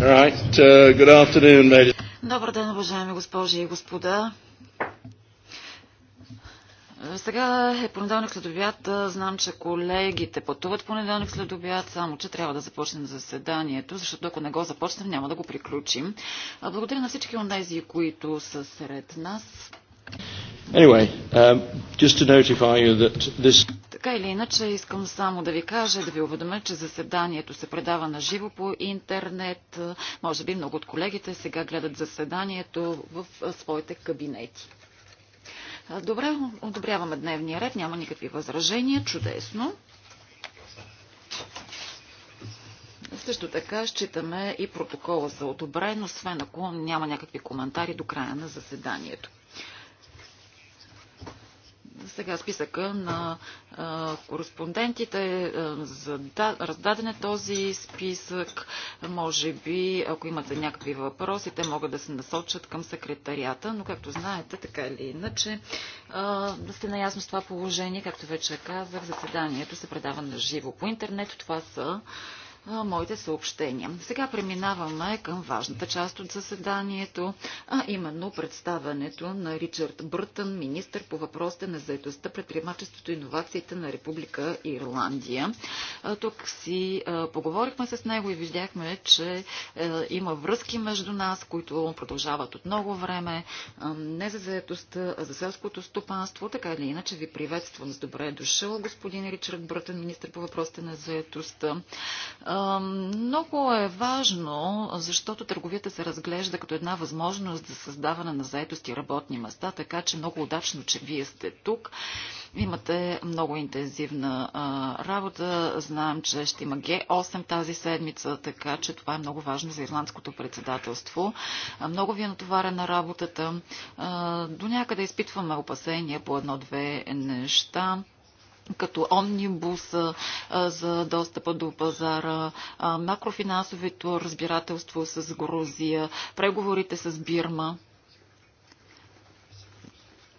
Right, uh, good afternoon, ladies. Добър ден, уважаеми госпожи и господа. Сега е понеделник след обяд. Знам, че колегите пътуват понеделник след обяд, само че трябва да започнем заседанието, защото ако не го започнем, няма да го приключим. Благодаря на всички онези, които са сред нас. Anyway, um, just to notify you that this... Така или иначе, искам само да ви кажа, да ви уведомя, че заседанието се предава на живо по интернет. Може би много от колегите сега гледат заседанието в своите кабинети. Добре, одобряваме дневния ред, няма никакви възражения, чудесно. Също така считаме и протокола за одобрен, освен ако няма някакви коментари до края на заседанието. Сега списъка на а, кореспондентите, а, за да, раздаден е този списък. Може би, ако имате някакви въпроси, те могат да се насочат към секретарията, но както знаете, така или иначе, а, да сте наясно с това положение, както вече казах, заседанието се предава на живо по интернет. Това са моите съобщения. Сега преминаваме към важната част от заседанието, а именно представането на Ричард Бъртън, министр по въпросите на заедостта, предприемачеството и иновациите на Република Ирландия. Тук си поговорихме с него и виждахме, че е, има връзки между нас, които продължават от много време, не за заедостта, а за селското стопанство. Така или иначе ви приветствам с добре дошъл, господин Ричард Бъртън, министр по въпросите на заедостта. Много е важно, защото търговията се разглежда като една възможност за създаване на заетост и работни места, така че много удачно, че вие сте тук. Имате много интензивна работа. Знаем, че ще има Г8 тази седмица, така че това е много важно за ирландското председателство. много ви е натоварена работата. до някъде изпитваме опасения по едно-две неща като омнибус за достъпа до пазара, макрофинансовето разбирателство с Грузия, преговорите с Бирма.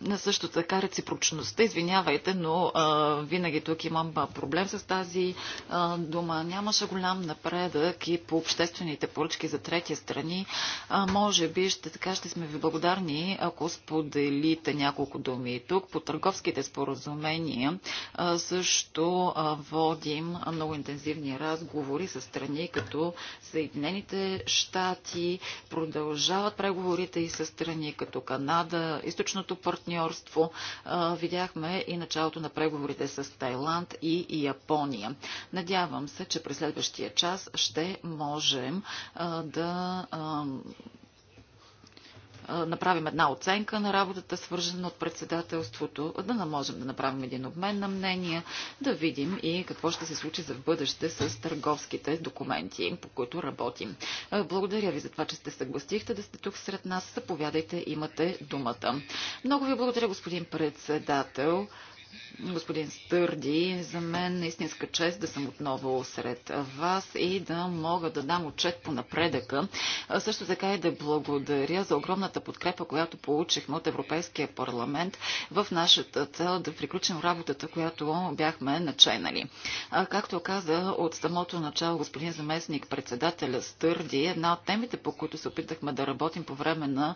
На също така реципрочността, извинявайте, но а, винаги тук имам проблем с тази а, дума. Нямаше голям напредък и по обществените поръчки за третия страни. А, може би ще, така ще сме ви благодарни, ако споделите няколко думи тук. По търговските споразумения а, също а, водим много интензивни разговори с страни като Съединените щати. Продължават преговорите и с страни като Канада, източното партнерство партньорство. Видяхме и началото на преговорите с Тайланд и Япония. Надявам се, че през следващия час ще можем да направим една оценка на работата, свържена от председателството, да не можем да направим един обмен на мнения, да видим и какво ще се случи за в бъдеще с търговските документи, по които работим. Благодаря ви за това, че сте съгласихте да сте тук сред нас. Заповядайте, имате думата. Много ви благодаря, господин председател господин Стърди. За мен е истинска чест да съм отново сред вас и да мога да дам отчет по напредъка. Също така и да благодаря за огромната подкрепа, която получихме от Европейския парламент в нашата цел да приключим работата, която бяхме начинали. Както каза от самото начало господин заместник председателя Стърди, една от темите, по които се опитахме да работим по време на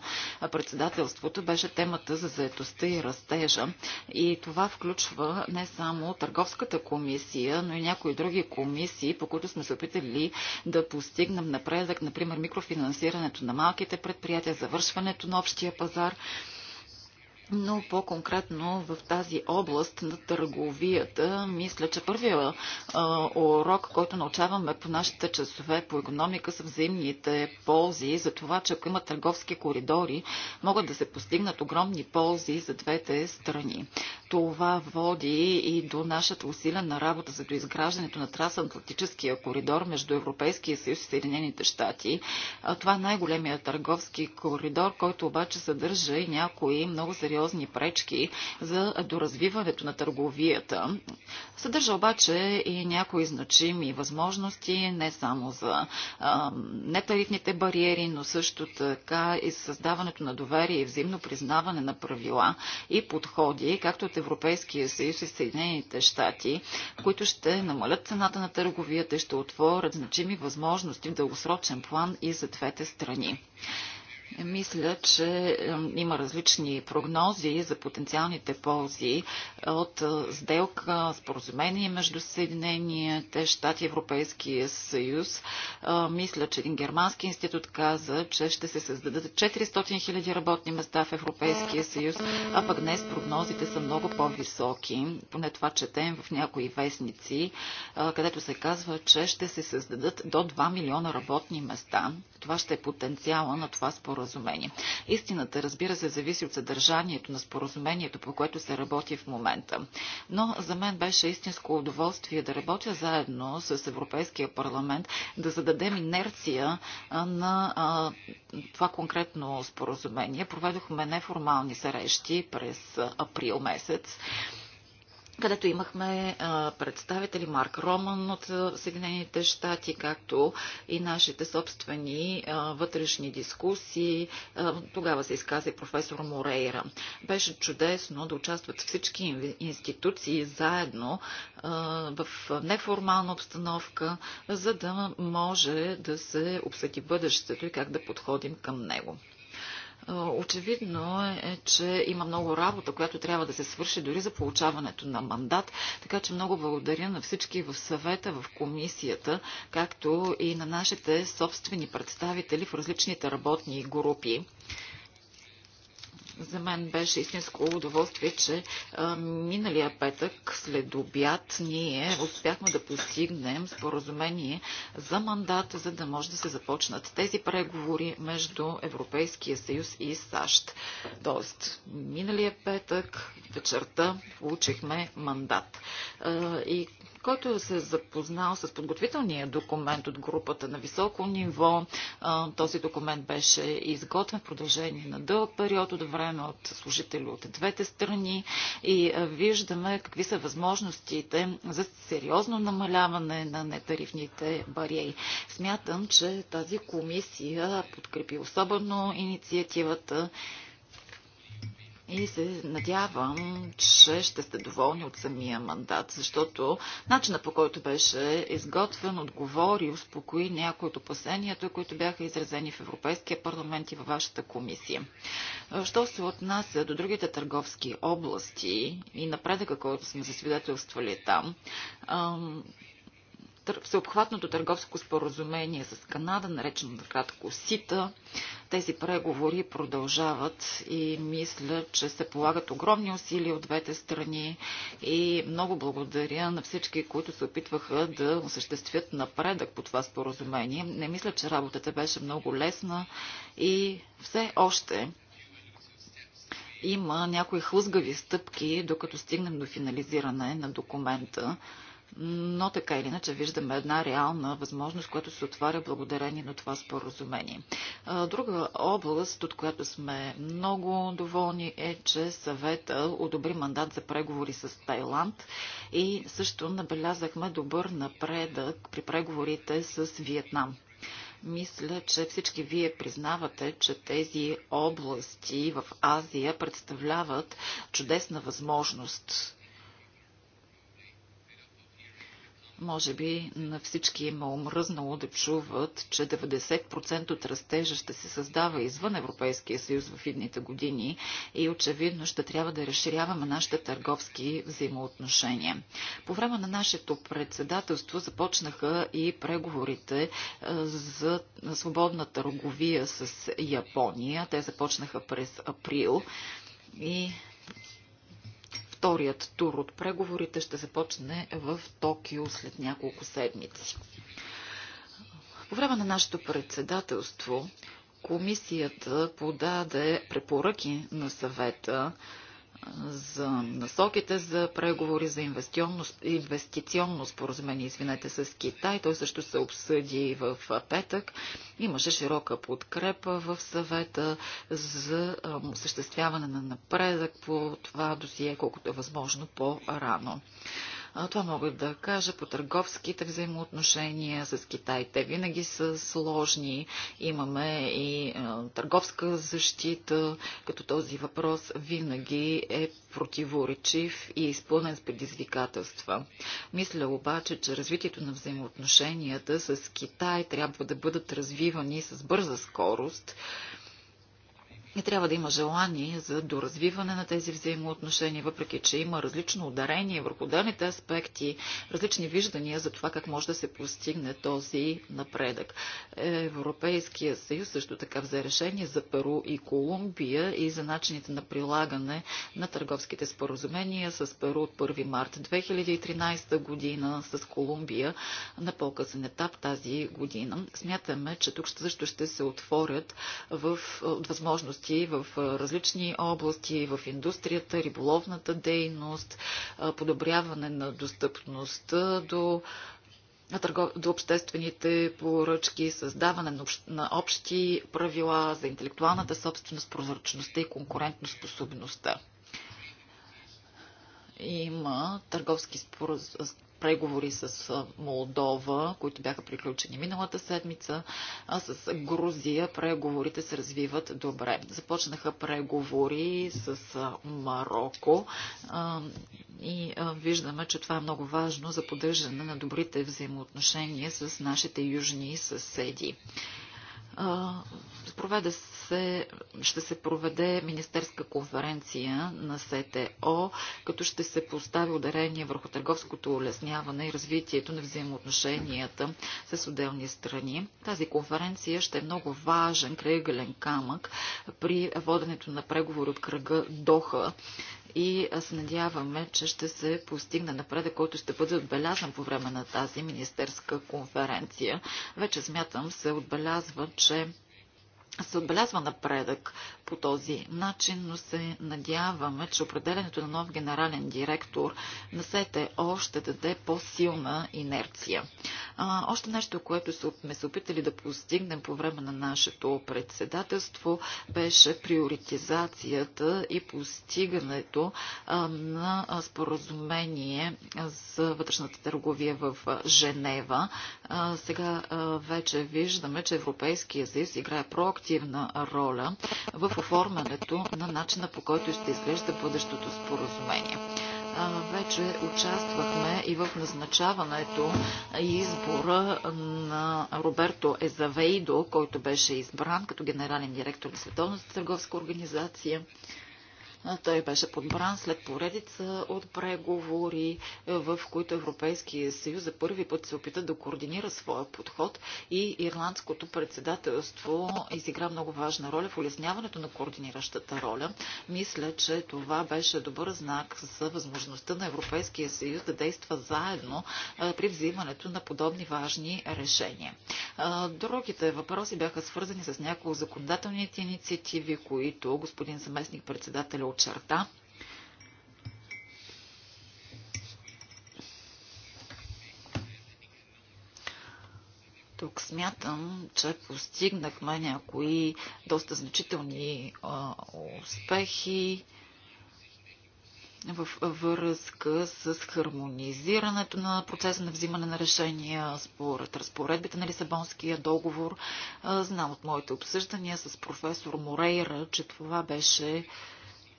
председателството, беше темата за заетостта и растежа. И това включва не само търговската комисия, но и някои други комисии, по които сме се опитали да постигнем напредък, например микрофинансирането на малките предприятия, завършването на общия пазар. Но по-конкретно в тази област на търговията, мисля, че първия урок, който научаваме по нашите часове по економика са взаимните ползи за това, че ако има търговски коридори, могат да се постигнат огромни ползи за двете страни. Това води и до нашата усилена работа за доизграждането на трансатлантическия коридор между Европейския съюз и Съединените щати. Това е най-големият търговски коридор, който обаче съдържа и някои много сериозни сериозни пречки за доразвиването на търговията. Съдържа обаче и някои значими възможности, не само за а, нетарифните бариери, но също така и създаването на доверие и взаимно признаване на правила и подходи, както от Европейския съюз и Съединените щати, които ще намалят цената на търговията и ще отворят значими възможности в дългосрочен план и за двете страни. Мисля, че има различни прогнози за потенциалните ползи от е, сделка, споразумение между Съединените щати и Европейския съюз. Е, мисля, че един германски институт каза, че ще се създадат 400 000 работни места в Европейския съюз, а пък днес прогнозите са много по-високи. Поне това четем в някои вестници, е, където се казва, че ще се създадат до 2 милиона работни места. Това ще е потенциала на това споразумение споразумение. Истината, разбира се, зависи от съдържанието на споразумението, по което се работи в момента. Но за мен беше истинско удоволствие да работя заедно с Европейския парламент, да зададем инерция на това конкретно споразумение. Проведохме неформални срещи през април месец където имахме представители Марк Роман от Съединените щати, както и нашите собствени вътрешни дискусии. тогава се изказа и професор Морейра. Беше чудесно да участват всички институции заедно в неформална обстановка, за да може да се обсъди бъдещето и как да подходим към него. Очевидно е, че има много работа, която трябва да се свърши дори за получаването на мандат, така че много благодаря на всички в съвета, в комисията, както и на нашите собствени представители в различните работни групи. За мен беше истинско удоволствие, че а, миналия петък след обяд ние успяхме да постигнем споразумение за мандата, за да може да се започнат тези преговори между Европейския съюз и САЩ. Тоест, миналия петък вечерта получихме мандат. А, и който се е запознал с подготвителния документ от групата на високо ниво, този документ беше изготвен в продължение на дълъг период от време от служители от двете страни и виждаме какви са възможностите за сериозно намаляване на нетарифните бариери. Смятам, че тази комисия подкрепи особено инициативата и се надявам, че ще сте доволни от самия мандат, защото начинът по който беше изготвен, отговори, успокои някои от опасенията, които бяха изразени в Европейския парламент и във вашата комисия. Що се отнася до другите търговски области и напредъка, който сме засвидетелствали там, всеобхватното търговско споразумение с Канада, наречено накратко СИТА. Тези преговори продължават и мисля, че се полагат огромни усилия от двете страни и много благодаря на всички, които се опитваха да осъществят напредък по това споразумение. Не мисля, че работата беше много лесна и все още има някои хлъзгави стъпки, докато стигнем до финализиране на документа но така или иначе виждаме една реална възможност, която се отваря благодарение на това споразумение. Друга област, от която сме много доволни е, че съвета одобри мандат за преговори с Тайланд и също набелязахме добър напредък при преговорите с Виетнам. Мисля, че всички вие признавате, че тези области в Азия представляват чудесна възможност Може би на всички им е омръзнало да чуват, че 90% от растежа ще се създава извън Европейския съюз в идните години и очевидно ще трябва да разширяваме нашите търговски взаимоотношения. По време на нашето председателство започнаха и преговорите е, за свободна търговия с Япония. Те започнаха през април и Вторият тур от преговорите ще започне в Токио след няколко седмици. По време на нашето председателство комисията подаде препоръки на съвета за насоките за преговори за инвестиционно споразумение извинете, с Китай. Той също се обсъди в петък. Имаше широка подкрепа в съвета за осъществяване на напредък по това досие, колкото е възможно по-рано. Това мога да кажа по търговските взаимоотношения с Китай. Те винаги са сложни. Имаме и търговска защита, като този въпрос винаги е противоречив и изпълнен с предизвикателства. Мисля обаче, че развитието на взаимоотношенията с Китай трябва да бъдат развивани с бърза скорост, и трябва да има желание за доразвиване на тези взаимоотношения, въпреки че има различно ударение върху данните аспекти, различни виждания за това как може да се постигне този напредък. Европейския съюз също така взе решение за Перу и Колумбия и за начините на прилагане на търговските споразумения с Перу от 1 март 2013 година, с Колумбия на по-късен етап тази година. Смятаме, че тук също ще се отворят в, възможности дейности в различни области, в индустрията, риболовната дейност, подобряване на достъпността до до обществените поръчки, създаване на общи правила за интелектуалната собственост, прозрачността и конкурентоспособността. Има търговски споразумения преговори с Молдова, които бяха приключени миналата седмица, а с Грузия преговорите се развиват добре. Започнаха преговори с Марокко и виждаме, че това е много важно за поддържане на добрите взаимоотношения с нашите южни съседи проведе се, ще се проведе министерска конференция на СТО, като ще се постави ударение върху търговското улесняване и развитието на взаимоотношенията с отделни страни. Тази конференция ще е много важен кръгълен камък при воденето на преговори от кръга Доха и се надяваме, че ще се постигне напредък, който ще бъде отбелязан по време на тази министерска конференция. Вече смятам се отбелязва, че се отбелязва напредък по този начин, но се надяваме, че определенето на нов генерален директор на СЕТЕ още даде по-силна инерция. А, още нещо, което сме се опитали да постигнем по време на нашето председателство, беше приоритизацията и постигането а, на споразумение за вътрешната търговия в Женева. А, сега а, вече виждаме, че Европейския съюз играе проактивно активна роля в оформянето на начина по който ще изглежда бъдещото споразумение вече участвахме и в назначаването и избора на Роберто Езавейдо, който беше избран като генерален директор на Световната търговска организация. Той беше подбран след поредица от преговори, е, в които Европейския съюз за първи път се опита да координира своя подход и ирландското председателство изигра много важна роля в улесняването на координиращата роля. Мисля, че това беше добър знак за възможността на Европейския съюз да действа заедно е, при взимането на подобни важни решения. Е, другите въпроси бяха свързани с някои законодателните инициативи, които господин заместник председател черта. Тук смятам, че постигнахме някои доста значителни а, успехи в връзка с хармонизирането на процеса на взимане на решения според разпоредбите на Лисабонския договор. Знам от моите обсъждания с професор Морейра, че това беше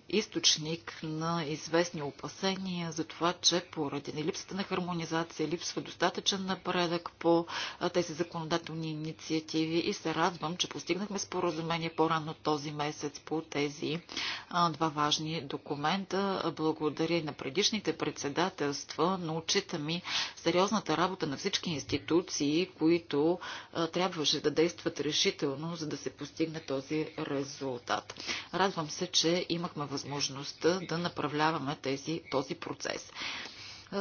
източник на известни опасения за това, че поради липсата на хармонизация липсва достатъчен напредък по тези законодателни инициативи и се радвам, че постигнахме споразумение по-рано този месец по тези два важни документа. Благодаря и на предишните председателства, но учита ми сериозната работа на всички институции, които трябваше да действат решително, за да се постигне този резултат. Радвам се, че имахме възможността да направляваме тези, този процес.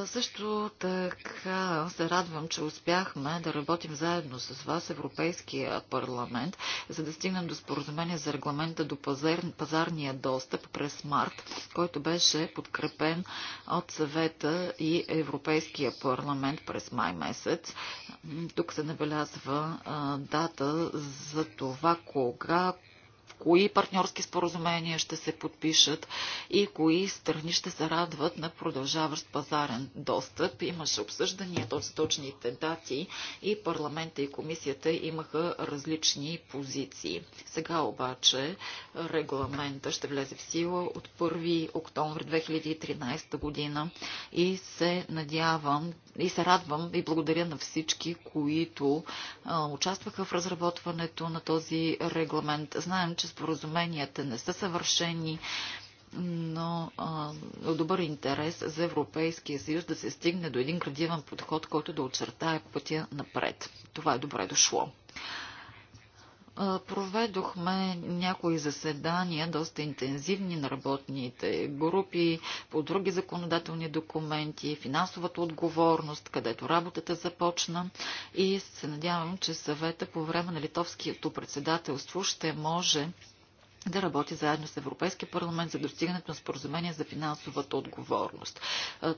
Също така се радвам, че успяхме да работим заедно с вас, Европейския парламент, за да стигнем до споразумение за регламента до пазар, пазарния достъп през март, който беше подкрепен от съвета и Европейския парламент през май месец. Тук се набелязва дата за това кога кои партньорски споразумения ще се подпишат и кои страни ще се радват на продължаващ пазарен достъп. Имаше обсъждания този точни дати и парламента и комисията имаха различни позиции. Сега обаче регламента ще влезе в сила от 1 октомври 2013 година и се надявам, и се радвам и благодаря на всички, които а, участваха в разработването на този регламент. Знаем, че споразуменията не са съвършени, но а, е добър интерес за Европейския съюз да се стигне до един градивен подход, който да очертае пътя напред. Това е добре дошло. Проведохме някои заседания, доста интензивни на работните групи, по други законодателни документи, финансовата отговорност, където работата започна и се надявам, че съвета по време на литовското председателство ще може да работи заедно с Европейския парламент за достигането на споразумение за финансовата отговорност.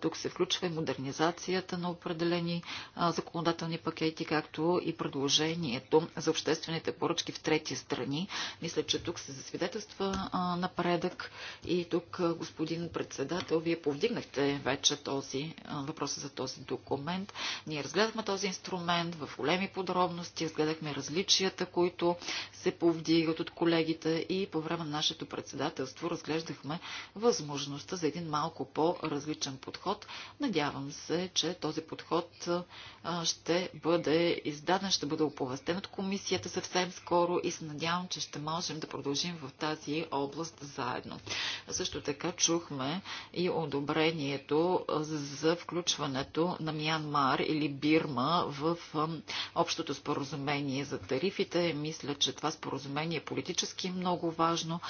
Тук се включва и модернизацията на определени законодателни пакети, както и предложението за обществените поръчки в трети страни. Мисля, че тук се засвидетелства напредък и тук, господин председател, вие повдигнахте вече този въпрос за този документ. Ние разгледахме този инструмент в големи подробности, разгледахме различията, които се повдигат от колегите и по време на нашето председателство разглеждахме възможността за един малко по-различен подход. Надявам се, че този подход ще бъде издаден, ще бъде оповестен от комисията съвсем скоро и се надявам, че ще можем да продължим в тази област заедно. Също така чухме и одобрението за включването на Мянмар или Бирма в общото споразумение за тарифите. Мисля, че това споразумение е политически много важно важно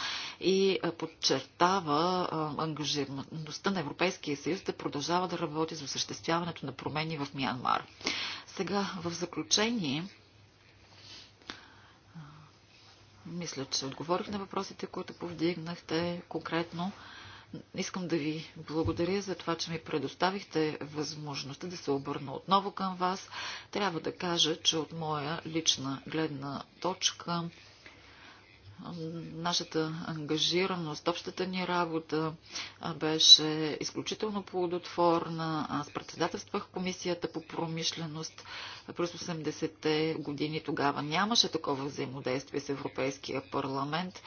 и е, подчертава е, ангажираността на Европейския съюз да продължава да работи за осъществяването на промени в Мянмар. Сега, в заключение, е, мисля, че отговорих на въпросите, които повдигнахте конкретно. Искам да ви благодаря за това, че ми предоставихте възможността да се обърна отново към вас. Трябва да кажа, че от моя лична гледна точка нашата ангажираност, общата ни работа беше изключително плодотворна. Аз председателствах комисията по промишленост през 80-те години. Тогава нямаше такова взаимодействие с Европейския парламент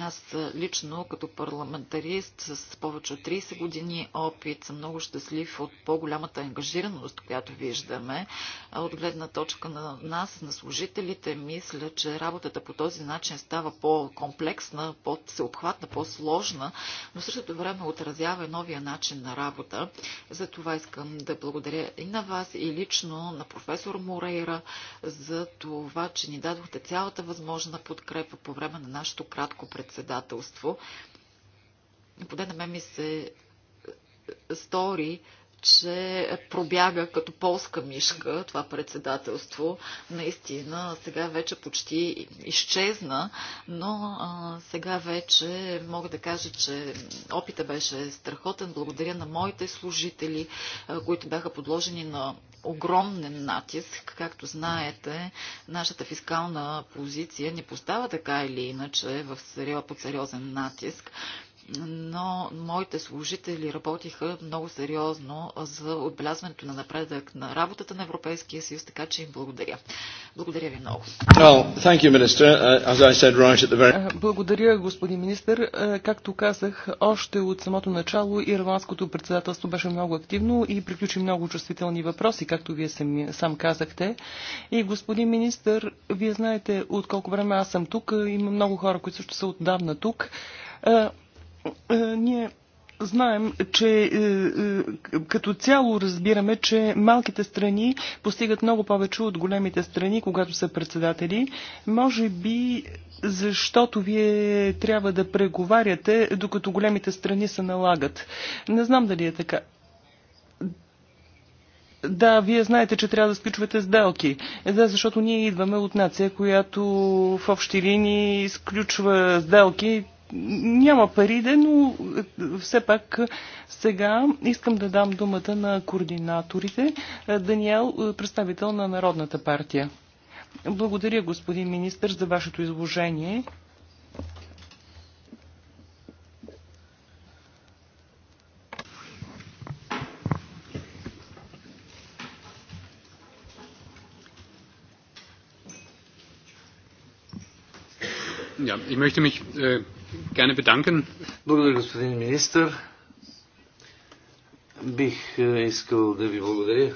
аз лично като парламентарист с повече от 30 години опит съм много щастлив от по-голямата ангажираност, която виждаме. От гледна точка на нас, на служителите, мисля, че работата по този начин става по-комплексна, по-всеобхватна, по-сложна, но в същото време отразява и новия начин на работа. За това искам да благодаря и на вас, и лично на професор Морейра за това, че ни дадохте цялата възможна подкрепа по време на нашето кратко председателство. Поне на мен ми се е, е, стори че пробяга като полска мишка това председателство. Наистина, сега вече почти изчезна, но а, сега вече мога да кажа, че опита беше страхотен. Благодаря на моите служители, а, които бяха подложени на огромен натиск. Както знаете, нашата фискална позиция не поставя така или иначе в серио, под сериозен натиск но моите служители работиха много сериозно за отбелязването на напредък на работата на Европейския съюз, така че им благодаря. Благодаря ви много. Uh, е, благодаря, господин министр. Е, както казах, още от самото начало ирландското председателство беше много активно и приключи много чувствителни въпроси, както вие сам казахте. И господин министр, вие знаете от колко време аз съм тук. Има много хора, които също са отдавна тук. Е, е, ние Знаем, че е, е, като цяло разбираме, че малките страни постигат много повече от големите страни, когато са председатели. Може би защото вие трябва да преговаряте, докато големите страни се налагат. Не знам дали е така. Да, вие знаете, че трябва да сключвате сделки. Да, защото ние идваме от нация, която в общи линии изключва сделки няма пари, но е, все пак е, сега искам да дам думата на координаторите. Е, Даниел, представител на Народната партия. Благодаря, господин министр, за вашето изложение. Ja, ich möchte mich äh, gerne bedanken. Благодаря, господин министр. Бих е, искал да ви благодаря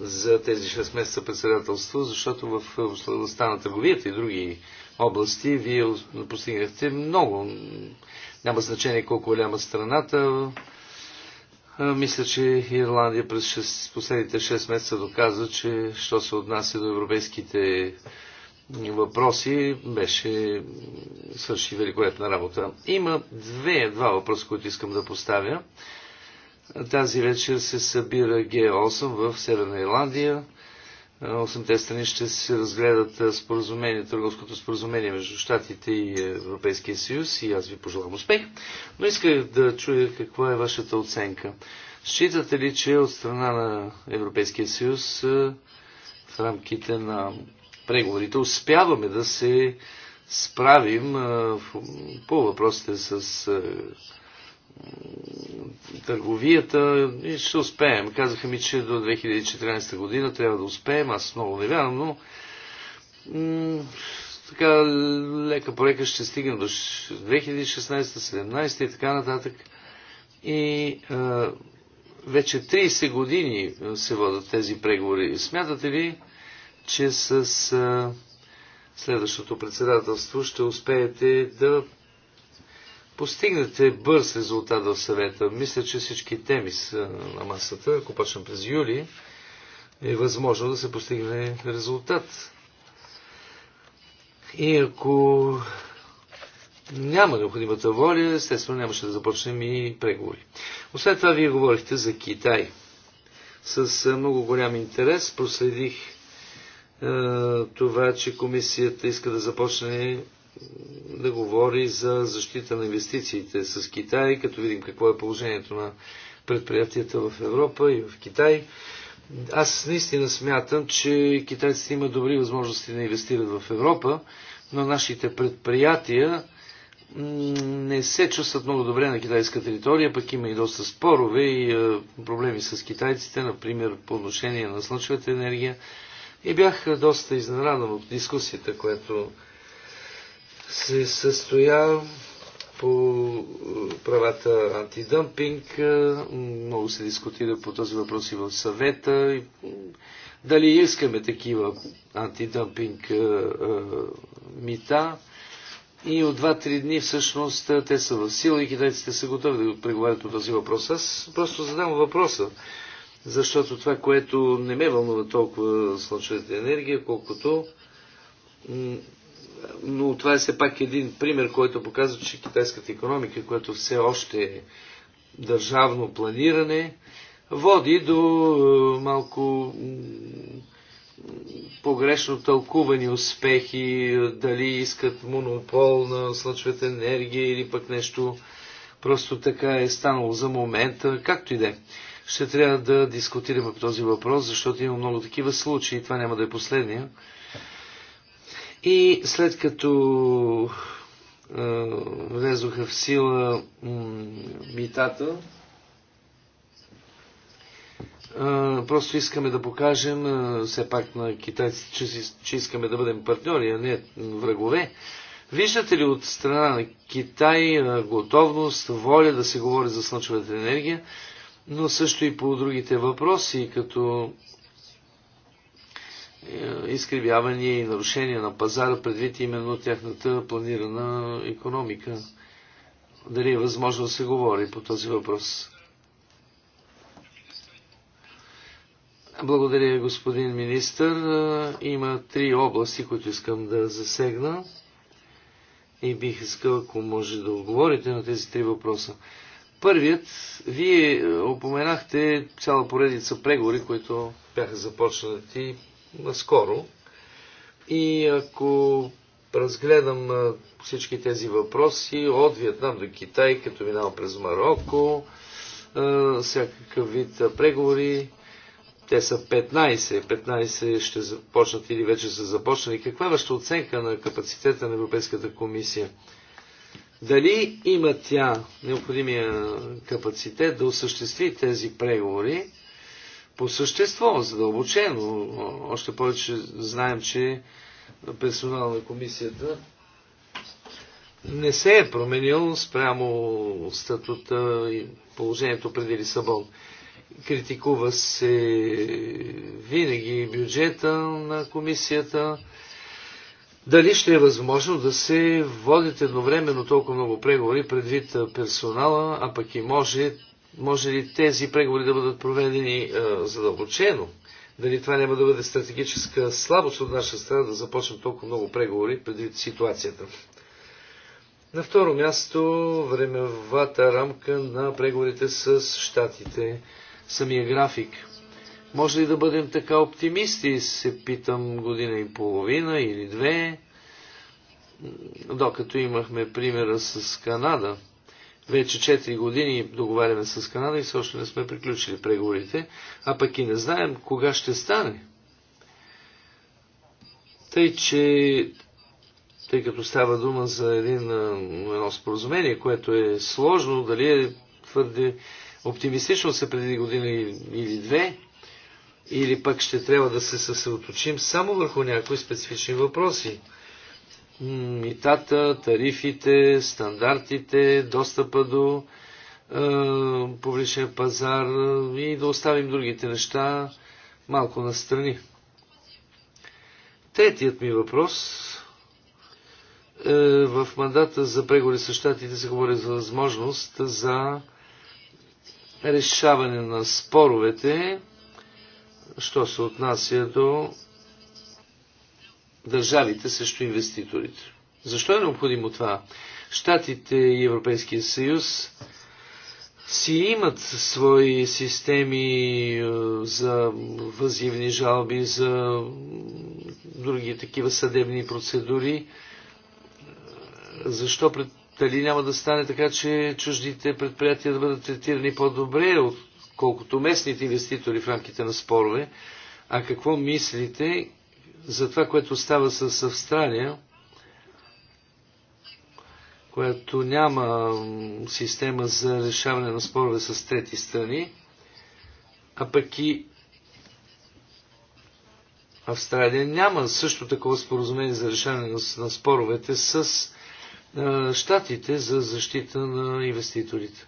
за тези 6 месеца председателство, защото в е, областта на търговията и други области вие постигнахте много. Няма значение колко голяма е страната. Мисля, че Ирландия през 6, последните 6 месеца доказва, че що се отнася до европейските въпроси беше свърши великолепна работа. Има две, два въпроса, които искам да поставя. Тази вечер се събира Г8 в Северна Ирландия. Осемте страни ще се разгледат споразумение, търговското споразумение между Штатите и Европейския съюз и аз ви пожелавам успех. Но исках да чуя каква е вашата оценка. Считате ли, че от страна на Европейския съюз в рамките на преговорите успяваме да се справим по въпросите с търговията и ще успеем. Казаха ми, че до 2014 година трябва да успеем. Аз много не вярвам, но така лека лека ще стигнем до 2016-2017 и така нататък. И а, вече 30 години се водят тези преговори. Смятате ли, че с следващото председателство ще успеете да постигнете бърз резултат в съвета. Мисля, че всички теми са на масата. Ако почнем през юли, е възможно да се постигне резултат. И ако няма необходимата воля, естествено нямаше да започнем и преговори. Освен това, вие говорихте за Китай. С много голям интерес проследих е, това, че комисията иска да започне да говори за защита на инвестициите с Китай, като видим какво е положението на предприятията в Европа и в Китай. Аз наистина смятам, че китайците имат добри възможности да инвестират в Европа, но нашите предприятия не се чувстват много добре на китайска територия, пък има и доста спорове и е, проблеми с китайците, например по отношение на слънчевата енергия. И бях доста изненадан от дискусията, която се състоя по е, правата антидъмпинг. Е, много се дискутира по този въпрос и в съвета. Дали искаме такива антидъмпинг е, мита. И от 2-3 дни всъщност те са в сила и китайците са готови да преговарят по този въпрос. Аз просто задам въпроса защото това, което не ме вълнува толкова слънчевата енергия, колкото но това е все пак един пример, който показва, че китайската економика, която все още е държавно планиране, води до е, малко погрешно тълкувани успехи, дали искат монопол на слънчевата енергия или пък нещо просто така е станало за момента, както и да е ще трябва да дискутираме по този въпрос, защото има много такива случаи. Това няма да е последния. И след като е, влезоха в сила митата, е, просто искаме да покажем е, все пак на китайците, че, че искаме да бъдем партньори, а не врагове. Виждате ли от страна на Китай готовност, воля да се говори за слънчевата енергия? но също и по другите въпроси, като е, изкривявания и нарушения на пазара, предвид именно тяхната планирана економика. Дали е възможно да се говори по този въпрос? Благодаря, господин министър. Е, има три области, които искам да засегна и бих искал, ако може да отговорите на тези три въпроса. Първият, вие опоменахте е, цяла поредица преговори, които бяха започнати наскоро. И ако разгледам е, всички тези въпроси от Виетнам до Китай, като минавам през Марокко, е, всякакъв вид преговори, те са 15, 15 ще започнат или вече са започнали. Каква е вашата оценка на капацитета на Европейската комисия? Дали има тя необходимия капацитет да осъществи тези преговори по същество, задълбочено? Още повече знаем, че персонал на комисията не се е променил спрямо статута и положението преди Лисабон. Критикува се винаги бюджета на комисията, дали ще е възможно да се водят едновременно толкова много преговори предвид персонала, а пък и може, може ли тези преговори да бъдат проведени е, задълбочено? Дали това няма да бъде стратегическа слабост от наша страна да започнем толкова много преговори предвид ситуацията? На второ място, времевата рамка на преговорите с щатите, самия график – може ли да бъдем така оптимисти, се питам година и половина или две, докато имахме примера с Канада. Вече 4 години договаряме с Канада и все още не сме приключили преговорите, а пък и не знаем кога ще стане. Тъй, че тъй като става дума за един, едно споразумение, което е сложно, дали е твърде оптимистично се преди година или две, или пък ще трябва да се съсредоточим само върху някои специфични въпроси. Митата, тарифите, стандартите, достъпа до е, публичен пазар и да оставим другите неща малко настрани. Третият ми въпрос е, в мандата за преговори с щатите се говори за възможност за решаване на споровете що се отнася до държавите срещу инвеститорите. Защо е необходимо това? Штатите и Европейския съюз си имат свои системи е, за възивни жалби, за други такива съдебни процедури. Е, защо пред дали няма да стане така, че чуждите предприятия да бъдат третирани по-добре от колкото местните инвеститори в рамките на спорове. А какво мислите за това, което става с Австралия, която няма система за решаване на спорове с трети страни, а пък и Австралия няма също такова споразумение за решаване на, споровете с е, щатите за защита на инвеститорите.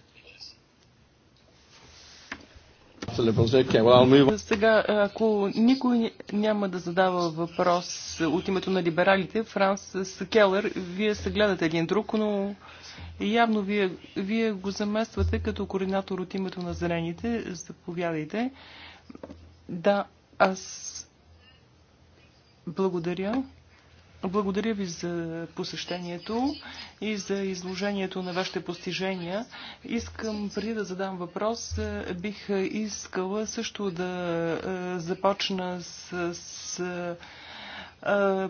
Сега, ако никой няма да задава въпрос от името на либералите, Франс Келър, вие се гледате един друг, но явно вие, вие го замествате като координатор от името на зелените. Заповядайте. Да, аз благодаря. Благодаря ви за посещението и за изложението на вашите постижения. Искам, преди да задам въпрос, е, бих искала също да е, започна с, с е,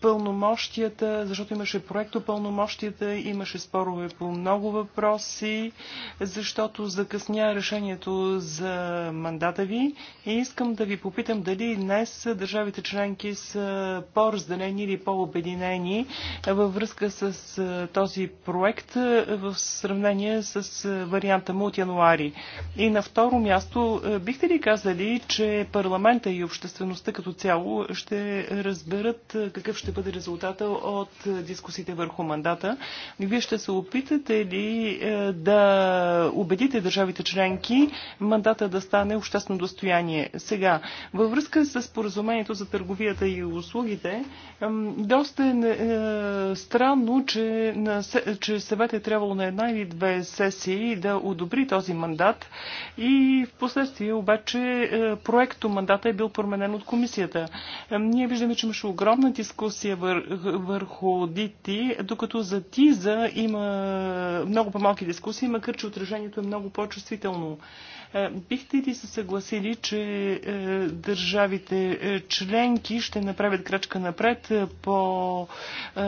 пълномощията, защото имаше проекто пълномощията, имаше спорове по много въпроси, защото закъсня решението за мандата ви и искам да ви попитам дали днес държавите членки са по-разделени или по-обединени във връзка с този проект в сравнение с варианта му от януари. И на второ място, бихте ли казали, че парламента и обществеността като цяло ще разбере разберат какъв ще бъде резултата от дискусите върху мандата. Вие ще се опитате ли да убедите държавите членки мандата да стане обществено достояние? Сега, във връзка с поразумението за търговията и услугите, доста е, е странно, че, на, че съвет е трябвало на една или две сесии да одобри този мандат и в последствие обаче е, проекто мандата е бил променен от комисията. Ние виждаме, че имаше огромна дискусия вър, върху дити, докато за тиза има много по-малки дискусии, макар че отражението е много по-чувствително. Е, бихте ли се съгласили, че е, държавите е, членки ще направят крачка напред по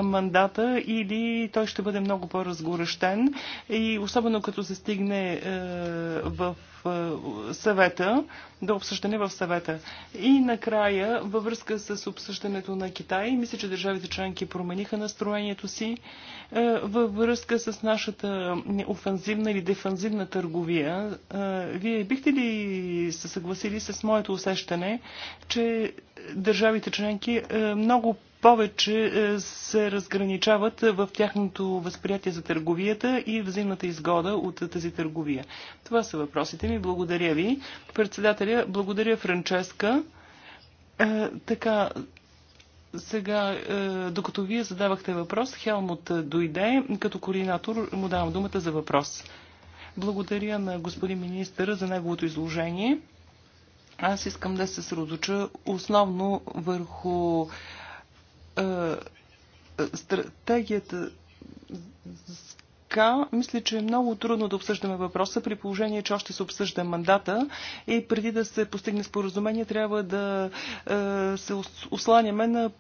мандата или той ще бъде много по-разгорещен и особено като се стигне в е, съвета, да обсъждане в съвета. И накрая, във връзка с обсъждането на Китай, мисля, че държавите членки промениха настроението си е, във връзка с нашата офанзивна или дефанзивна търговия. Е, вие бихте ли се съгласили с моето усещане, че държавите членки много повече е, се разграничават в тяхното възприятие за търговията и взаимната изгода от тази търговия. Това са въпросите ми. Благодаря ви. Председателя, благодаря Франческа. Е, така, сега, е, докато вие задавахте въпрос, Хелмут дойде. Като координатор му давам думата за въпрос. Благодаря на господин министър за неговото изложение. Аз искам да се сродоча основно върху е, е, стратегията така, мисля, че е много трудно да обсъждаме въпроса, при положение, че още се обсъжда мандата и преди да се постигне споразумение, трябва да е, се осланяме на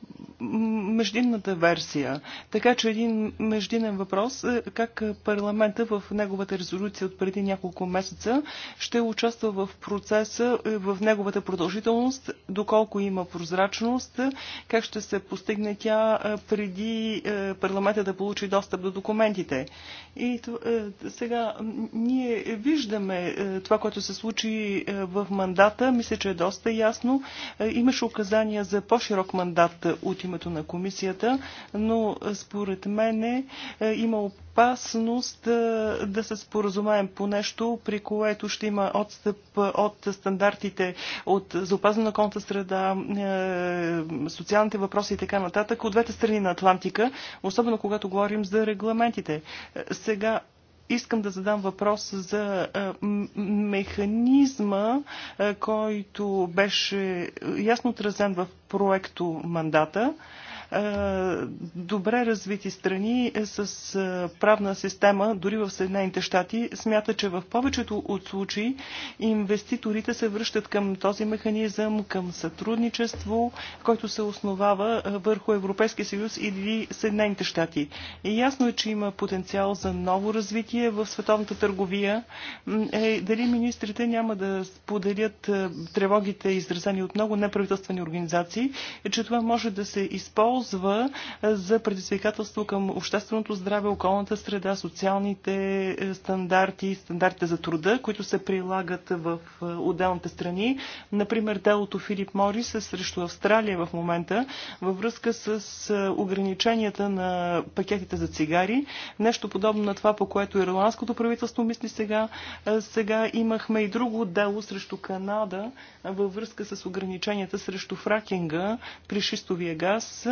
междинната версия. Така че един междинен въпрос е как парламента в неговата резолюция от преди няколко месеца ще участва в процеса, е, в неговата продължителност, доколко има прозрачност, как ще се постигне тя е, преди е, парламента да получи достъп до документите. И е, сега ние виждаме е, това, което се случи е, в мандата. Мисля, че е доста ясно. Имаше указания за по-широк мандат от името на комисията, но според мен има опасност да, да се споразумеем по нещо, при което ще има отстъп от стандартите от, за опазване на конта среда, е, социалните въпроси и така нататък от двете страни на Атлантика, особено когато говорим за регламентите. Сега искам да задам въпрос за е, механизма, е, който беше ясно отразен в проекто мандата. Е, добре развити страни е, с е, правна система, дори в Съединените щати, смята, че в повечето от случаи инвеститорите се връщат към този механизъм, към сътрудничество, който се основава върху Европейския съюз или Съединените щати. И ясно е, че има потенциал за ново развитие в световната търговия. Е, дали министрите няма да споделят тревогите, изразени от много неправителствени организации, че това може да се използва използва за предизвикателство към общественото здраве, околната среда, социалните е, стандарти, стандартите за труда, които се прилагат в е, отделните страни. Например, делото Филип Морис е срещу Австралия в момента във връзка с е, ограниченията на пакетите за цигари. Нещо подобно на това, по което ирландското правителство мисли сега. Сега имахме и друго дело срещу Канада във връзка с ограниченията срещу фракинга при шистовия газ.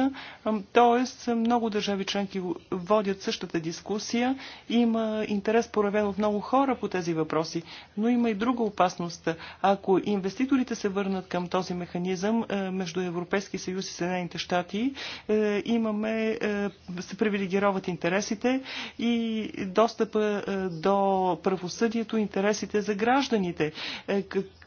Тоест, много държави членки водят същата дискусия. Има интерес поравен от много хора по тези въпроси. Но има и друга опасност. Ако инвеститорите се върнат към този механизъм е, между Европейски съюз и Съединените щати, е, имаме, е, се привилегироват интересите и достъпа до правосъдието, интересите за гражданите.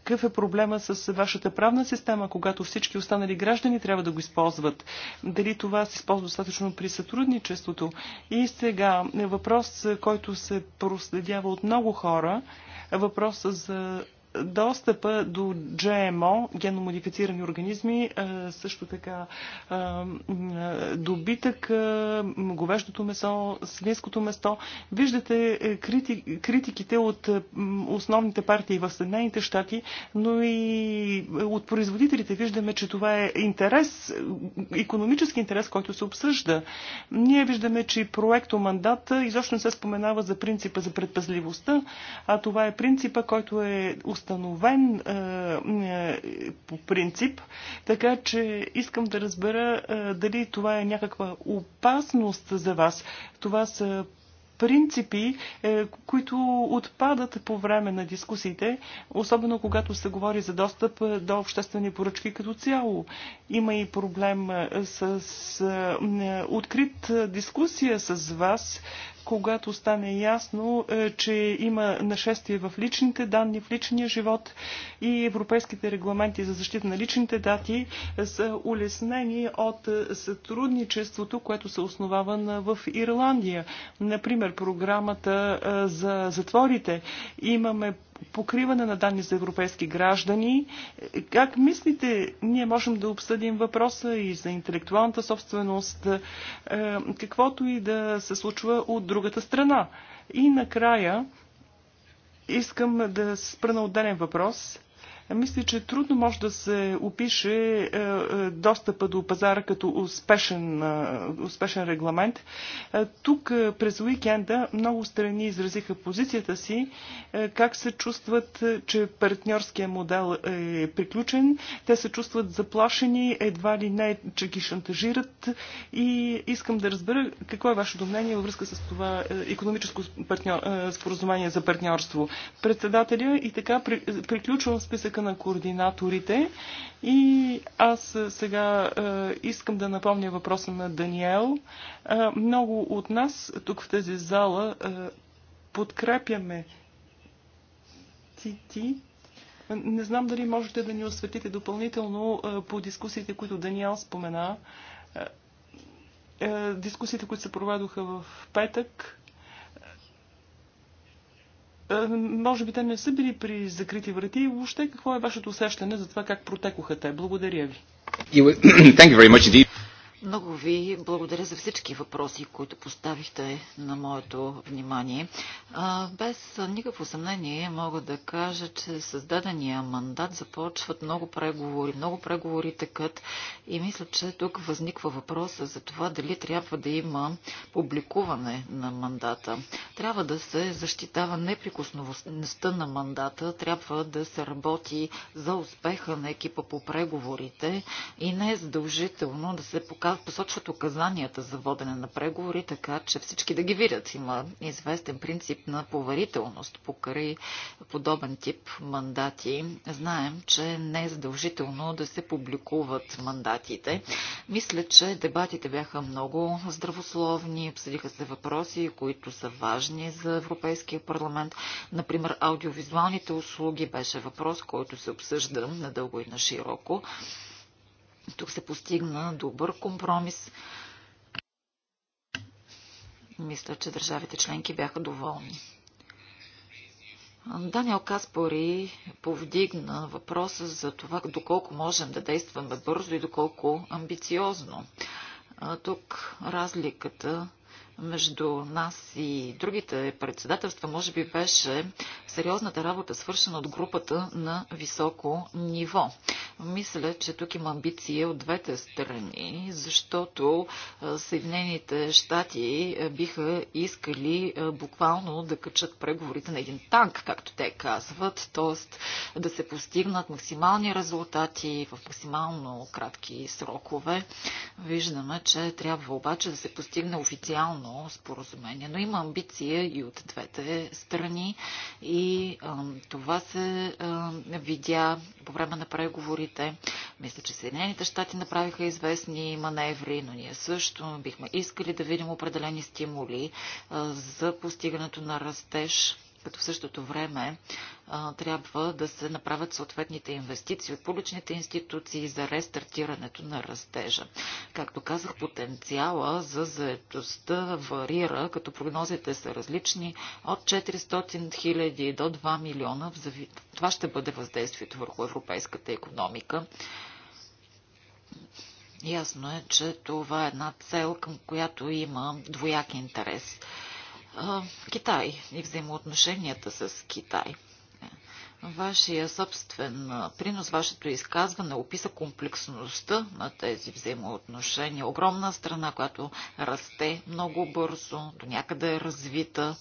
Какъв е проблема с вашата правна система, когато всички останали граждани трябва да го използват? Дали това се използва достатъчно при сътрудничеството? И сега е въпрос, който се проследява от много хора, въпрос за достъпа до GMO, геномодифицирани организми, е, също така е, е, добитък, говеждото месо, свинското место. Виждате критиките от основните партии в Съединените щати, но и от производителите виждаме, че това е интерес, економически интерес, който се обсъжда. Ние виждаме, че проекто мандата изобщо не се споменава за принципа за предпазливостта, а това е принципа, който е установен е, е, по принцип, така че искам да разбера е, дали това е някаква опасност за вас. Това са принципи, които отпадат по време на дискусиите, особено когато се говори за достъп до обществени поръчки като цяло. Има и проблем с открит дискусия с вас, когато стане ясно, е, че има нашествие в личните данни, в личния живот и европейските регламенти за защита на личните дати са улеснени от сътрудничеството, което се основава в Ирландия. Например, програмата е, за затворите. Имаме покриване на данни за европейски граждани. Как мислите, ние можем да обсъдим въпроса и за интелектуалната собственост, е, каквото и да се случва от другата страна. И накрая искам да спра на отделен въпрос. Мисля, че трудно може да се опише е, е, достъпа до пазара като успешен, е, успешен регламент. Тук през уикенда много страни изразиха позицията си, как се чувстват, че партньорския модел е приключен. Те се чувстват заплашени, едва ли не, че ги шантажират. И искам да разбера какво е вашето мнение във връзка с това економическо партньор, споразумение за партньорство. Председателя и така приключвам списък списъка на координаторите. И аз е, сега е, искам да напомня въпроса на Даниел. Е, много от нас тук в тази зала е, подкрепяме ти. Не знам дали можете да ни осветите допълнително е, по дискусиите, които Даниел спомена. Е, е, дискусиите, които се проведоха в петък е, може би те не са били при закрити врати и въобще какво е вашето усещане за това как протекоха те? Благодаря ви. Много ви благодаря за всички въпроси, които поставихте на моето внимание. Без никакво съмнение мога да кажа, че създадения мандат започват много преговори, много преговори тъкат и мисля, че тук възниква въпроса за това дали трябва да има публикуване на мандата. Трябва да се защитава неприкосновеността на мандата, трябва да се работи за успеха на екипа по преговорите и не е задължително да се показва посочват указанията за водене на преговори, така че всички да ги видят. Има известен принцип на поверителност покрай подобен тип мандати. Знаем, че не е задължително да се публикуват мандатите. Мисля, че дебатите бяха много здравословни, обсъдиха се въпроси, които са важни за Европейския парламент. Например, аудиовизуалните услуги беше въпрос, който се обсъжда надълго и на широко. Тук се постигна добър компромис. Мисля, че държавите членки бяха доволни. Даниел Каспори повдигна въпроса за това доколко можем да действаме бързо и доколко амбициозно. Тук разликата между нас и другите председателства, може би беше сериозната работа, свършена от групата на високо ниво. Мисля, че тук има амбиции от двете страни, защото Съединените щати биха искали буквално да качат преговорите на един танк, както те казват, т.е. да се постигнат максимални резултати в максимално кратки срокове. Виждаме, че трябва обаче да се постигне официално споразумение, но има амбиция и от двете страни и а, това се а, видя по време на преговорите. Мисля, че Съединените щати направиха известни маневри, но ние също бихме искали да видим определени стимули за постигането на растеж като в същото време а, трябва да се направят съответните инвестиции от публичните институции за рестартирането на растежа. Както казах, потенциала за заедостта варира, като прогнозите са различни от 400 хиляди до 2 милиона. Това ще бъде въздействието върху европейската економика. Ясно е, че това е една цел, към която има двояк интерес. Китай и взаимоотношенията с Китай. Вашия собствен принос, вашето изказване описа комплексността на тези взаимоотношения. Огромна страна, която расте много бързо, до някъде е развита,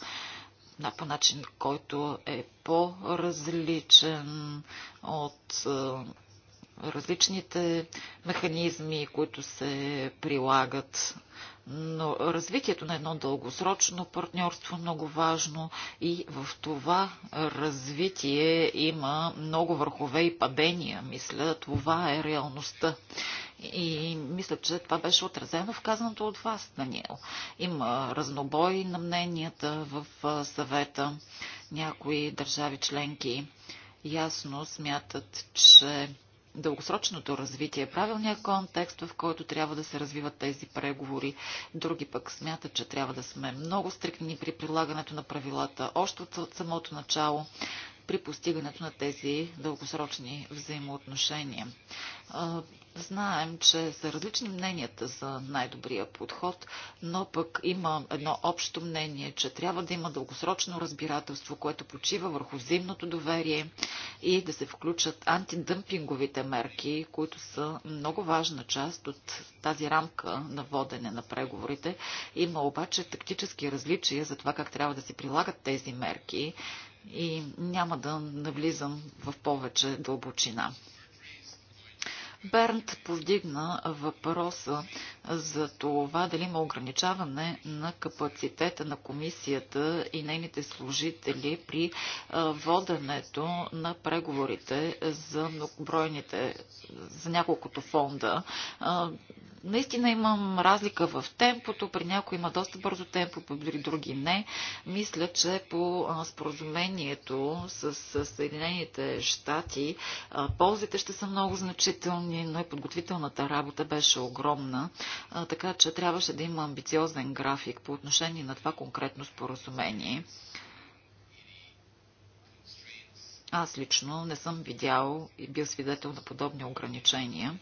по начин, който е по-различен от различните механизми, които се прилагат но развитието на едно дългосрочно партньорство е много важно и в това развитие има много върхове и падения. Мисля, това е реалността. И мисля, че това беше отразено в казаното от вас, Даниел. Има разнобой на мненията в съвета. Някои държави членки ясно смятат, че дългосрочното развитие, правилния контекст, в който трябва да се развиват тези преговори. Други пък смятат, че трябва да сме много стрикни при прилагането на правилата още от самото начало, при постигането на тези дългосрочни взаимоотношения. Знаем, че са различни мненията за най-добрия подход, но пък има едно общо мнение, че трябва да има дългосрочно разбирателство, което почива върху взаимното доверие и да се включат антидъмпинговите мерки, които са много важна част от тази рамка на водене на преговорите. Има обаче тактически различия за това как трябва да се прилагат тези мерки и няма да навлизам в повече дълбочина. Бернт повдигна въпроса за това дали има ограничаване на капацитета на комисията и нейните служители при воденето на преговорите за за няколкото фонда. Наистина имам разлика в темпото. При някои има доста бързо темпо, при други не. Мисля, че по споразумението с Съединените щати ползите ще са много значителни, но и подготвителната работа беше огромна. Така че трябваше да има амбициозен график по отношение на това конкретно споразумение. Аз лично не съм видял и бил свидетел на подобни ограничения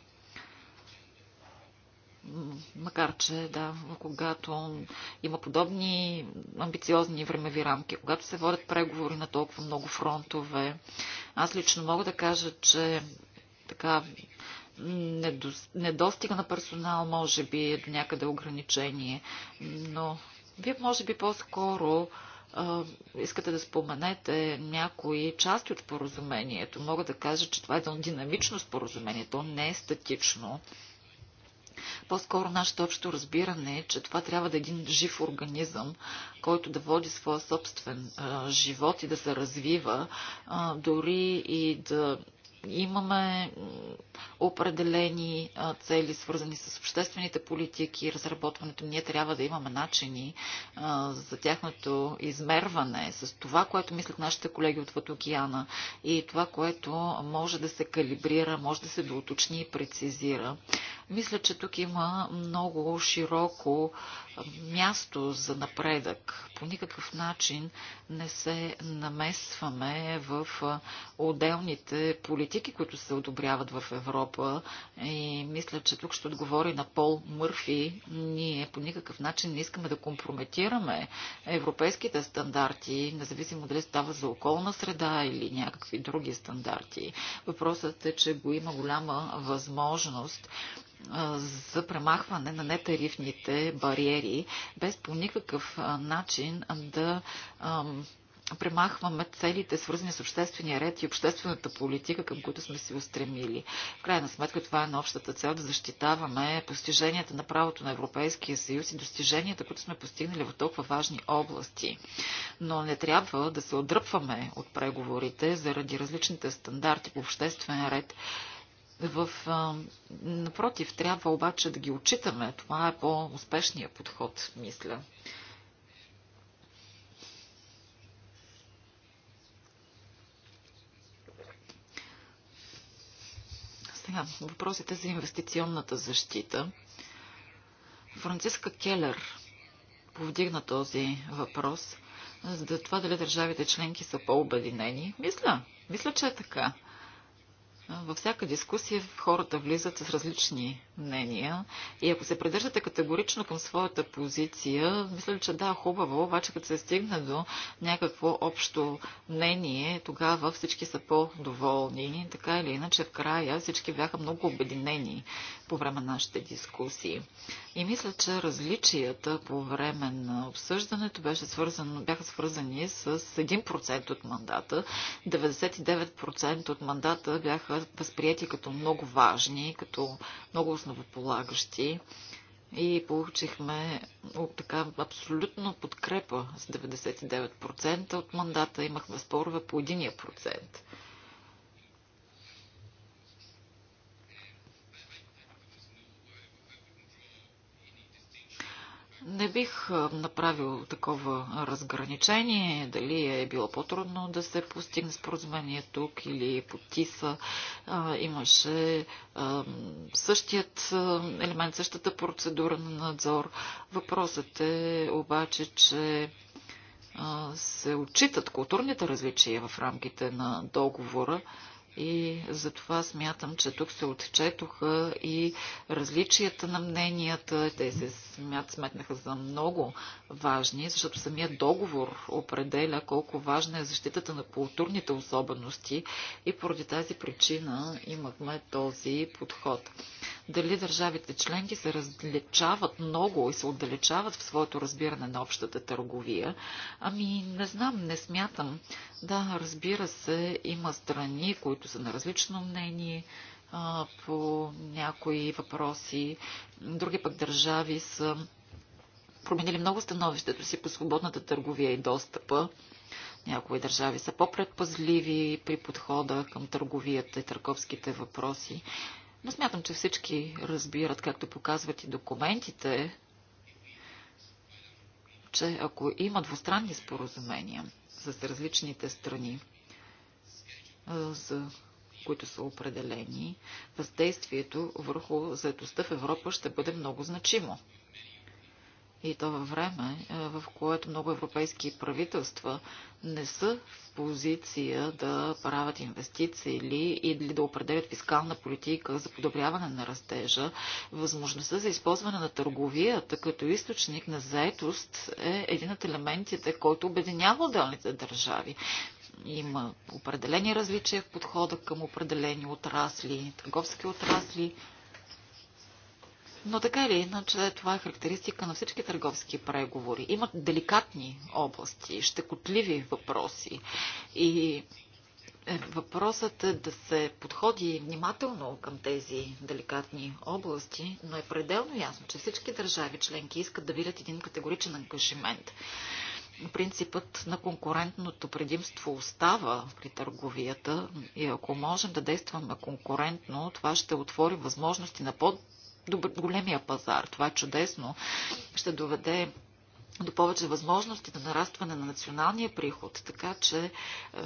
макар че, да, когато има подобни амбициозни времеви рамки, когато се водят преговори на толкова много фронтове, аз лично мога да кажа, че така недостига на персонал може би е до някъде ограничение, но вие може би по-скоро искате да споменете някои части от споразумението. Мога да кажа, че това е едно динамично споразумение, то не е статично. По-скоро нашето общо разбиране е, че това трябва да е един жив организъм, който да води своя собствен а, живот и да се развива, а, дори и да Имаме определени цели, свързани с обществените политики разработването. Ние трябва да имаме начини за тяхното измерване с това, което мислят нашите колеги от океана и това, което може да се калибрира, може да се доуточни и прецизира. Мисля, че тук има много широко място за напредък. По никакъв начин не се намесваме в отделните политики политики, които се одобряват в Европа. И мисля, че тук ще отговори на Пол Мърфи. Ние по никакъв начин не искаме да компрометираме европейските стандарти, независимо дали става за околна среда или някакви други стандарти. Въпросът е, че го има голяма възможност за премахване на нетарифните бариери, без по никакъв начин да премахваме целите, свързани с обществения ред и обществената политика, към които сме си устремили. В крайна сметка това е на общата цел да защитаваме постиженията на правото на Европейския съюз и достиженията, които сме постигнали в толкова важни области. Но не трябва да се отдръпваме от преговорите заради различните стандарти по обществен ред в, а, напротив, трябва обаче да ги отчитаме. Това е по-успешния подход, мисля. Сега, въпросите за инвестиционната защита. Франциска Келер повдигна този въпрос за това дали държавите членки са по-обединени. Мисля, мисля, че е така. Във всяка дискусия хората влизат с различни мнения и ако се придържате категорично към своята позиция, мисля, че да, хубаво, обаче като се стигне до някакво общо мнение, тогава всички са по-доволни. Така или иначе, в края всички бяха много обединени по време на нашите дискусии. И мисля, че различията по време на обсъждането беше свързано, бяха свързани с 1% от мандата, 99% от мандата бяха възприяти като много важни, като много основополагащи и получихме така абсолютно подкрепа с 99% от мандата. Имахме спорове по единия процент. Не бих направил такова разграничение, дали е било по-трудно да се постигне споразумение тук или по ТИСа. Имаше същият елемент, същата процедура на надзор. Въпросът е обаче, че се отчитат културните различия в рамките на договора и затова смятам, че тук се отчетоха и различията на мненията. Те се смят, сметнаха за много важни, защото самият договор определя колко важна е защитата на културните особености и поради тази причина имахме този подход. Дали държавите членки се различават много и се отдалечават в своето разбиране на общата търговия? Ами, не знам, не смятам. Да, разбира се, има страни, които са на различно мнение а, по някои въпроси. Други пък държави са променили много становището си по свободната търговия и достъпа. Някои държави са по-предпазливи при подхода към търговията и търговските въпроси. Но смятам, че всички разбират, както показват и документите, че ако има двустранни споразумения с различните страни, за които са определени, въздействието върху заедостта в Европа ще бъде много значимо. И то във време, в което много европейски правителства не са в позиция да правят инвестиции или, или да определят фискална политика за подобряване на растежа, възможността за използване на търговията като източник на заетост е един от елементите, който обединява отделните държави. Има определени различия в подхода към определени отрасли, търговски отрасли. Но така или иначе, това е характеристика на всички търговски преговори. Имат деликатни области, щекотливи въпроси. И въпросът е да се подходи внимателно към тези деликатни области, но е пределно ясно, че всички държави членки искат да видят един категоричен ангажимент принципът на конкурентното предимство остава при търговията и ако можем да действаме конкурентно, това ще отвори възможности на по-големия пазар. Това е чудесно. Ще доведе до повече възможности на нарастване на националния приход. Така че е,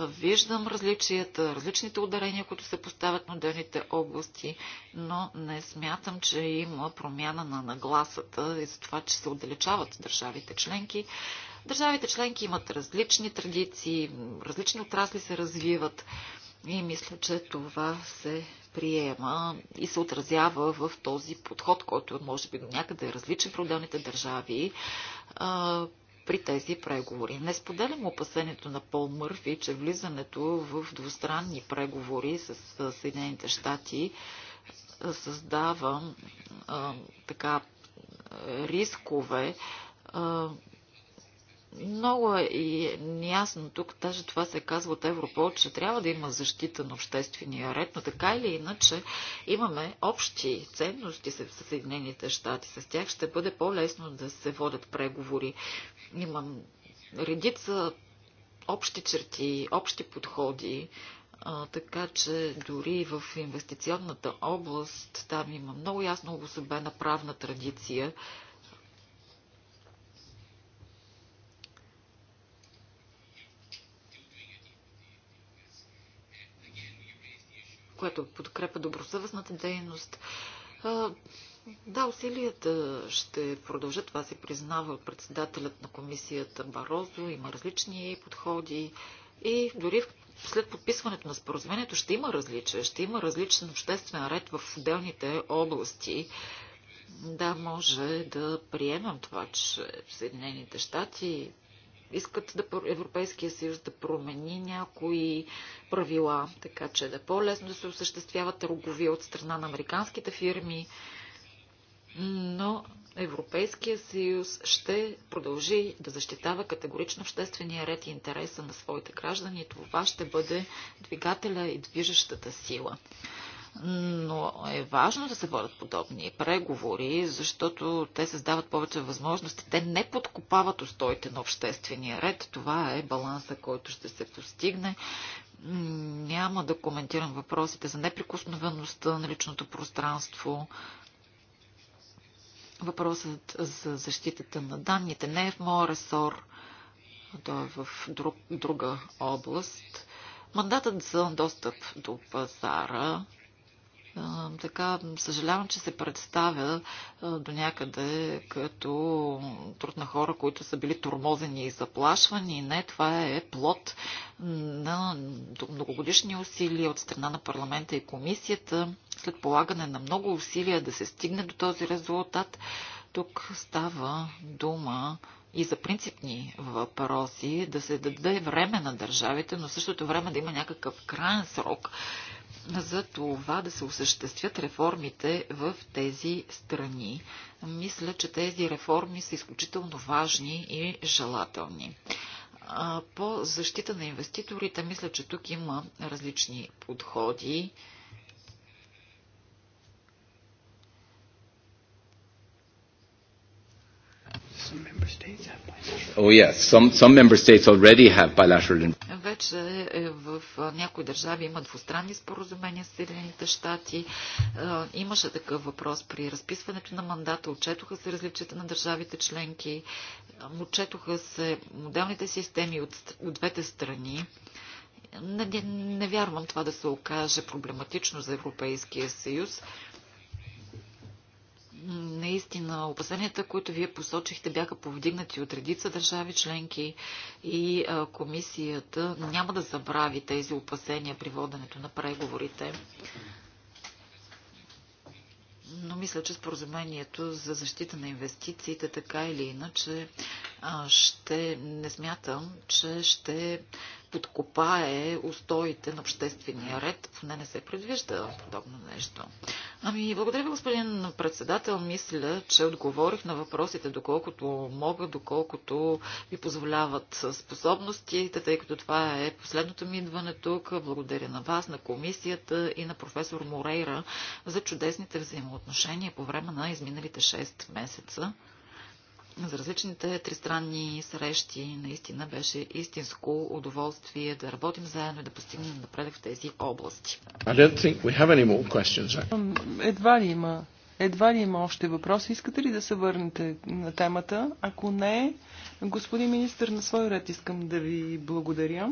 виждам различията, различните ударения, които се поставят на отделните области, но не смятам, че има промяна на нагласата и за това, че се отдалечават държавите членки. Държавите членки имат различни традиции, различни отрасли се развиват и мисля, че това се приема и се отразява в този подход, който може би до някъде е различен в отделните държави при тези преговори. Не споделям опасението на Пол Мърфи, че влизането в двустранни преговори с Съединените щати създава а, така рискове а, много е и ясно тук, даже това се казва от Европол, че трябва да има защита на обществения ред, но така или иначе имаме общи ценности с Съединените щати. С тях ще бъде по-лесно да се водят преговори. Имам редица общи черти, общи подходи, а, така че дори в инвестиционната област там има много ясно обособена правна традиция което подкрепа добросъвестната дейност. Да, усилията ще продължат. Това се признава председателят на комисията Барозо. Има различни подходи и дори след подписването на споразумението ще има различия, ще има различен обществен ред в отделните области. Да, може да приемам това, че Съединените щати искат да, Европейския съюз да промени някои правила, така че да е по-лесно да се осъществяват търговия от страна на американските фирми, но Европейския съюз ще продължи да защитава категорично обществения ред и интереса на своите граждани. Това ще бъде двигателя и движещата сила но е важно да се водят подобни преговори, защото те създават повече възможности. Те не подкопават устоите на обществения ред. Това е баланса, който ще се постигне. Няма да коментирам въпросите за неприкосновеността на личното пространство. Въпросът за защитата на данните не е в моя ресор, той е в друг, друга област. Мандатът за достъп до пазара така съжалявам, че се представя до някъде като труд на хора, които са били тормозени и заплашвани. Не, това е плод на многогодишни усилия от страна на парламента и комисията, след полагане на много усилия да се стигне до този резултат. Тук става дума и за принципни въпроси, да се даде време на държавите, но в същото време да има някакъв крайен срок, за това да се осъществят реформите в тези страни. Мисля, че тези реформи са изключително важни и желателни. По защита на инвеститорите, мисля, че тук има различни подходи. Oh, yes. some, some member states already have bilateral... Вече е, в някои държави има двустранни споразумения с Съединените щати. Имаше такъв въпрос при разписването на мандата. Отчетоха се различията на държавите членки. Отчетоха се моделните системи от, от двете страни. Не, не вярвам това да се окаже проблематично за Европейския съюз. Наистина, опасенията, които вие посочихте, бяха повдигнати от редица държави членки и комисията няма да забрави тези опасения при воденето на преговорите. Но мисля, че споразумението за защита на инвестициите, така или иначе, ще не смятам, че ще подкопае устоите на обществения ред. Поне не се предвижда подобно нещо. Ами, благодаря ви, господин председател. Мисля, че отговорих на въпросите доколкото мога, доколкото ви позволяват способностите, тъй като това е последното ми идване тук. Благодаря на вас, на комисията и на професор Морейра за чудесните взаимоотношения по време на изминалите 6 месеца за различните тристранни срещи. Наистина беше истинско удоволствие да работим заедно и да постигнем напредък в тези области. Едва ли има. Едва ли има още въпроси. Искате ли да се върнете на темата? Ако не, господин министр, на свой ред искам да ви благодаря.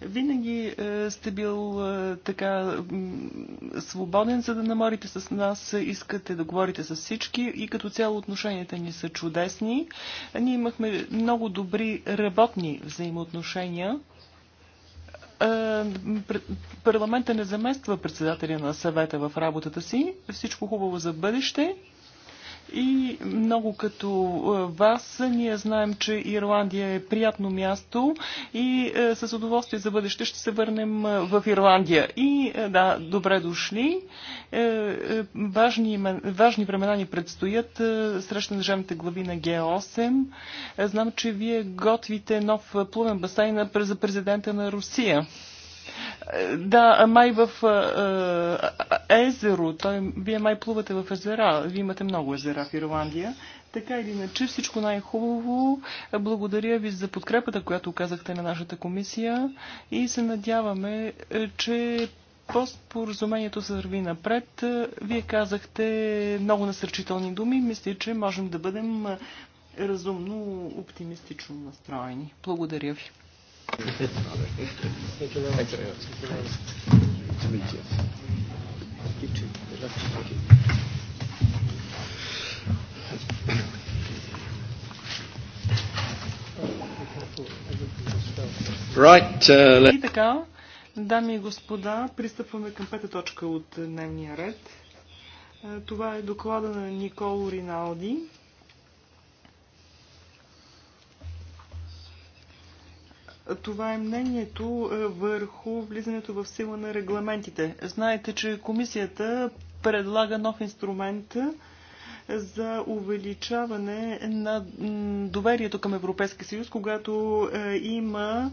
Винаги е, сте бил е, така свободен, за да наморите с нас, искате да говорите с всички и като цяло отношенията ни са чудесни. Ние имахме много добри работни взаимоотношения е, парламента не замества председателя на съвета в работата си. Всичко хубаво за бъдеще и много като е, вас ние знаем, че Ирландия е приятно място и е, с удоволствие за бъдеще ще се върнем е, в Ирландия. И да, добре дошли. Важни, важни времена ни предстоят среща на държавните глави на Г8. Знам, че вие готвите нов плувен басейн за президента на Русия. Да, май в езеро. Той, вие май плувате в езера. Вие имате много езера в Ирландия. Така или иначе, всичко най-хубаво. Благодаря ви за подкрепата, която оказахте на нашата комисия и се надяваме, че по споразумението се върви напред. Вие казахте много насърчителни думи. Мисля, че можем да бъдем разумно оптимистично настроени. Благодаря ви. Right, uh, и така, дами и господа, пристъпваме към пета точка от дневния ред. Е, това е доклада на Николо Риналди Това е мнението е, върху влизането в сила на регламентите. Знаете, че комисията предлага нов инструмент е, за увеличаване на доверието към Европейския съюз, когато е, има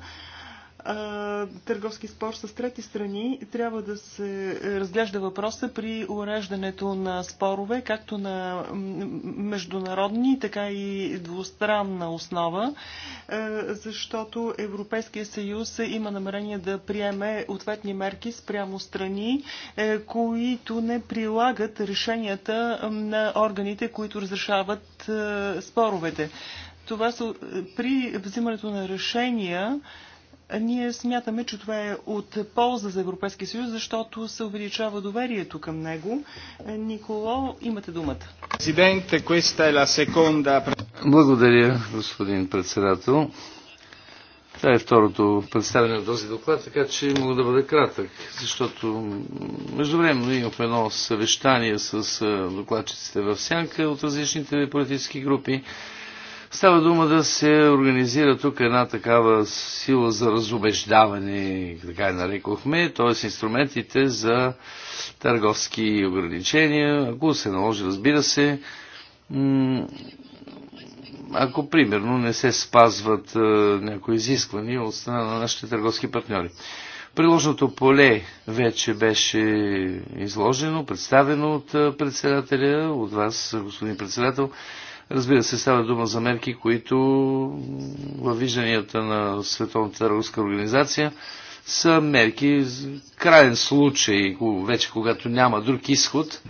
търговски спор с трети страни, трябва да се разглежда въпроса при уреждането на спорове, както на международни, така и двустранна основа, защото Европейския съюз има намерение да приеме ответни мерки спрямо страни, които не прилагат решенията на органите, които разрешават споровете. Това са при взимането на решения ние смятаме, че това е от полза за Европейския съюз, защото се увеличава доверието към него. Николо, имате думата. Е Благодаря, господин председател. Това е второто представяне на този доклад, така че мога да бъда кратък, защото междувременно имахме едно съвещание с докладчиците в сянка от различните политически групи. Става дума да се организира тук една такава сила за разобеждаване, така я нарекохме, т.е. инструментите за търговски ограничения, ако се наложи, разбира се, ако примерно не се спазват е, някои изисквания от страна на нашите търговски партньори. Приложното поле вече беше изложено, представено от е, председателя, от вас, господин председател. Разбира се, става дума за мерки, които във вижданията на Световната търговска организация са мерки крайен случай, вече когато няма друг изход,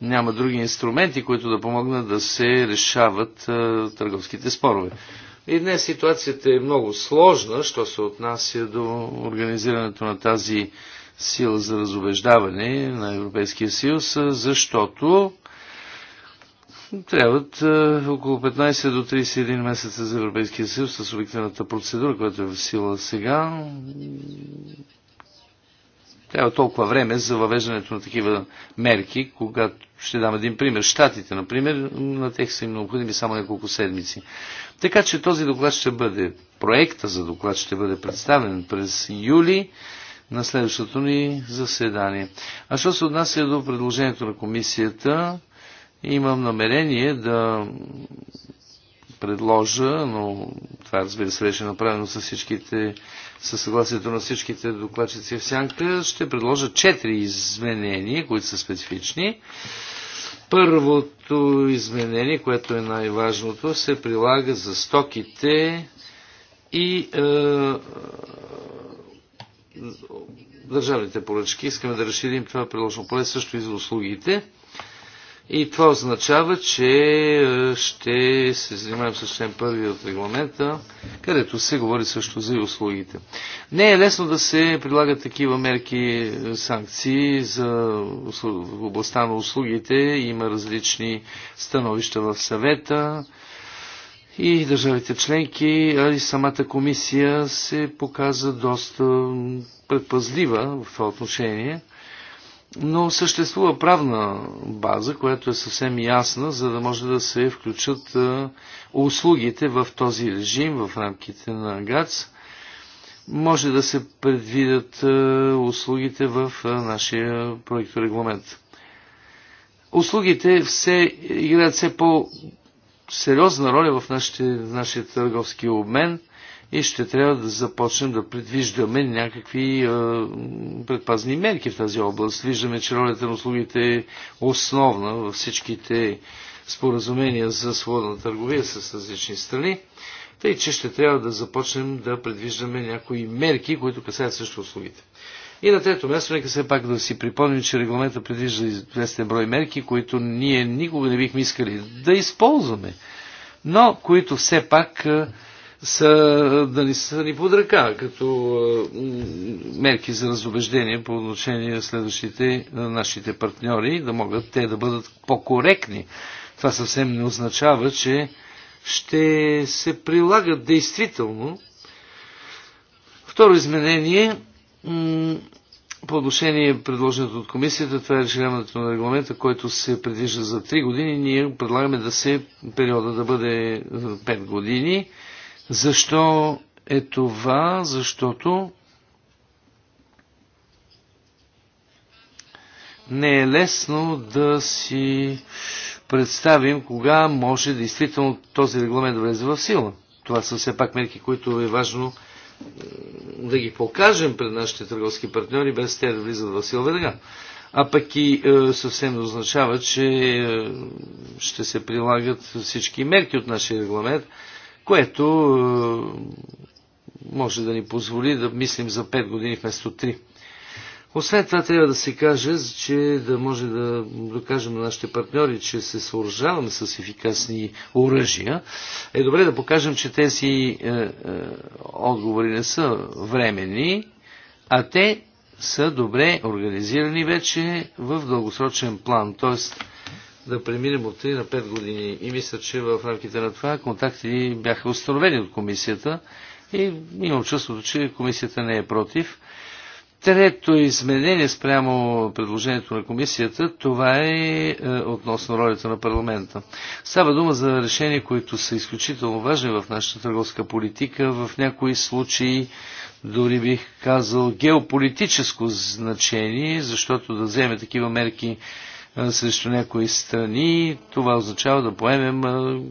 няма други инструменти, които да помогнат да се решават а, търговските спорове. И днес ситуацията е много сложна, що се отнася до организирането на тази сила за разобеждаване на Европейския съюз, защото Трябват а, е, около 15 до 31 месеца за Европейския съюз с обикновената процедура, която е в сила сега. Трябва толкова време за въвеждането на такива мерки, когато ще дам един пример. Штатите, например, на тях са им необходими само няколко седмици. Така че този доклад ще бъде, проекта за доклад ще бъде представен през юли на следващото ни заседание. А що се отнася до предложението на комисията, Имам намерение да предложа, но това разбира се беше направено със всичките, със съгласието на всичките докладчици в сянка, ще предложа четири изменения, които са специфични. Първото изменение, което е най-важното, се прилага за стоките и е, държавните поръчки. Искаме да разширим това приложно поле също и за услугите. И това означава, че е, ще се занимаем с член първи от регламента, където се говори също за и услугите. Не е лесно да се прилагат такива мерки, е, санкции за в областта на услугите. Има различни становища в съвета и държавите членки, а и самата комисия се показа доста предпазлива в това отношение но съществува правна база, която е съвсем ясна, за да може да се включат е, услугите в този режим, в рамките на ГАЦ. Може да се предвидят е, услугите в е, нашия проект регламент. Услугите все играят все по-сериозна роля в нашите, нашия търговски обмен – и ще трябва да започнем да предвиждаме някакви е, предпазни мерки в тази област. Виждаме, че ролята на услугите е основна във всичките споразумения за свободна търговия с различни страни, тъй че ще трябва да започнем да предвиждаме някои мерки, които касаят също услугите. И на трето място, нека все пак да си припомним, че регламента предвижда известен брой мерки, които ние никога не бихме искали да използваме, но които все пак е, са, да ни са ни под ръка, като мерки за разобеждение по отношение на следващите нашите партньори, да могат те да бъдат по-коректни. Това съвсем не означава, че ще се прилагат действително. Второ изменение по отношение предложеното от комисията, това е решението на регламента, който се предвижда за 3 години. Ние предлагаме да се периода да бъде 5 е, години защо е това? Защото не е лесно да си представим кога може действително този регламент да влезе в сила. Това са все пак мерки, които е важно е, да ги покажем пред нашите търговски партньори, без те да влизат в сила веднага. А пък и е, съвсем означава, че е, ще се прилагат всички мерки от нашия регламент, което е, може да ни позволи да мислим за 5 години вместо 3. Освен това трябва да се каже, че да може да докажем на нашите партньори, че се съоръжаваме с ефикасни оръжия, е добре да покажем, че тези е, е, отговори не са временни, а те са добре организирани вече в дългосрочен план. Тоест, да преминем от 3 на 5 години. И мисля, че в рамките на това контакти бяха установени от комисията и имам чувството, че комисията не е против. Трето изменение спрямо предложението на комисията, това е, е относно ролята на парламента. Става дума за решения, които са изключително важни в нашата търговска политика, в някои случаи дори бих казал геополитическо значение, защото да вземе такива мерки срещу някои страни, това означава да поемем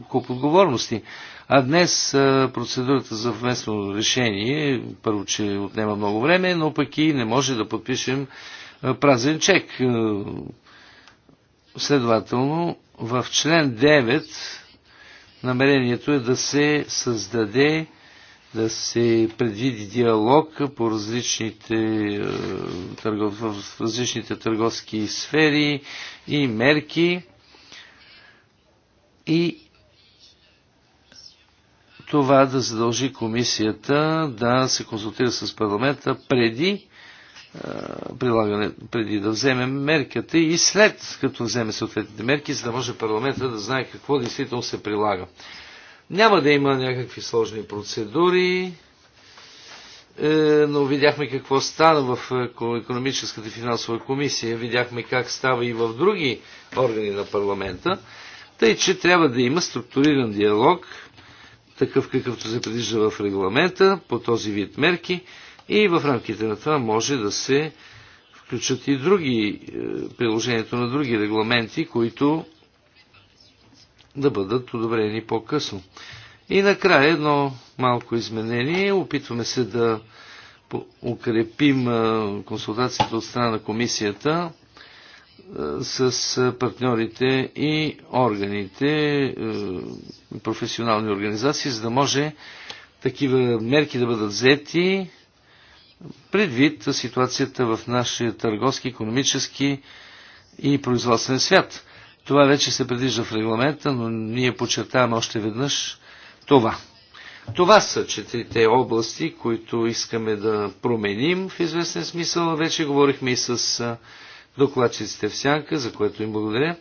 куп отговорности. А днес процедурата за вместно решение, първо, че отнема много време, но пък и не може да подпишем празен чек. Следователно, в член 9 намерението е да се създаде да се предвиди диалог по различните, е, в различните търговски сфери и мерки. И това да задължи комисията да се консултира с парламента преди е, прилагане, преди да вземе мерката и след като вземе съответните мерки, за да може парламента да знае какво действително се прилага. Няма да има някакви сложни процедури, е, но видяхме какво стана в е, економическата и финансова комисия, видяхме как става и в други органи на парламента, тъй че трябва да има структуриран диалог, такъв какъвто се предвижда в регламента, по този вид мерки и в рамките на това може да се включат и други, е, приложението на други регламенти, които да бъдат одобрени по-късно. И накрая едно малко изменение. Опитваме се да укрепим консултацията от страна на комисията с партньорите и органите, професионални организации, за да може такива мерки да бъдат взети предвид ситуацията в нашия търговски, економически и производствен свят. Това вече се предвижда в регламента, но ние подчертаваме още веднъж това. Това са четирите области, които искаме да променим в известен смисъл. Вече говорихме и с докладчиците в Сянка, за което им благодаря.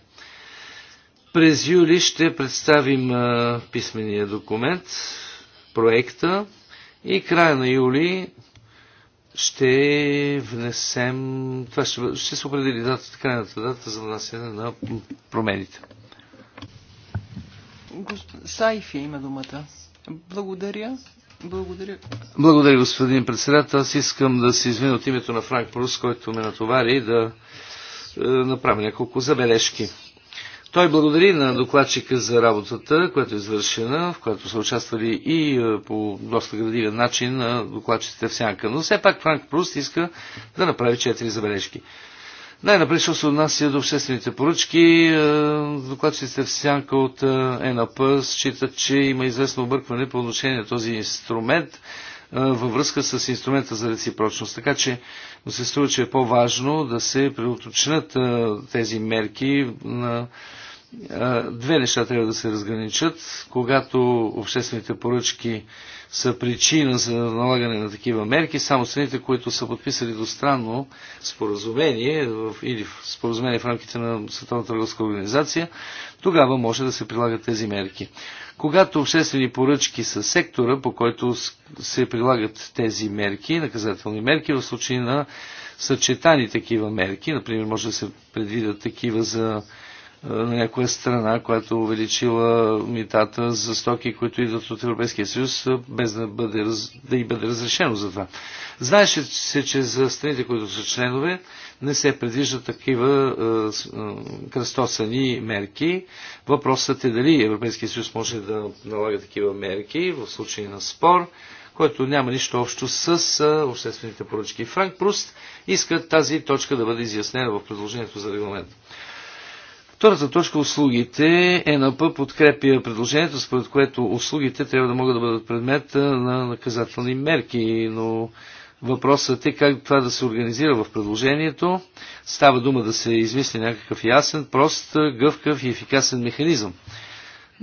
През юли ще представим писмения документ, проекта и края на юли ще внесем, това ще, ще се определи датата, крайната дата за внасяне на промените. Госп... Сайфи има думата. Благодаря. Благодаря. Благодаря, господин председател. Аз искам да се извиня от името на Франк Прус, който ме натовари да е, направя няколко забележки. Той благодари на докладчика за работата, която е извършена, в която са участвали и е, по доста градивен начин на е, докладчиците в сянка. Но все пак Франк Пруст иска да направи четири забележки. Най-напред, що се отнася до обществените поръчки, е, докладчиците в сянка от ЕНАП считат, че има известно объркване по отношение на този инструмент във връзка с инструмента за реципрочност. Така че но се струва, че е по-важно да се предоточнат тези мерки на Две неща трябва да се разграничат. Когато обществените поръчки са причина за налагане на такива мерки, само страните, които са подписали странно споразумение или споразумение в рамките на Световната търговска организация, тогава може да се прилагат тези мерки. Когато обществени поръчки са сектора, по който се прилагат тези мерки, наказателни мерки, в случай на съчетани такива мерки, например може да се предвидят такива за някоя страна, която увеличила митата за стоки, които идват от Европейския съюз, без да, бъде, да и бъде разрешено за това. Знаеше се, че за страните, които са членове, не се предвиждат такива е, кръстосани мерки. Въпросът е дали Европейския съюз може да налага такива мерки в случай на спор който няма нищо общо с обществените поръчки. Франк Пруст иска тази точка да бъде изяснена в предложението за регламент. Втората точка услугите. ЕНП подкрепя предложението, според което услугите трябва да могат да бъдат предмет на наказателни мерки, но въпросът е как това да се организира в предложението. Става дума да се измисли някакъв ясен, прост, гъвкав и ефикасен механизъм.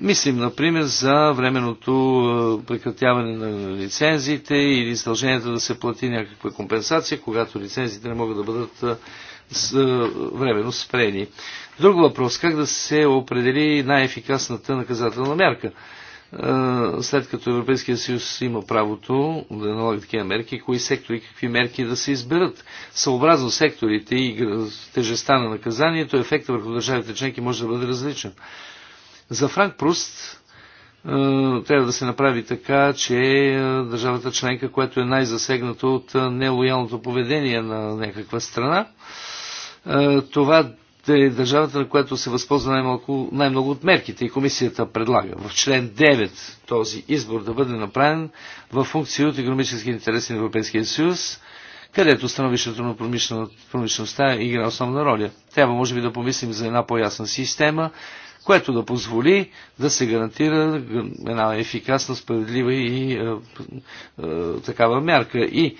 Мислим, например, за временното прекратяване на лицензиите или задължението да се плати някаква компенсация, когато лицензиите не могат да бъдат временно спрени. Друг въпрос, как да се определи най-ефикасната наказателна мярка? След като Европейския съюз има правото да налага такива мерки, кои сектори, какви мерки да се изберат. Съобразно секторите и тежестта на наказанието, ефекта върху държавите членки може да бъде различен. За Франк Пруст трябва да се направи така, че държавата членка, която е най-засегната от нелоялното поведение на някаква страна, е, това да е държавата, на която се възползва най-много, най от мерките и комисията предлага. В член 9 този избор да бъде направен в функция от економически интереси на Европейския съюз, където становището на промишлеността игра основна роля. Трябва, може би, да помислим за една по-ясна система, което да позволи да се гарантира една ефикасна, справедлива и е, е, такава мярка. И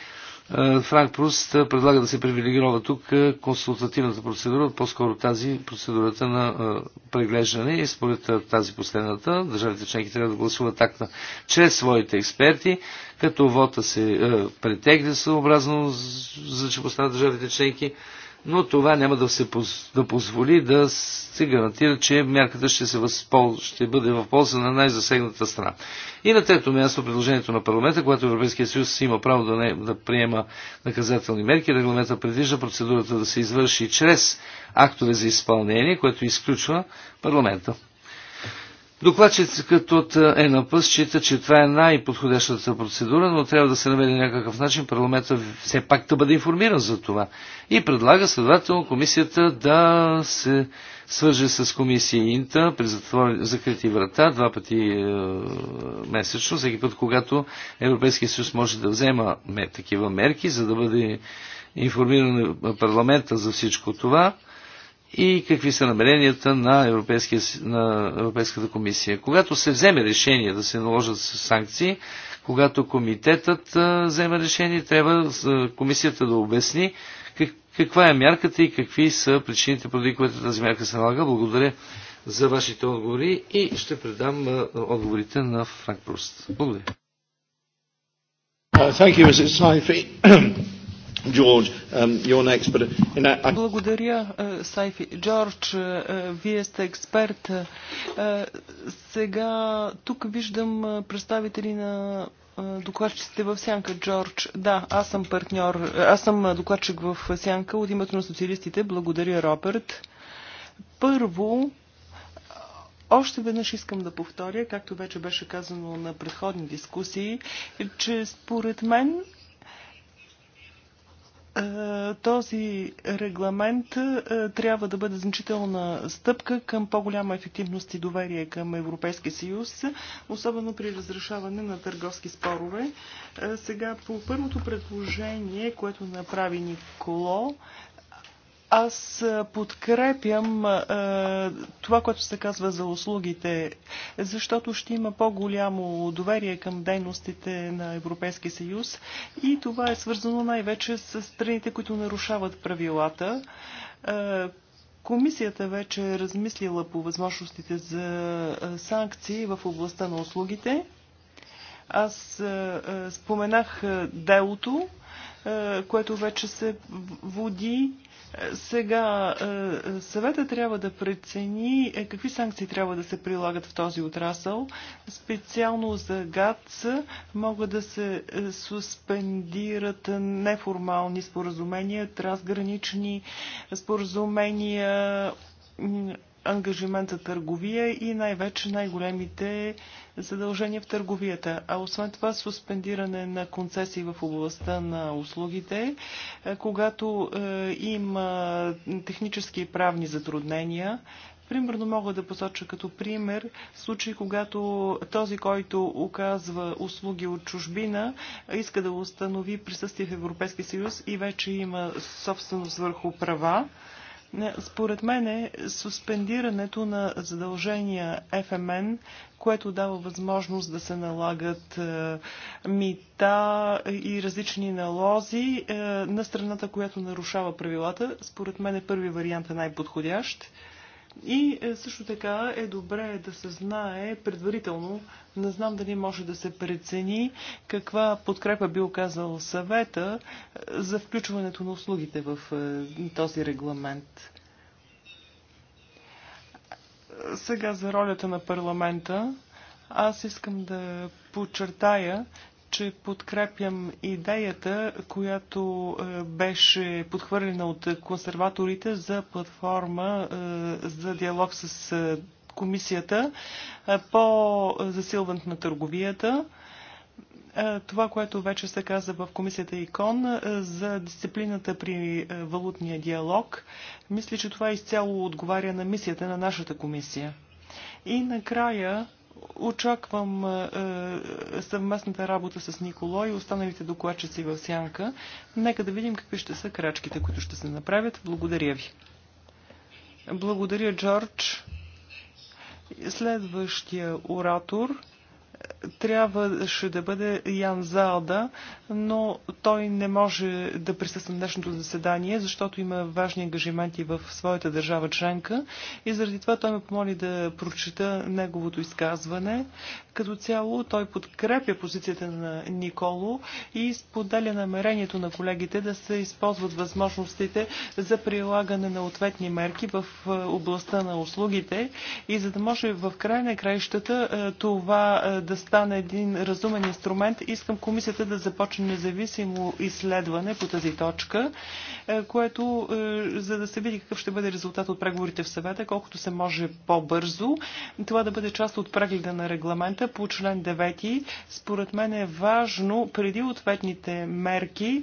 е, Франк Пруст е, предлага да се привилегирова тук е, консултативната процедура, по-скоро тази процедурата на преглеждане и според тази последната държавите членки трябва да гласуват такта чрез своите експерти, като вота се претегля съобразно за че поставят държавите членки но това няма да се да позволи да се гарантира, че мярката ще, се възпол... ще бъде в полза на най-засегната страна. И на трето място предложението на парламента, когато Европейския съюз има право да, не... да приема наказателни мерки, регламента предвижда процедурата да се извърши чрез актове за изпълнение, което изключва парламента като от ЕНП счита, че това е най-подходящата процедура, но трябва да се намери някакъв начин парламента все пак да бъде информиран за това. И предлага следователно комисията да се свърже с комисия Инта при затвор... закрити врата два пъти е, месечно, всеки път, когато Европейския съюз може да взема такива мерки, за да бъде информиран парламента за всичко това и какви са намеренията на, на Европейската комисия. Когато се вземе решение да се наложат санкции, когато комитетът взема решение, трябва комисията да обясни как, каква е мярката и какви са причините, поради които тази мярка се налага. Благодаря за вашите отговори и ще предам отговорите на Франк Пруст. Благодаря. Uh, thank you, George, um, you're next, but in uh, that, I... Благодаря, е, Сайфи. Джордж, е, е, вие сте експерт. Сега тук виждам представители на докладчиците в Сянка, Джордж. Да, аз съм партньор. Аз съм докладчик в Сянка от името на социалистите. Благодаря, Роберт. Първо, още веднъж искам да повторя, както вече беше казано на предходни дискусии, че според мен е, този регламент е, трябва да бъде значителна стъпка към по-голяма ефективност и доверие към Европейския съюз, особено при разрешаване на търговски спорове. Е, сега по първото предложение, което направи Николо, аз подкрепям а, това, което се казва за услугите, защото ще има по-голямо доверие към дейностите на Европейския съюз и това е свързано най-вече с страните, които нарушават правилата. А, Комисията вече е размислила по възможностите за санкции в областта на услугите. Аз споменах делото, което вече се води сега е, съвета трябва да прецени е, какви санкции трябва да се прилагат в този отрасъл. Специално за ГАЦ могат да се е, суспендират неформални споразумения, трансгранични споразумения, ангажимента търговия и най-вече най-големите задължения в търговията. А освен това, суспендиране на концесии в областта на услугите, е, когато е, има технически и правни затруднения, Примерно мога да посоча като пример случай, когато този, който оказва услуги от чужбина, иска да установи присъствие в Европейския съюз и вече има собственост върху права. Според мен е суспендирането на задължения ФМН, което дава възможност да се налагат е, мита и различни налози е, на страната, която нарушава правилата. Според мен е първи вариант е най-подходящ. И е, също така е добре да се знае предварително, не знам дали може да се прецени каква подкрепа би оказал съвета е, за включването на услугите в е, този регламент. Сега за ролята на парламента. Аз искам да подчертая, че подкрепям идеята, която е, беше подхвърлена от консерваторите за платформа е, за диалог с е, комисията по засилването на търговията. Това, което вече се каза в комисията ИКОН за дисциплината при валутния диалог, мисля, че това изцяло отговаря на мисията на нашата комисия. И накрая Очаквам е, е, съвместната работа с Николой и останалите докладчици в Сянка. Нека да видим какви ще са крачките, които ще се направят. Благодаря ви. Благодаря, Джордж. Следващия оратор трябваше да бъде Ян Залда, но той не може да присъства на днешното заседание, защото има важни ангажименти в своята държава членка и заради това той ме помоли да прочита неговото изказване. Като цяло той подкрепя позицията на Николо и споделя намерението на колегите да се използват възможностите за прилагане на ответни мерки в е, областта на услугите и за да може в край на краищата е, това е, да става стане един разумен инструмент, искам комисията да започне независимо изследване по тази точка, е, което е, за да се види какъв ще бъде резултат от преговорите в съвета, колкото се може по-бързо. Това да бъде част от прегледа на регламента по член 9. Според мен е важно преди ответните мерки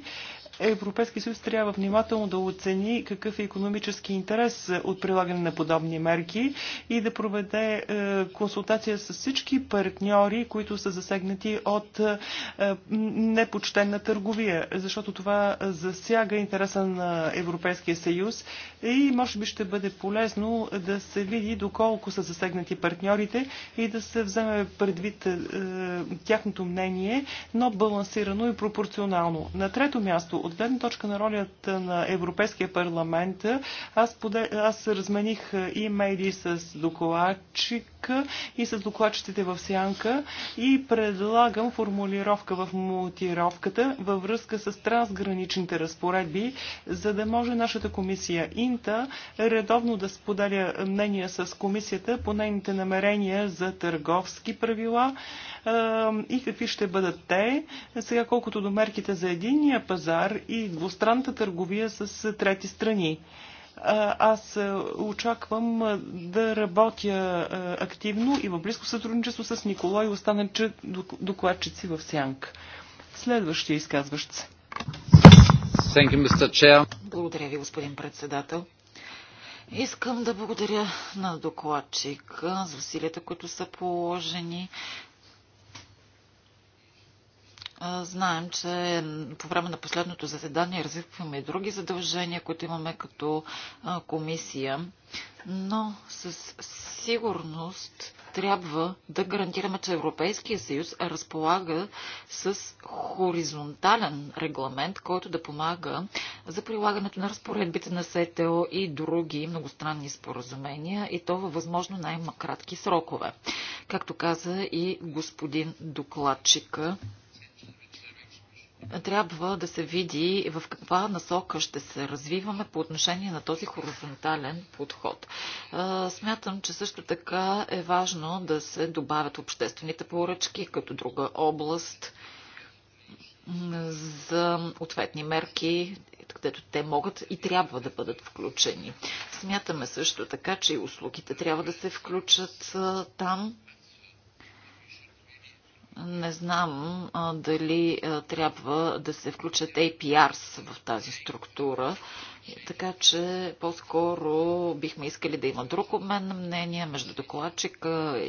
Европейски съюз трябва внимателно да оцени какъв е економически интерес е, от прилагане на подобни мерки и да проведе е, консултация с всички партньори, които са засегнати от е, непочтена търговия, защото това засяга интереса на Европейския съюз и може би ще бъде полезно да се види доколко са засегнати партньорите и да се вземе предвид тяхното мнение, но балансирано и пропорционално. На трето място от гледна точка на ролята на Европейския парламент, аз, поде... аз размених имейли с докладчик и с докладчетите в сянка и предлагам формулировка в мотировката във връзка с трансграничните разпоредби, за да може нашата комисия Инта редовно да споделя мнения с комисията по нейните намерения за търговски правила, и какви ще бъдат те. Сега колкото до мерките за единния пазар и двустранната търговия с трети страни аз очаквам да работя активно и в близко сътрудничество с Николай и докладчици в Сянк. Следващия изказващ се. Благодаря ви, господин председател. Искам да благодаря на докладчика за усилията, които са положени Знаем, че по време на последното заседание развихваме и други задължения, които имаме като комисия, но със сигурност трябва да гарантираме, че Европейския съюз разполага с хоризонтален регламент, който да помага за прилагането на разпоредбите на СТО и други многостранни споразумения и то във възможно най-макратки срокове. Както каза и господин докладчика, трябва да се види в каква насока ще се развиваме по отношение на този хоризонтален подход. Смятам, че също така е важно да се добавят обществените поръчки като друга област за ответни мерки, където те могат и трябва да бъдат включени. Смятаме също така, че и услугите трябва да се включат там не знам а, дали а, трябва да се включат APRs в тази структура, така че по-скоро бихме искали да има друг обмен на мнения между докладчика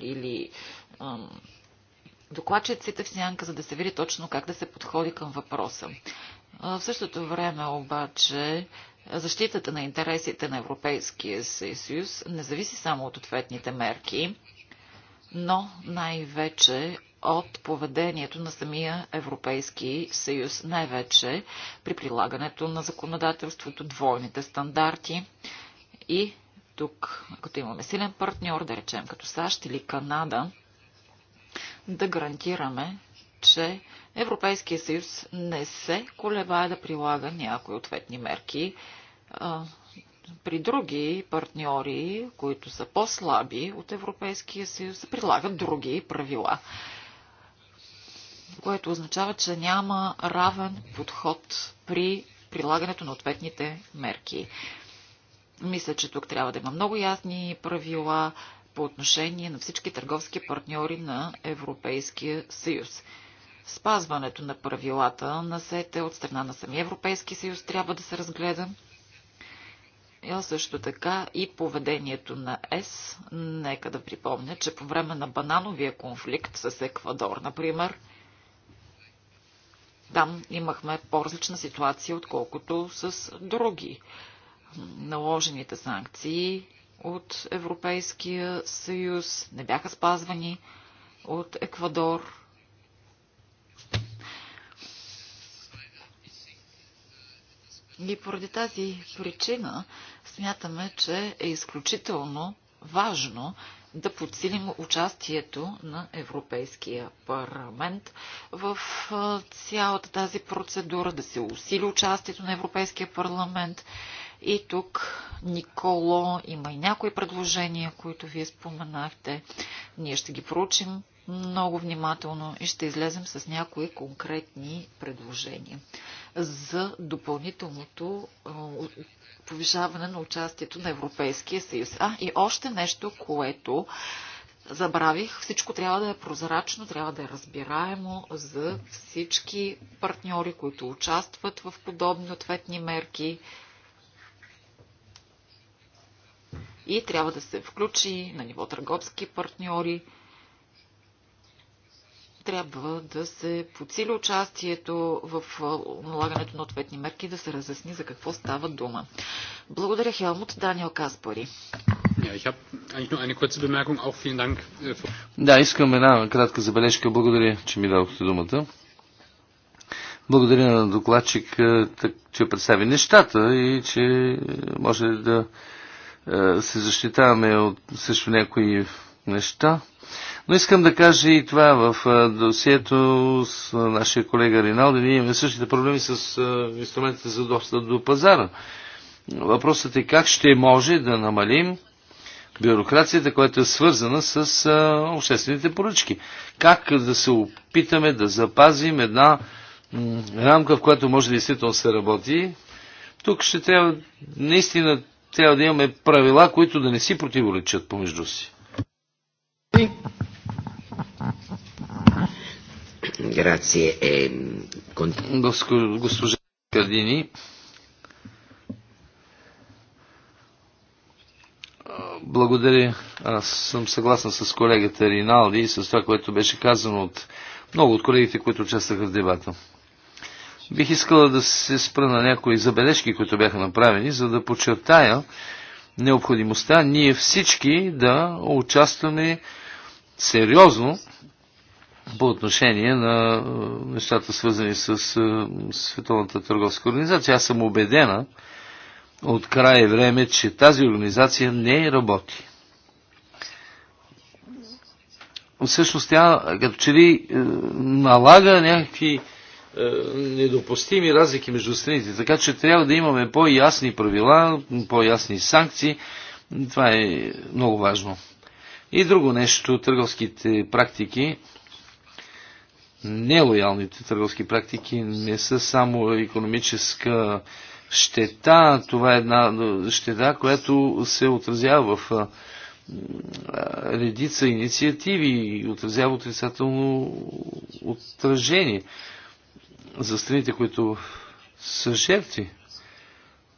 или а, докладчиците в сянка, за да се види точно как да се подходи към въпроса. В същото време обаче защитата на интересите на Европейския съюз не зависи само от ответните мерки, но най-вече от поведението на самия Европейски съюз, най-вече при прилагането на законодателството, двойните стандарти и тук, като имаме силен партньор, да речем като САЩ или Канада, да гарантираме, че Европейския съюз не се колебае да прилага някои ответни мерки при други партньори, които са по-слаби от Европейския съюз, се прилагат други правила което означава, че няма равен подход при прилагането на ответните мерки. Мисля, че тук трябва да има много ясни правила по отношение на всички търговски партньори на Европейския съюз. Спазването на правилата на СЕТЕ от страна на самия Европейски съюз трябва да се разгледа. и също така и поведението на ЕС. Нека да припомня, че по време на банановия конфликт с Еквадор, например, там имахме по-различна ситуация, отколкото с други наложените санкции от Европейския съюз не бяха спазвани от Еквадор. И поради тази причина смятаме, че е изключително важно да подсилим участието на Европейския парламент в цялата тази процедура, да се усили участието на Европейския парламент. И тук, Николо, има и някои предложения, които вие споменахте. Ние ще ги проучим много внимателно и ще излезем с някои конкретни предложения за допълнителното повишаване на участието на Европейския съюз. А, и още нещо, което забравих. Всичко трябва да е прозрачно, трябва да е разбираемо за всички партньори, които участват в подобни ответни мерки. И трябва да се включи на ниво търговски партньори, трябва да се подсили участието в налагането на ответни мерки и да се разясни за какво става дума. Благодаря, Хелмут. Даниел Каспари. Äh, да, искам една кратка забележка. Благодаря, че ми дадохте думата. Благодаря на докладчик, че представи нещата и че е, може да е, се защитаваме от също някои неща. Но искам да кажа и това в досието с нашия колега Риналди. Ние имаме същите проблеми с инструментите за достъп до пазара. Въпросът е как ще може да намалим бюрокрацията, която е свързана с обществените поръчки. Как да се опитаме да запазим една рамка, в която може действително се работи. Тук ще трябва, наистина трябва да имаме правила, които да не си противоречат помежду си. Grazie. Ehm, госпожа Кардини, благодаря. Аз съм съгласен с колегата Риналди и с това, което беше казано от много от колегите, които участваха в дебата. Бих искала да се спра на някои забележки, които бяха направени, за да подчертая необходимостта ние всички да участваме сериозно по отношение на е, нещата свързани с е, Световната търговска организация. Аз съм убедена от край време, че тази организация не работи. Всъщност тя като че ли е, налага някакви недопустими разлики между страните. Така че трябва да имаме по-ясни правила, по-ясни санкции. Това е много важно. И друго нещо, търговските практики нелоялните търговски практики не са само економическа щета, това е една щета, която се отразява в редица инициативи и отразява отрицателно отражение за страните, които са жертви.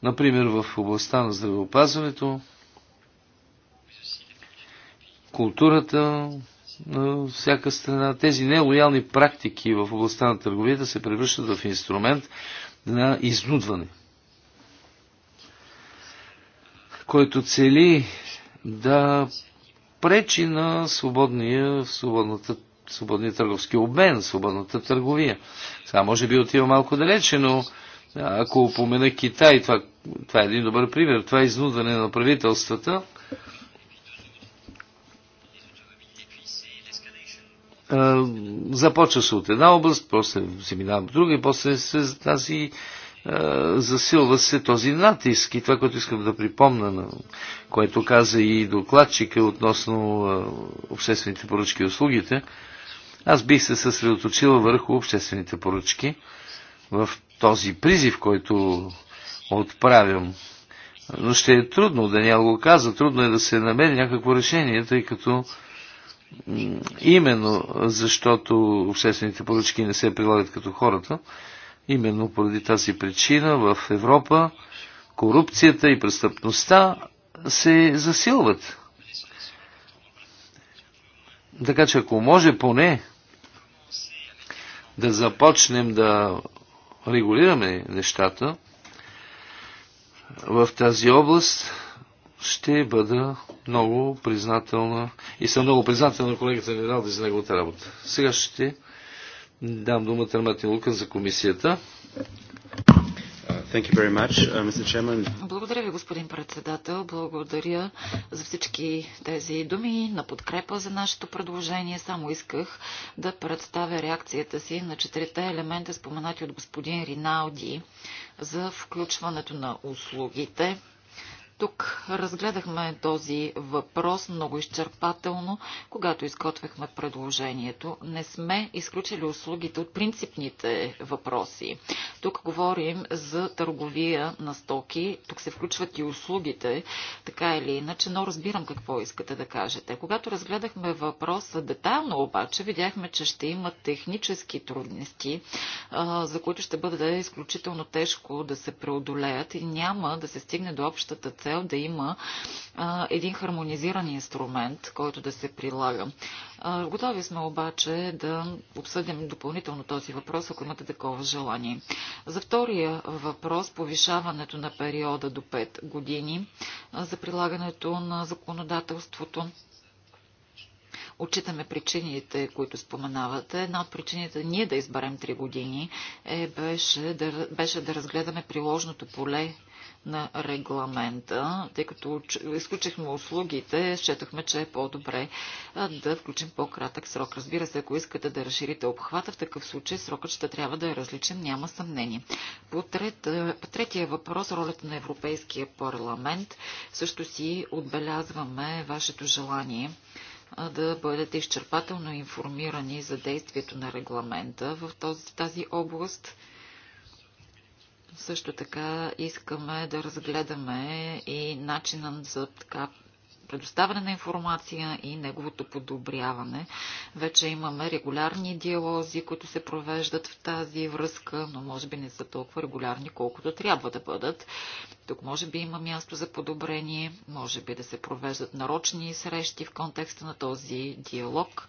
Например, в областта на здравеопазването, културата, на всяка страна. Тези нелоялни практики в областта на търговията се превръщат в инструмент на изнудване, който цели да пречи на свободния, свободната, свободния търговски обмен, свободната търговия. Сега може би отива малко далече, но ако упомена Китай, това, това е един добър пример, това е изнудване на правителствата започва се от една област, после се минава в друга и после се тази засилва се този натиск и това, което искам да припомна, на което каза и докладчика относно обществените поръчки и услугите, аз бих се съсредоточила върху обществените поръчки в този призив, който отправям. Но ще е трудно, Даниел го каза, трудно е да се намери някакво решение, тъй като именно защото обществените поръчки не се прилагат като хората, именно поради тази причина в Европа корупцията и престъпността се засилват. Така че ако може поне да започнем да регулираме нещата в тази област, ще бъда много признателна и съм много признателна на колегата Нералди за неговата работа. Сега ще дам думата на Мартин Лукан за комисията. Much, uh, Благодаря ви, господин председател. Благодаря за всички тези думи на подкрепа за нашето предложение. Само исках да представя реакцията си на четирите елемента, споменати от господин Риналди за включването на услугите тук разгледахме този въпрос много изчерпателно, когато изготвяхме предложението. Не сме изключили услугите от принципните въпроси. Тук говорим за търговия на стоки. Тук се включват и услугите, така или иначе, но разбирам какво искате да кажете. Когато разгледахме въпроса детайлно обаче, видяхме, че ще има технически трудности, за които ще бъде изключително тежко да се преодолеят и няма да се стигне до общата цел да има а, един хармонизиран инструмент, който да се прилага. А, готови сме обаче да обсъдим допълнително този въпрос, ако имате такова желание. За втория въпрос, повишаването на периода до 5 години а, за прилагането на законодателството. Отчитаме причините, които споменавате. Една от причините ние да изберем 3 години е, беше, да, беше да разгледаме приложното поле на регламента, тъй като изключихме услугите, счетохме, че е по-добре да включим по-кратък срок. Разбира се, ако искате да разширите обхвата, в такъв случай срокът ще трябва да е различен, няма съмнение. По, трет, третия въпрос, ролята на Европейския парламент, също си отбелязваме вашето желание да бъдете изчерпателно информирани за действието на регламента в тази област също така искаме да разгледаме и начина за така предоставяне на информация и неговото подобряване. Вече имаме регулярни диалози, които се провеждат в тази връзка, но може би не са толкова регулярни, колкото трябва да бъдат. Тук може би има място за подобрение, може би да се провеждат нарочни срещи в контекста на този диалог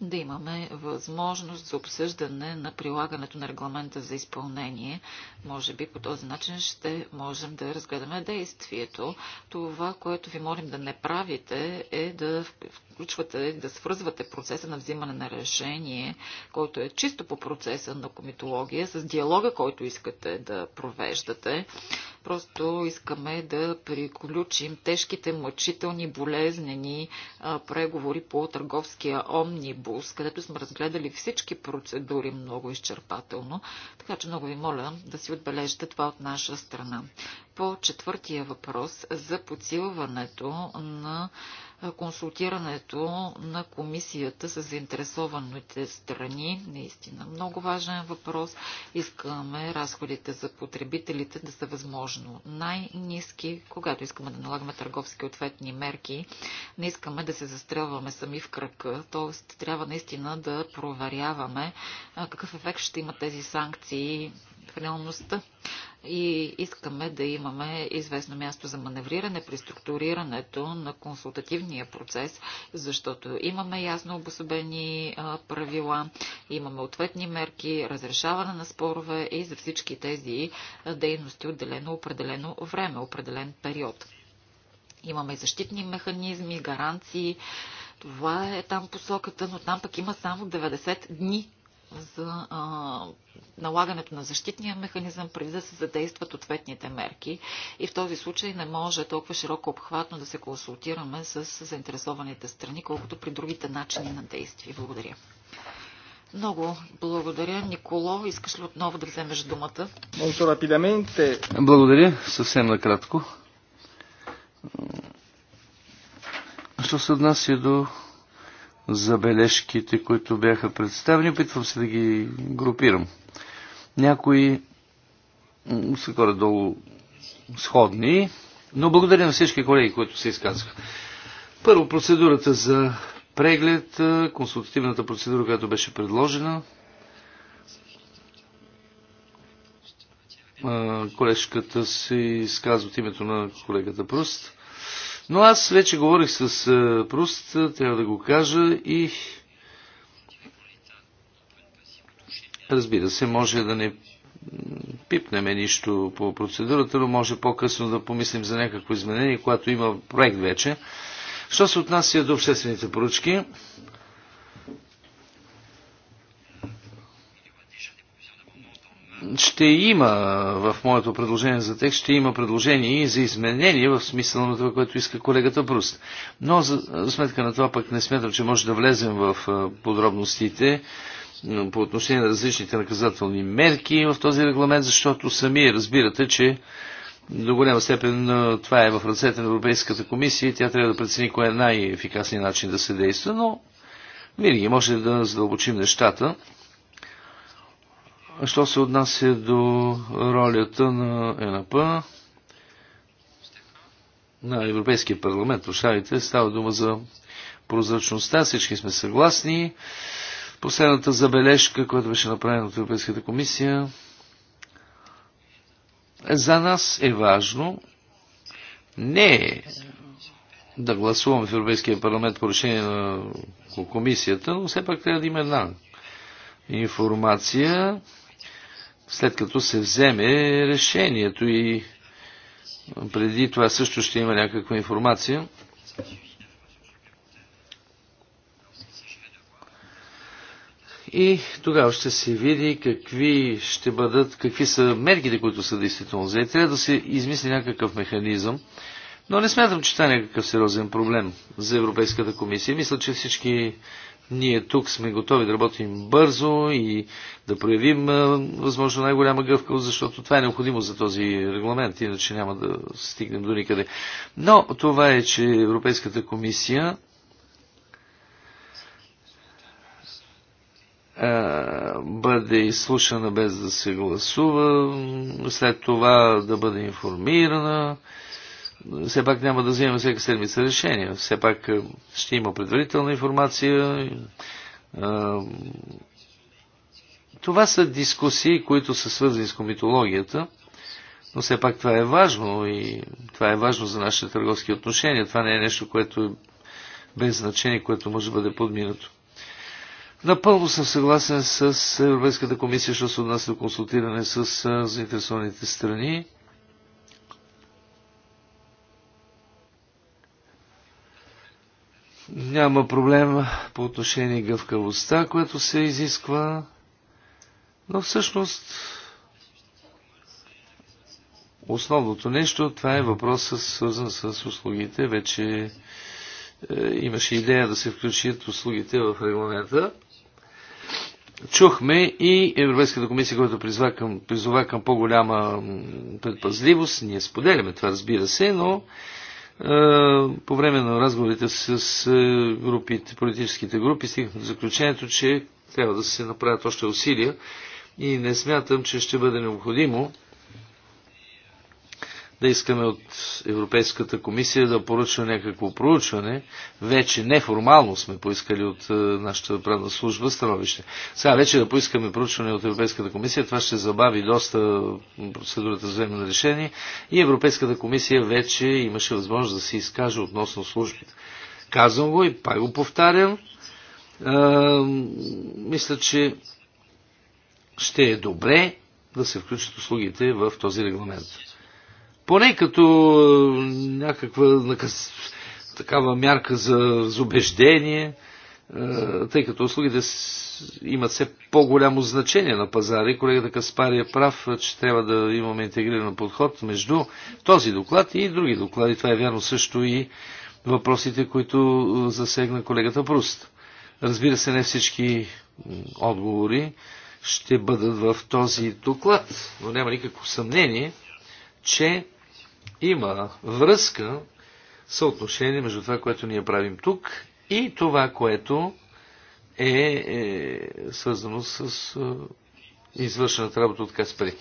да имаме възможност за обсъждане на прилагането на регламента за изпълнение. Може би по този начин ще можем да разгледаме действието. Това, което ви молим да не правите, е да включвате, да свързвате процеса на взимане на решение, който е чисто по процеса на комитология, с диалога, който искате да провеждате. Просто искаме да приключим тежките, мъчителни, болезнени а, преговори по търговския омнибус корпус, където сме разгледали всички процедури много изчерпателно, така че много ви моля да си отбележите това от наша страна. По четвъртия въпрос за подсилването на консултирането на комисията с заинтересованите страни. Наистина много важен въпрос. Искаме разходите за потребителите да са възможно най-низки, когато искаме да налагаме търговски ответни мерки. Не искаме да се застрелваме сами в кръка, т.е. трябва наистина да проверяваме какъв ефект ще имат тези санкции в реалността и искаме да имаме известно място за маневриране при структурирането на консултативния процес, защото имаме ясно обособени правила, имаме ответни мерки, разрешаване на спорове и за всички тези дейности отделено определено време, определен период. Имаме защитни механизми, гаранции. Това е там посоката, но там пък има само 90 дни за а, налагането на защитния механизъм, преди да се задействат ответните мерки. И в този случай не може толкова широко обхватно да се консултираме с заинтересованите страни, колкото при другите начини на действие. Благодаря. Много благодаря. Николо, искаш ли отново да вземеш думата? Благодаря, съвсем накратко. Що се отнася до забележките, които бяха представени. Опитвам се да ги групирам. Някои са горе-долу сходни, но благодаря на всички колеги, които се изказаха. Първо, процедурата за преглед, консултативната процедура, която беше предложена. Колежката се изказва от името на колегата Пруст. Но аз вече говорих с е, Пруст, трябва да го кажа и разбира се, може да не пипнеме нищо по процедурата, но може по-късно да помислим за някакво изменение, когато има проект вече. Що се отнася до обществените поръчки, ще има в моето предложение за текст, ще има предложение и за изменение в смисъл на това, което иска колегата Бруст. Но за сметка на това пък не смятам, че може да влезем в подробностите по отношение на различните наказателни мерки в този регламент, защото сами разбирате, че до голяма степен това е в ръцете на Европейската комисия и тя трябва да прецени кой е най-ефикасният начин да се действа, но винаги може да задълбочим нещата Що се отнася до ролята на ЕНП, на Европейския парламент, ушавите, става дума за прозрачността, всички сме съгласни. Последната забележка, която беше направена от Европейската комисия, за нас е важно не да гласуваме в Европейския парламент по решение на комисията, но все пак трябва да има една информация, след като се вземе решението и преди това също ще има някаква информация. И тогава ще се види какви ще бъдат, какви са мерките, които са действително взели. Трябва да се измисли някакъв механизъм. Но не смятам, че това е някакъв сериозен проблем за Европейската комисия. Мисля, че всички ние тук сме готови да работим бързо и да проявим възможно най-голяма гъвкавост, защото това е необходимо за този регламент, иначе няма да стигнем до никъде. Но това е, че Европейската комисия бъде изслушана без да се гласува, след това да бъде информирана, все пак няма да вземем всяка седмица решение. Все пак е, ще има предварителна информация. Е, това са дискусии, които са свързани с комитологията, но все пак това е важно и това е важно за нашите търговски отношения. Това не е нещо, което е без значение, което може да бъде подминато. Напълно съм съгласен с Европейската комисия, що се отнася до консултиране с е, заинтересованите страни. няма проблем по отношение гъвкавостта, която се изисква, но всъщност основното нещо, това е въпросът свързан с услугите. Вече е, имаше идея да се включат услугите в регламента. Чухме и Европейската комисия, която призва към, призова към по-голяма предпазливост. Ние споделяме това, разбира се, но по време на разговорите с е, групите, политическите групи стигнахме до заключението, че трябва да се направят още усилия и не смятам, че ще бъде необходимо да искаме от Европейската комисия да поръча някакво проучване. Вече неформално сме поискали от е, нашата правна служба становище. Сега вече да поискаме проучване от Европейската комисия, това ще забави доста процедурата за вземане на решение и Европейската комисия вече имаше възможност да се изкаже относно службите. Казвам го и пак го повтарям. А, е, мисля, че ще е добре да се включат услугите в този регламент поне като е, някаква такава мярка за, за убеждение, е, тъй като услугите имат все по-голямо значение на пазара и колегата Каспари е прав, е, че трябва да имаме интегриран подход между този доклад и други доклади. Това е вярно също и въпросите, които засегна колегата Пруст. Разбира се, не всички отговори ще бъдат в този доклад, но няма никакво съмнение, че има връзка, съотношение между това, което ние правим тук и това, което е, е свързано с е, извършената работа от Каспари.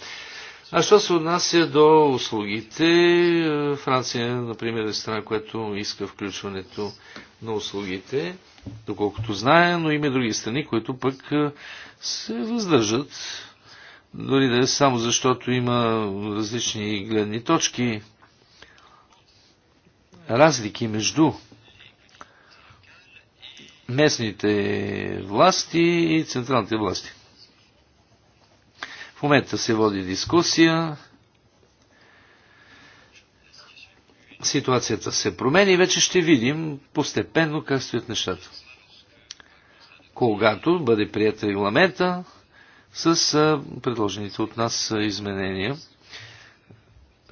А що се отнася до услугите, е, Франция, например, е страна, която иска включването на услугите, доколкото знае, но има и други страни, които пък е, се въздържат дори да е само защото има различни гледни точки, разлики между местните власти и централните власти. В момента се води дискусия. Ситуацията се промени и вече ще видим постепенно как стоят нещата. Когато бъде прият регламента, с предложените от нас изменения.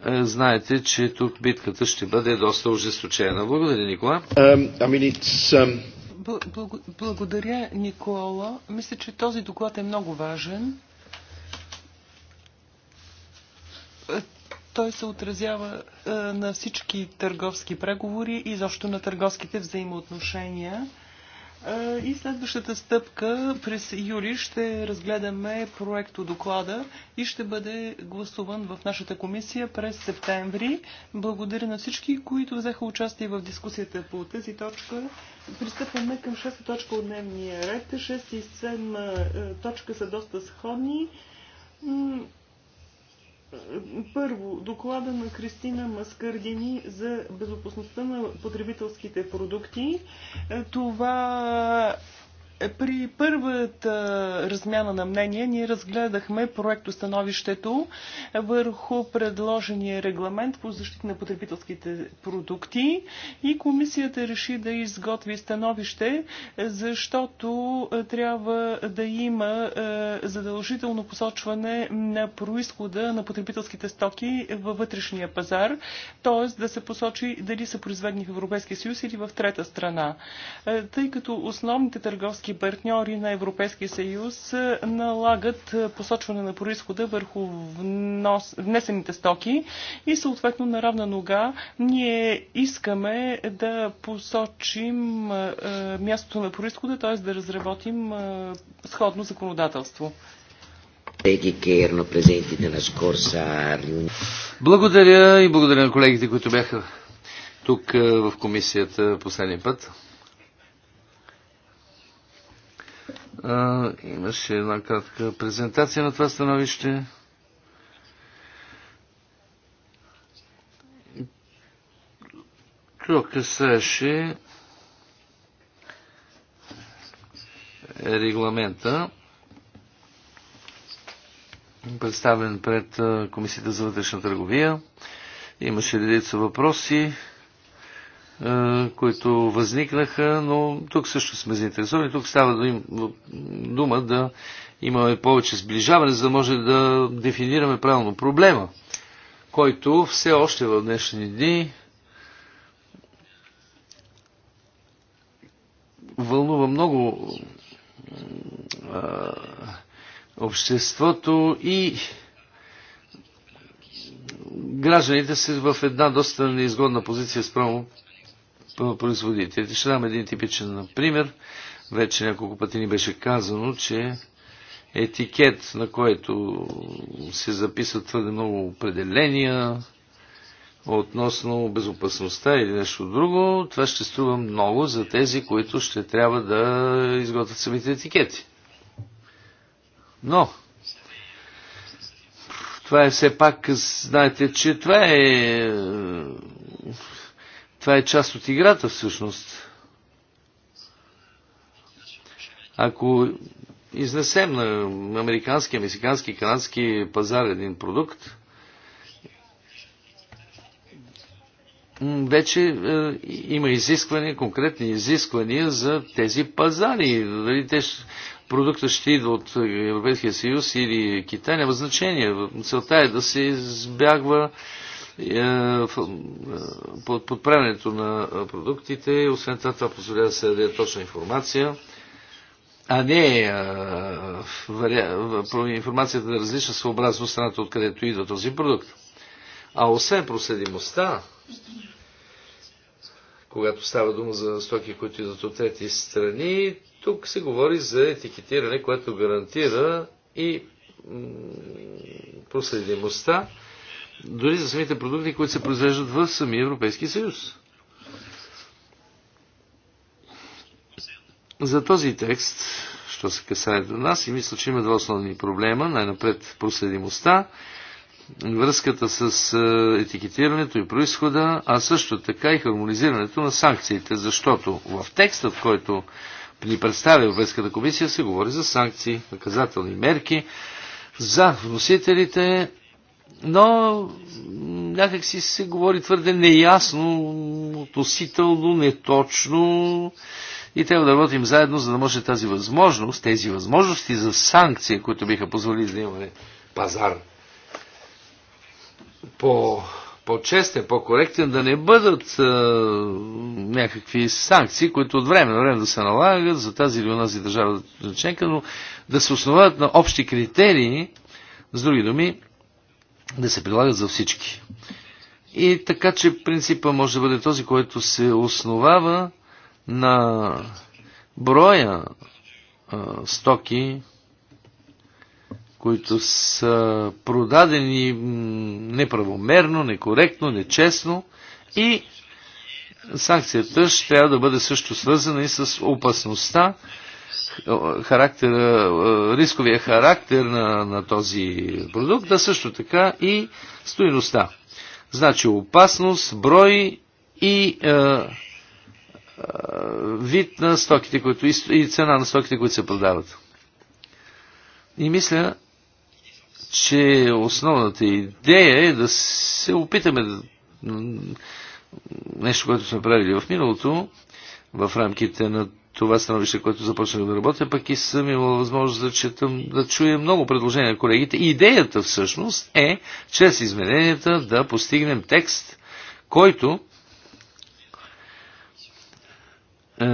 Знаете, че тук битката ще бъде доста ожесточена. Благодаря, Никола. Um, I mean um, Благодаря, Никола. Мисля, че този доклад е много важен. Е, той се отразява е, на всички търговски преговори и защо на търговските взаимоотношения и следващата стъпка през юли ще разгледаме проекто доклада и ще бъде гласуван в нашата комисия през септември. Благодаря на всички, които взеха участие в дискусията по тази точка. Пристъпваме към 6 точка от дневния ред. 6 и 7 точка са доста сходни. Първо, доклада на Кристина Маскардини за безопасността на потребителските продукти. Е, това при първата размяна на мнение ние разгледахме проектостановището върху предложения регламент по защита на потребителските продукти и комисията реши да изготви становище, защото е, трябва да има е, задължително посочване на происхода на потребителските стоки във вътрешния пазар, т.е. да се посочи дали са произведени в Европейския съюз или в трета страна. Е, тъй като основните търговски всички партньори на Европейския съюз налагат посочване на происхода върху внос, внесените стоки и съответно на равна нога ние искаме да посочим мястото на происхода, т.е. да разработим сходно законодателство. Благодаря и благодаря на колегите, които бяха тук в комисията последния път. имаше една кратка презентация на това становище. То касаеше регламента, представен пред Комисията за вътрешна търговия. Имаше редица въпроси които възникнаха, но тук също сме заинтересовани. Тук става дума да имаме повече сближаване, за да може да дефинираме правилно проблема, който все още в днешни дни вълнува много а, обществото и гражданите са в една доста неизгодна позиция спрямо производителите. Ще дам един типичен пример. Вече няколко пъти ни беше казано, че етикет, на който се записват твърде много определения относно безопасността или нещо друго, това ще струва много за тези, които ще трябва да изготвят самите етикети. Но, това е все пак, знаете, че това е това е част от играта всъщност. Ако изнесем на американски, мексикански, канадски пазар един продукт, вече е, има изисквания, конкретни изисквания за тези пазари. Дали те продукта ще идва от Европейския съюз или Китай, няма значение. Целта е да се избягва е, е, под на е, продуктите. Освен това, това позволява да се даде точна информация, а не а, вари... информацията да различна съобразно страната, откъдето идва този продукт. А освен проследимостта, когато става дума за стоки, които идват от трети страни, тук се говори за етикетиране, което гарантира и проследимостта дори за самите продукти, които се произвеждат в самия Европейски съюз. За този текст, що се касае до нас, и мисля, че има два основни проблема. Най-напред проследимостта, връзката с е, етикетирането и происхода, а също така и хармонизирането на санкциите, защото в текстът, който ни представя Европейската комисия, се говори за санкции, наказателни мерки за вносителите но някак си се говори твърде неясно, относително, неточно и трябва да работим заедно, за да може тази възможност, тези възможности за санкции, които биха позволили да имаме пазар по, по-честен, по-коректен, да не бъдат е, някакви санкции, които от време на време да се налагат за тази или онази държава но да се основават на общи критерии, с други думи, да се прилагат за всички. И така, че принципа може да бъде този, който се основава на броя а, стоки, които са продадени неправомерно, некоректно, нечестно и санкцията ще трябва да бъде също свързана и с опасността характер, е, рисковия характер на, на този продукт, да също така и стоеността. Значи опасност, брой и е, е, вид на стоките, които, и, и цена на стоките, които се продават. И мисля, че основната идея е да се опитаме да, нещо, което сме правили в миналото, в рамките на това становище, което започнах да работя, пък и съм имал възможност да, четам, да чуя много предложения на колегите. И идеята всъщност е, чрез измененията, да постигнем текст, който е,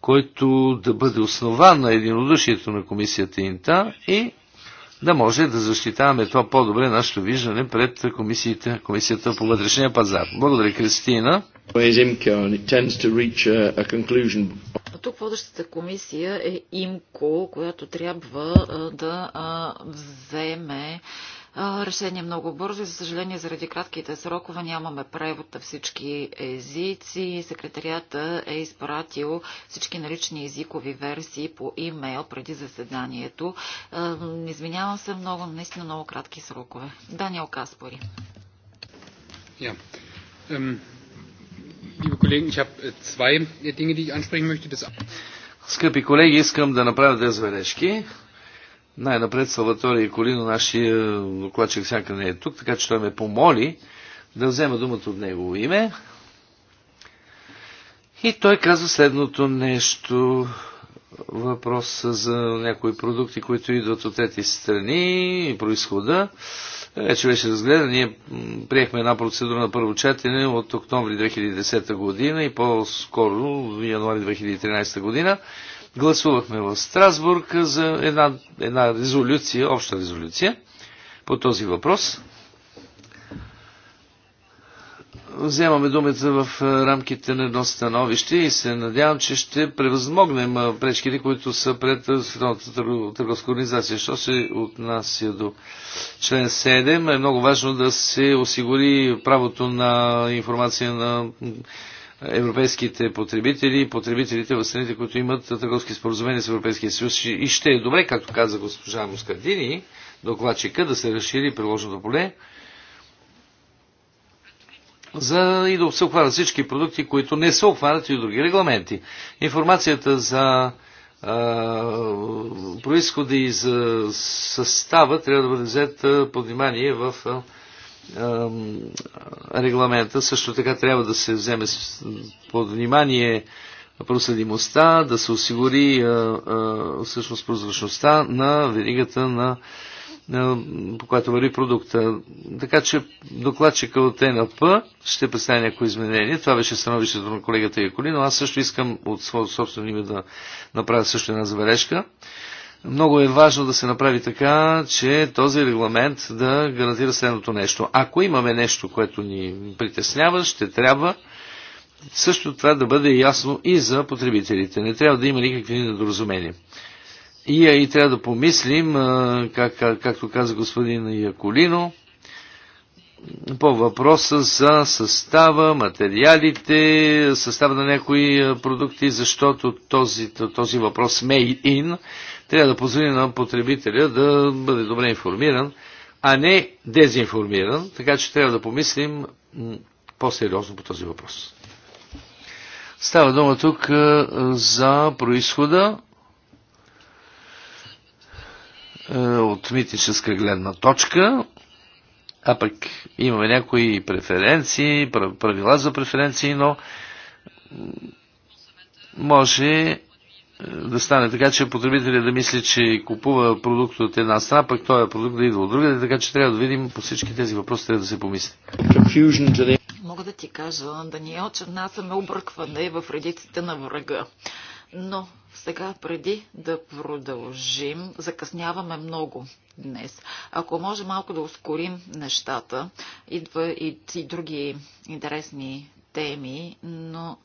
който да бъде основан на единодушието на комисията Инта и да може да защитаваме това по-добре нашето виждане пред комисията, комисията по вътрешния пазар. Благодаря, Кристина. Тук водещата комисия е ИМКО, която трябва да вземе решение много бързо и, за съжаление, заради кратките срокове нямаме превод на всички езици. Секретарията е изпратил всички налични езикови версии по имейл преди заседанието. Извинявам се много, наистина много кратки срокове. Даниел Каспори. Yeah. Um... Liebe Kollegen, ich habe äh, zwei äh, Dinge, die ich ansprechen möchte. Das Скъпи колеги, искам да направя две забележки. Най-напред Салватория Колино, нашия е, докладчик всяка не е тук, така че той ме помоли да взема думата от негово име. И той казва следното нещо. Въпрос за някои продукти, които идват от трети страни и происхода вече беше разгледан. Ние приехме една процедура на първо четене от октомври 2010 година и по-скоро в януари 2013 година. Гласувахме в Страсбург за една, една резолюция, обща резолюция по този въпрос вземаме думата в е, рамките на едно становище и се надявам, че ще превъзмогнем е, пречките, които са пред е, Световната търговска организация. Що се отнася до член 7, е много важно да се осигури правото на информация на европейските потребители и потребителите в страните, които имат търговски споразумения с Европейския съюз. И ще е добре, както каза госпожа Мускадини, докладчика, да се разшири приложното поле за и да се обхванат всички продукти, които не са обхванати от други регламенти. Информацията за происходи и за състава трябва да бъде взета под внимание в регламента. Също така трябва да се вземе под внимание проследимостта, да се осигури всъщност прозрачността на веригата на е, по която вари продукта. Така че докладчика от НЛП ще представя някои изменения. Това беше становището на колегата Яколи, но аз също искам от своето собствено име да направя също една забележка. Много е важно да се направи така, че този регламент да гарантира следното нещо. Ако имаме нещо, което ни притеснява, ще трябва също това да бъде ясно и за потребителите. Не трябва да има никакви недоразумения. И, и трябва да помислим, как, как, както каза господин Яколино, по въпроса за състава, материалите, състава на някои продукти, защото този, този въпрос made in трябва да позволи на потребителя да бъде добре информиран, а не дезинформиран, така че трябва да помислим по-сериозно по този въпрос. Става дума тук за происхода е, от митническа гледна точка, а пък имаме някои преференции, правила за преференции, но може е, да стане така, че потребителят да мисли, че купува продукт от една страна, пък този е продукт да идва от друга, така че трябва да видим по всички тези въпроси, трябва да се помисли. Мога да ти кажа, да нас е объркване в редиците на врага. Но сега, преди да продължим, закъсняваме много днес. Ако може малко да ускорим нещата, идва и, и други интересни теми, но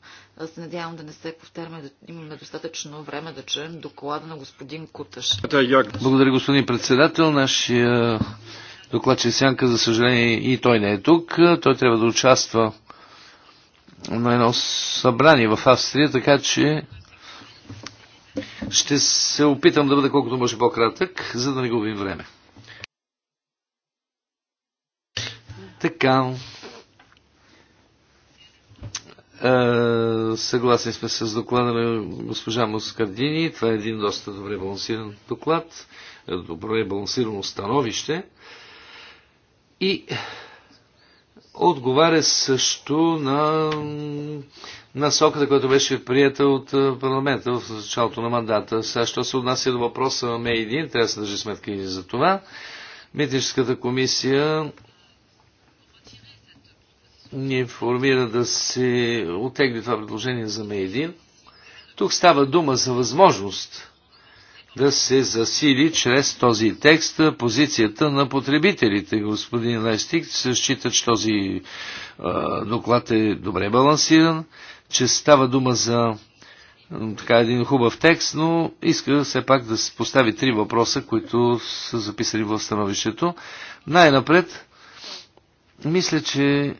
се надявам да не се повтаряме, да имаме достатъчно време да чуем доклада на господин Куташ. Благодаря, господин председател. Нашия че Сянка, за съжаление, и той не е тук. Той трябва да участва на едно събрание в Австрия, така че ще се опитам да бъда колкото може по-кратък, за да не губим време. Така. Е, съгласни сме с доклада на госпожа Москардини. Това е един доста добре балансиран доклад, добре балансирано становище. И отговаря също на насоката, която беше прията от парламента в началото на мандата. Сега, що се отнася до въпроса на Мейдин, е трябва да се държи сметка и за това. Митническата комисия ни информира да се отегли това предложение за Мейдин. Е Тук става дума за възможност да се засили чрез този текст позицията на потребителите. Господин Лестик се счита, че този а, доклад е добре балансиран, че става дума за така един хубав текст, но иска все пак да се постави три въпроса, които са записани в становището. Най-напред, мисля, че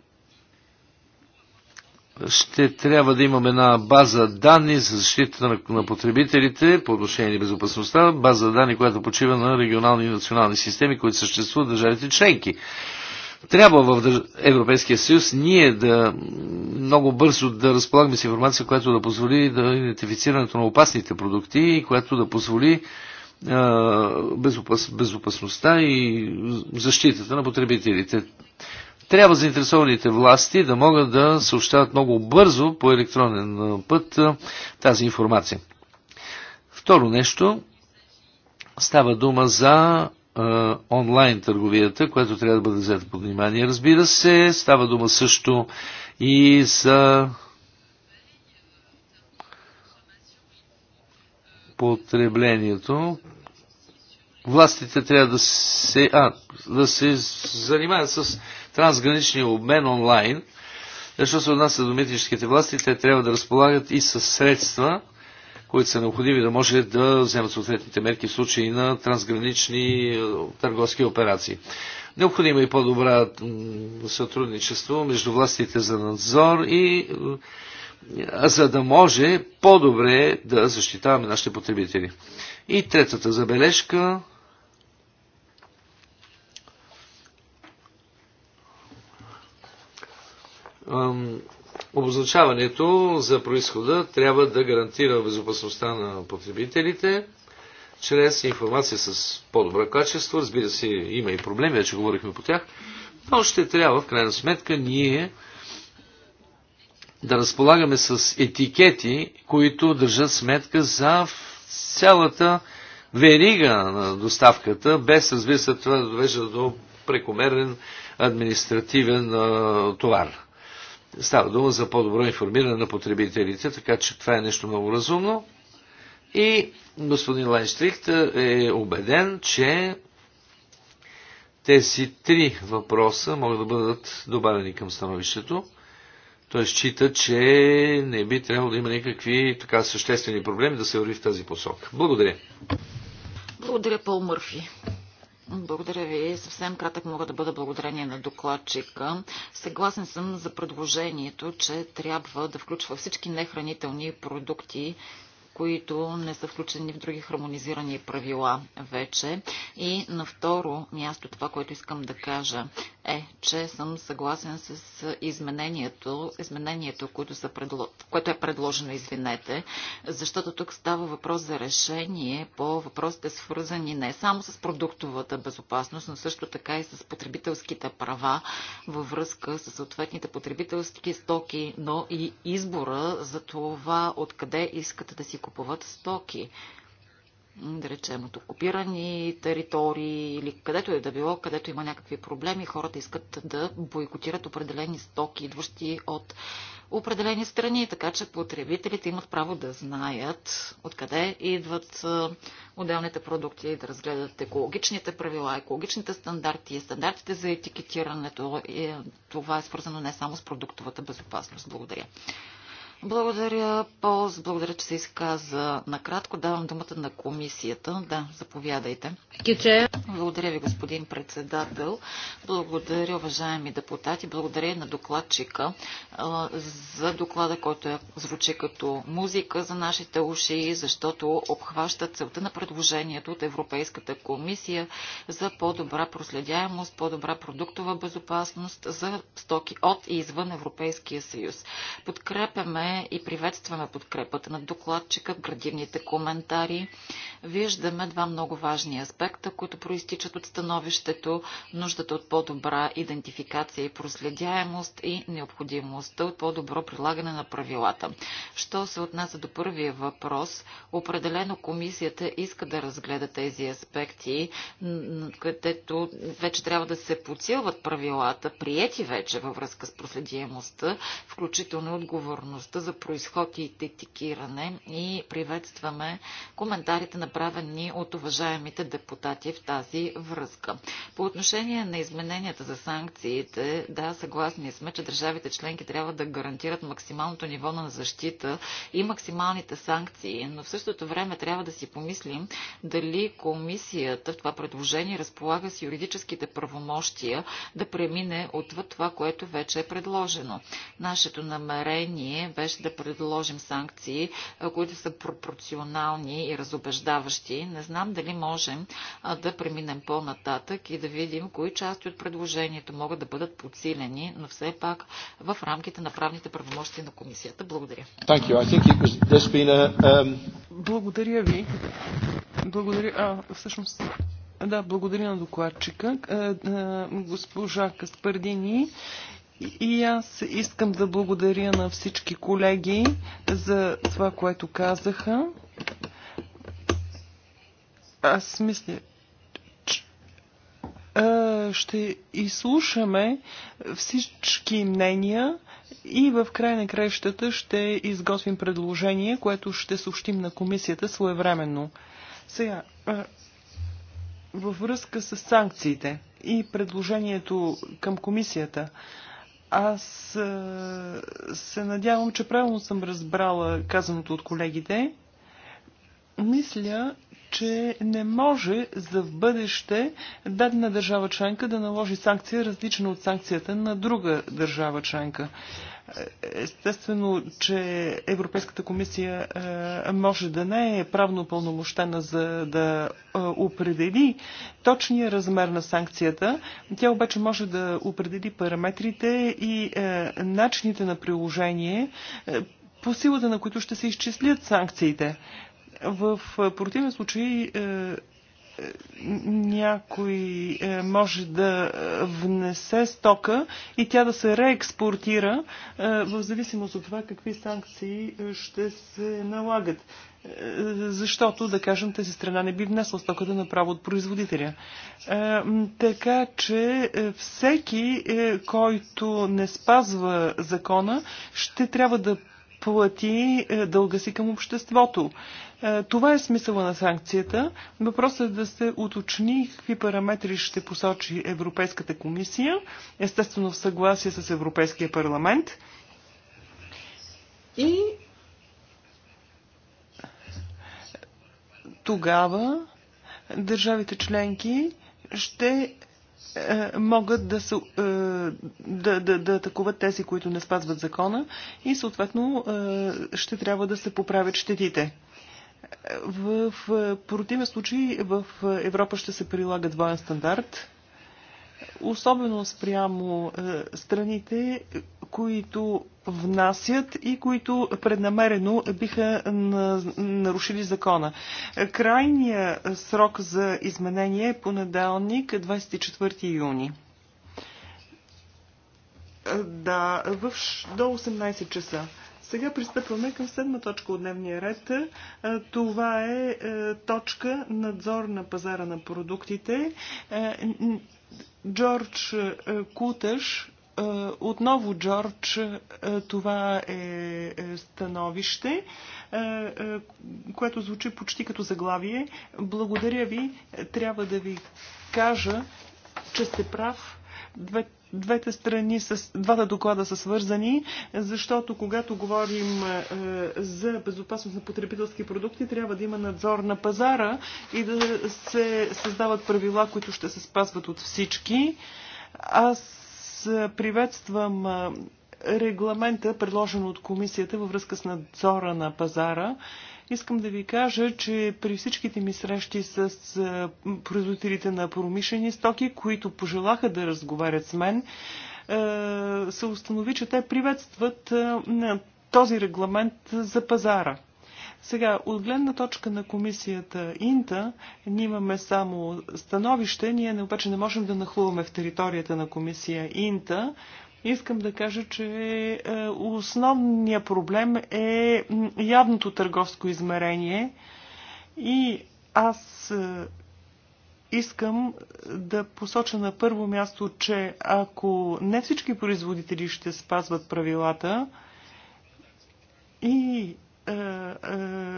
ще трябва да имаме една база данни за защита на, на потребителите по отношение на безопасността, база данни, която почива на регионални и национални системи, които съществуват в държавите членки. Трябва в Европейския съюз ние да много бързо да разполагаме с информация, която да позволи да идентифицирането на опасните продукти и която да позволи безопас, безопасността и защитата на потребителите. Трябва заинтересованите власти да могат да съобщават много бързо по електронен път тази информация. Второ нещо, става дума за онлайн търговията, което трябва да бъде взето под внимание. Разбира се, става дума също и за потреблението. Властите трябва да се, а, да се занимават с трансграничния обмен онлайн, защото се отнася до митническите власти, те трябва да разполагат и с средства, които са необходими да може да вземат съответните мерки в случаи на трансгранични е, търговски операции. Необходимо е и по-добра сътрудничество между властите за надзор и е, за да може по-добре да защитаваме нашите потребители. И третата забележка обозначаването за происхода трябва да гарантира безопасността на потребителите чрез информация с по-добро качество. Разбира се, има и проблеми, вече говорихме по тях, но ще трябва, в крайна сметка, ние да разполагаме с етикети, които държат сметка за цялата верига на доставката, без, разбира се, това да довежда до прекомерен административен товар. Става дума за по-добро информиране на потребителите, така че това е нещо много разумно. И господин Лайнштрихт е убеден, че тези три въпроса могат да бъдат добавени към становището. Той счита, че не би трябвало да има никакви така съществени проблеми да се върви в тази посока. Благодаря. Благодаря, Пол Мърфи. Благодаря ви. Съвсем кратък мога да бъда благодарение на докладчика. Съгласен съм за предложението, че трябва да включва всички нехранителни продукти които не са включени в други хармонизирани правила вече. И на второ място това, което искам да кажа е, че съм съгласен с изменението, изменението което, са предло... което е предложено, извинете, защото тук става въпрос за решение по въпросите свързани не само с продуктовата безопасност, но също така и с потребителските права във връзка с съответните потребителски стоки, но и избора за това откъде искате да си купуват стоки да речем, от окупирани територии или където е да било, където има някакви проблеми, хората искат да бойкотират определени стоки, идващи от определени страни, така че потребителите имат право да знаят откъде идват отделните продукти, да разгледат екологичните правила, екологичните стандарти, стандартите за етикетирането. Това е свързано не само с продуктовата безопасност. Благодаря. Благодаря, Полз. Благодаря, че се изказа. Накратко давам думата на комисията. Да, заповядайте. Благодаря ви, господин председател. Благодаря, уважаеми депутати. Благодаря на докладчика за доклада, който е- звучи като музика за нашите уши, защото обхваща целта на предложението от Европейската комисия за по-добра проследяемост, по-добра продуктова безопасност за стоки от и извън Европейския съюз. Подкрепяме и приветстваме подкрепата на докладчика, градивните коментари виждаме два много важни аспекта, които проистичат от становището, нуждата от по-добра идентификация и проследяемост и необходимостта от по-добро прилагане на правилата. Що се отнася до първия въпрос, определено комисията иска да разгледа тези аспекти, където вече трябва да се подсилват правилата, приети вече във връзка с проследяемостта, включително отговорността за происход и етикиране и приветстваме коментарите на направени от уважаемите депутати в тази връзка. По отношение на измененията за санкциите, да, съгласни сме, че държавите членки трябва да гарантират максималното ниво на защита и максималните санкции, но в същото време трябва да си помислим дали комисията в това предложение разполага с юридическите правомощия да премине отвъд това, което вече е предложено. Нашето намерение беше да предложим санкции, които са пропорционални и разобеждаващи оставащи. Не знам дали можем да преминем по-нататък и да видим кои части от предложението могат да бъдат подсилени, но все пак в рамките на правните правомощи на комисията. Благодаря. Was, a, um... Благодаря ви. Благодаря. А, всъщност, да, благодаря на докладчика, госпожа Каспардини. И аз искам да благодаря на всички колеги за това, което казаха. Аз мисля, че ще изслушаме всички мнения и в край на крещата ще изготвим предложение, което ще съобщим на комисията своевременно. Сега, във връзка с санкциите и предложението към комисията, аз се надявам, че правилно съм разбрала казаното от колегите. Мисля, че не може за в бъдеще дадена държава членка да наложи санкция, различна от санкцията на друга държава членка. Естествено, че Европейската комисия е, може да не е правно пълномощена за да е, определи точния размер на санкцията. Тя обаче може да определи параметрите и е, начините на приложение, по силата на които ще се изчислят санкциите. В противен случай е, е, някой е, може да внесе стока и тя да се реекспортира в зависимост от това какви санкции ще се налагат. Защото, да кажем, тази страна не би внесла стоката направо от производителя. Така че всеки, който не спазва закона, ще трябва да плати е, дълга си към обществото. Е, това е смисъла на санкцията. Въпросът е да се уточни какви параметри ще посочи Европейската комисия, естествено в съгласие с Европейския парламент. И тогава държавите членки ще е, могат да, се, е, да, да, да атакуват тези, които не спазват закона и съответно е, ще трябва да се поправят щетите. В противен случай в Европа ще се прилага двоен стандарт особено спрямо е, страните, които внасят и които преднамерено биха нарушили закона. Крайният срок за изменение е понеделник, 24 юни. Е, да, в, до 18 часа. Сега пристъпваме към седма точка от дневния ред. Е, това е точка надзор на пазара на продуктите. Джордж е, Куташ, е, отново, Джордж, е, това е становище, което звучи почти като заглавие. Благодаря ви. Трябва да ви кажа, че сте прав две, двете страни, с, двата доклада са свързани, защото когато говорим е, за безопасност на потребителски продукти, трябва да има надзор на пазара и да се създават правила, които ще се спазват от всички. Аз е, приветствам е, регламента, предложен от комисията във връзка с надзора на пазара. Искам да ви кажа, че при всичките ми срещи с производителите на промишлени стоки, които пожелаха да разговарят с мен, се установи, че те приветстват този регламент за пазара. Сега, от гледна точка на комисията Инта, ние имаме само становище, ние обаче не можем да нахлуваме в територията на комисия Инта, Искам да кажа, че е, основният проблем е явното търговско измерение и аз е, искам да посоча на първо място, че ако не всички производители ще спазват правилата и е,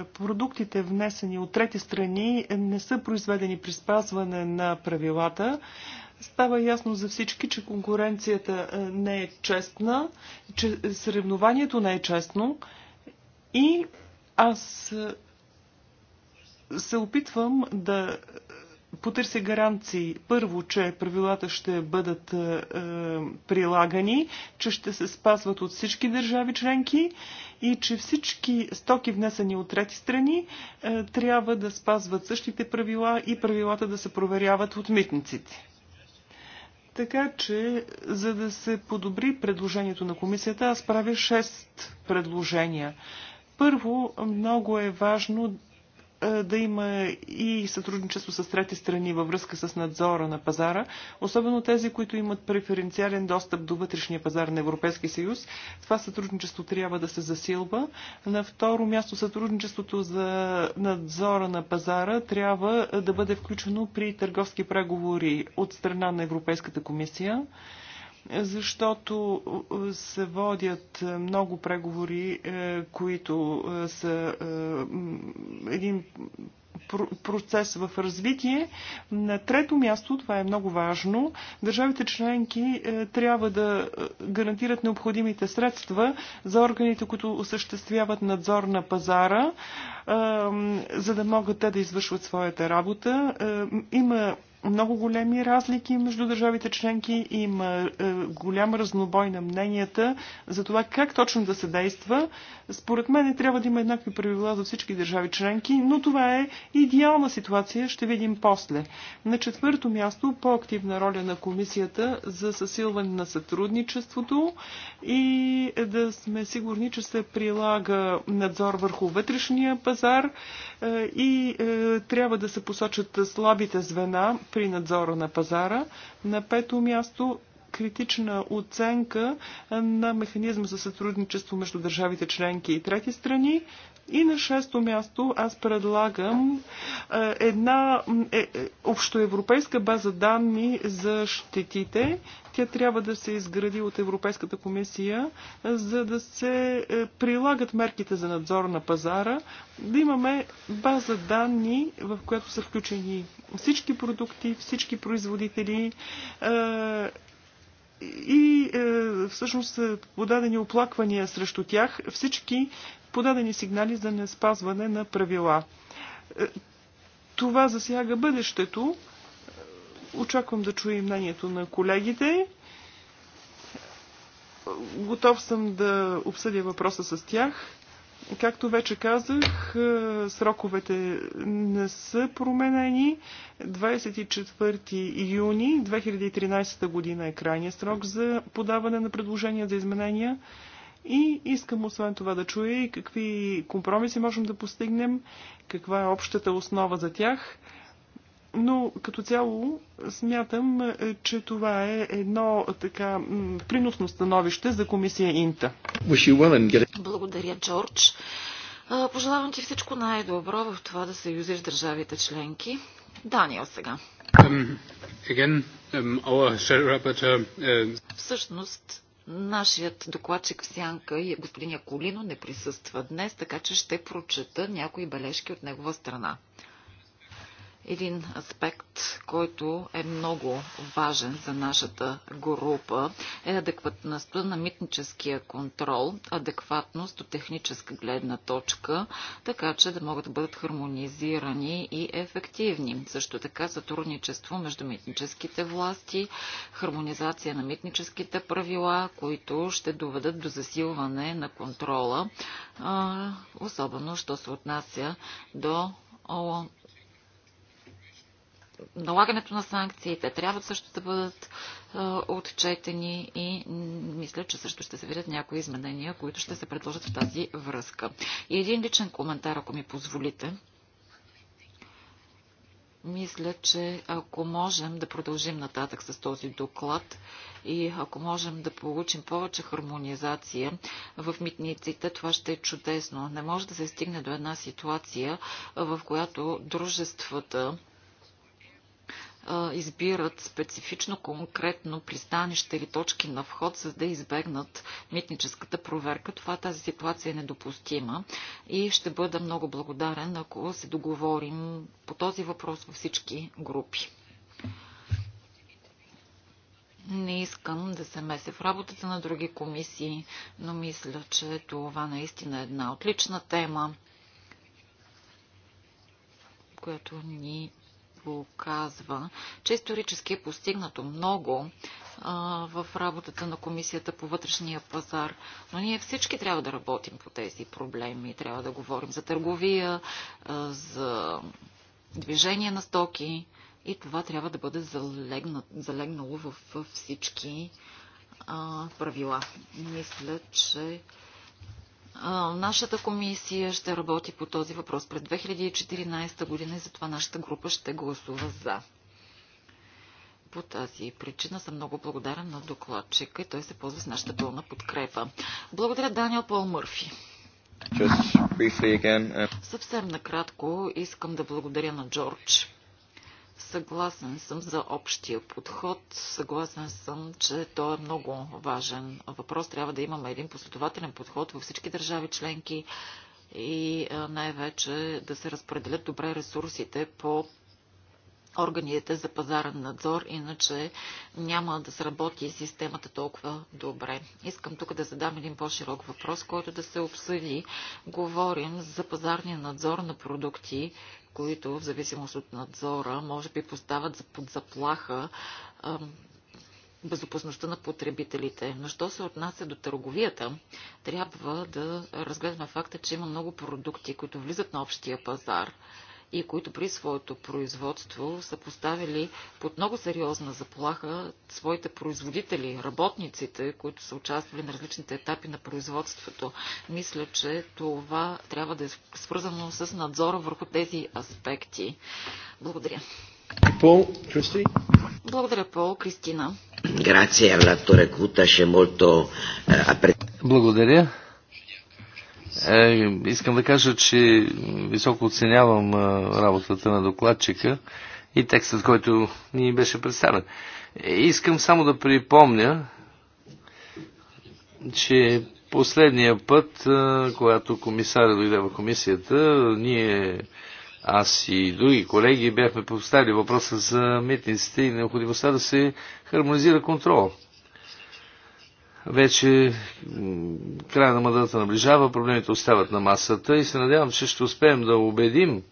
продуктите внесени от трети страни не са произведени при спазване на правилата, Става ясно за всички, че конкуренцията е, не е честна, че съревнованието не е честно и аз е, се опитвам да е, потърся гаранции. Първо, че правилата ще бъдат е, прилагани, че ще се спазват от всички държави членки и че всички стоки, внесени от трети страни, е, трябва да спазват същите правила и правилата да се проверяват от митниците. Така че, за да се подобри предложението на комисията, аз правя 6 предложения. Първо, много е важно е, да има и сътрудничество с трети страни във връзка с надзора на пазара, особено тези, които имат преференциален достъп до вътрешния пазар на Европейския съюз. Това сътрудничество трябва да се засилва. На второ място сътрудничеството за надзора на пазара трябва да бъде включено при търговски преговори от страна на Европейската комисия защото е, се водят е, много преговори, е, които са един процес в развитие. На трето място, това е много важно, държавите членки трябва да гарантират необходимите средства за органите, които осъществяват надзор на пазара, за да могат те да извършват своята работа. Има много големи разлики между държавите членки, има е, голям разнобой на мненията за това как точно да се действа. Според мен трябва да има еднакви правила за всички държави членки, но това е идеална ситуация, ще видим после. На четвърто място по-активна роля на комисията за съсилване на сътрудничеството и да сме сигурни, че се прилага надзор върху вътрешния пазар е, и е, трябва да се посочат слабите звена при надзора на пазара. На пето място критична оценка е, на механизма за сътрудничество между държавите членки и трети страни. И на шесто място аз предлагам е, една е, общоевропейска база данни за щетите. Тя трябва да се изгради от Европейската комисия, за да се прилагат мерките за надзор на пазара, да имаме база данни, в която са включени всички продукти, всички производители, и е, всъщност е, подадени оплаквания срещу тях, всички подадени сигнали за неспазване на правила. Е, това засяга бъдещето. Очаквам да чуя мнението на колегите. Готов съм да обсъдя въпроса с тях. Както вече казах, е, сроковете не са променени. 24 юни 2013 година е крайният срок за подаване на предложения за изменения. И искам освен това да чуя и какви компромиси можем да постигнем, каква е общата основа за тях но като цяло смятам, е, че това е едно така приносно становище за комисия Инта. Благодаря, Джордж. Пожелавам ти всичко най-добро в това да се юзиш държавите членки. Даниел сега. again, uh... Всъщност, Нашият докладчик в Сянка и господин Яколино не присъства днес, така че ще прочета някои бележки от негова страна един аспект, който е много важен за нашата група, е адекватността на митническия контрол, адекватност от техническа гледна точка, така че да могат да бъдат хармонизирани и ефективни. Също така сътрудничество между митническите власти, хармонизация на митническите правила, които ще доведат до засилване на контрола, особено що се отнася до налагането на санкциите трябва също да бъдат отчетени и мисля, че също ще се видят някои изменения, които ще се предложат в тази връзка. И един личен коментар, ако ми позволите. Мисля, че ако можем да продължим нататък с този доклад и ако можем да получим повече хармонизация в митниците, това ще е чудесно. Не може да се стигне до една ситуация, в която дружествата избират специфично, конкретно пристанище или точки на вход, за да избегнат митническата проверка. Това тази ситуация е недопустима и ще бъда много благодарен, ако се договорим по този въпрос във всички групи. Не искам да се меся в работата на други комисии, но мисля, че това наистина е една отлична тема, която ни показва, че исторически е постигнато много в работата на Комисията по вътрешния пазар. Но ние всички трябва да работим по тези проблеми. Трябва да говорим за търговия, за движение на стоки. И това трябва да бъде залегнало във всички правила. Мисля, че Нашата комисия ще работи по този въпрос през 2014 година и затова нашата група ще гласува за. По тази причина съм много благодарен на докладчика и той се ползва с нашата пълна подкрепа. Благодаря Даниел Пол Мърфи. Uh, Съвсем накратко искам да благодаря на Джордж Съгласен съм за общия подход. Съгласен съм, че то е много важен въпрос. Трябва да имаме един последователен подход във всички държави членки и най-вече да се разпределят добре ресурсите по органите за пазарен надзор, иначе няма да сработи системата толкова добре. Искам тук да задам един по-широк въпрос, който да се обсъди. Говорим за пазарния надзор на продукти, които в зависимост от надзора може би поставят под заплаха безопасността на потребителите. Но що се отнася до търговията, трябва да разгледаме факта, че има много продукти, които влизат на общия пазар и които при своето производство са поставили под много сериозна заплаха своите производители, работниците, които са участвали на различните етапи на производството. Мисля, че това трябва да е свързано с надзора върху тези аспекти. Благодаря. Пол, Кристи. Благодаря, Пол, Кристина. Благодаря. Е, искам да кажа, че високо оценявам е, работата на докладчика и текстът, който ни беше представен. Е, искам само да припомня, че последния път, е, когато комисаря дойде в комисията, ние, аз и други колеги бяхме поставили въпроса за митниците и необходимостта да се хармонизира контрол вече края на мандата наближава, проблемите остават на масата и се надявам, че ще успеем да убедим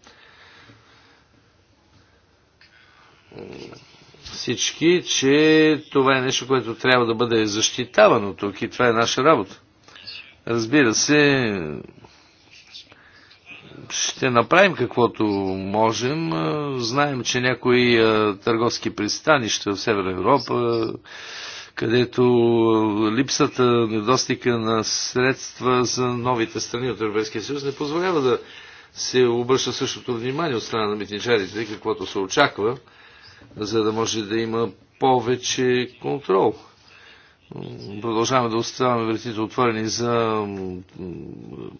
всички, че това е нещо, което трябва да бъде защитавано тук и това е наша работа. Разбира се, ще направим каквото можем. Знаем, че някои търговски пристанища в Северна Европа където липсата, недостига на средства за новите страни от Европейския съюз не позволява да се обръща същото внимание от страна на митничарите, каквото се очаква, за да може да има повече контрол. Продължаваме да оставаме вратите отворени за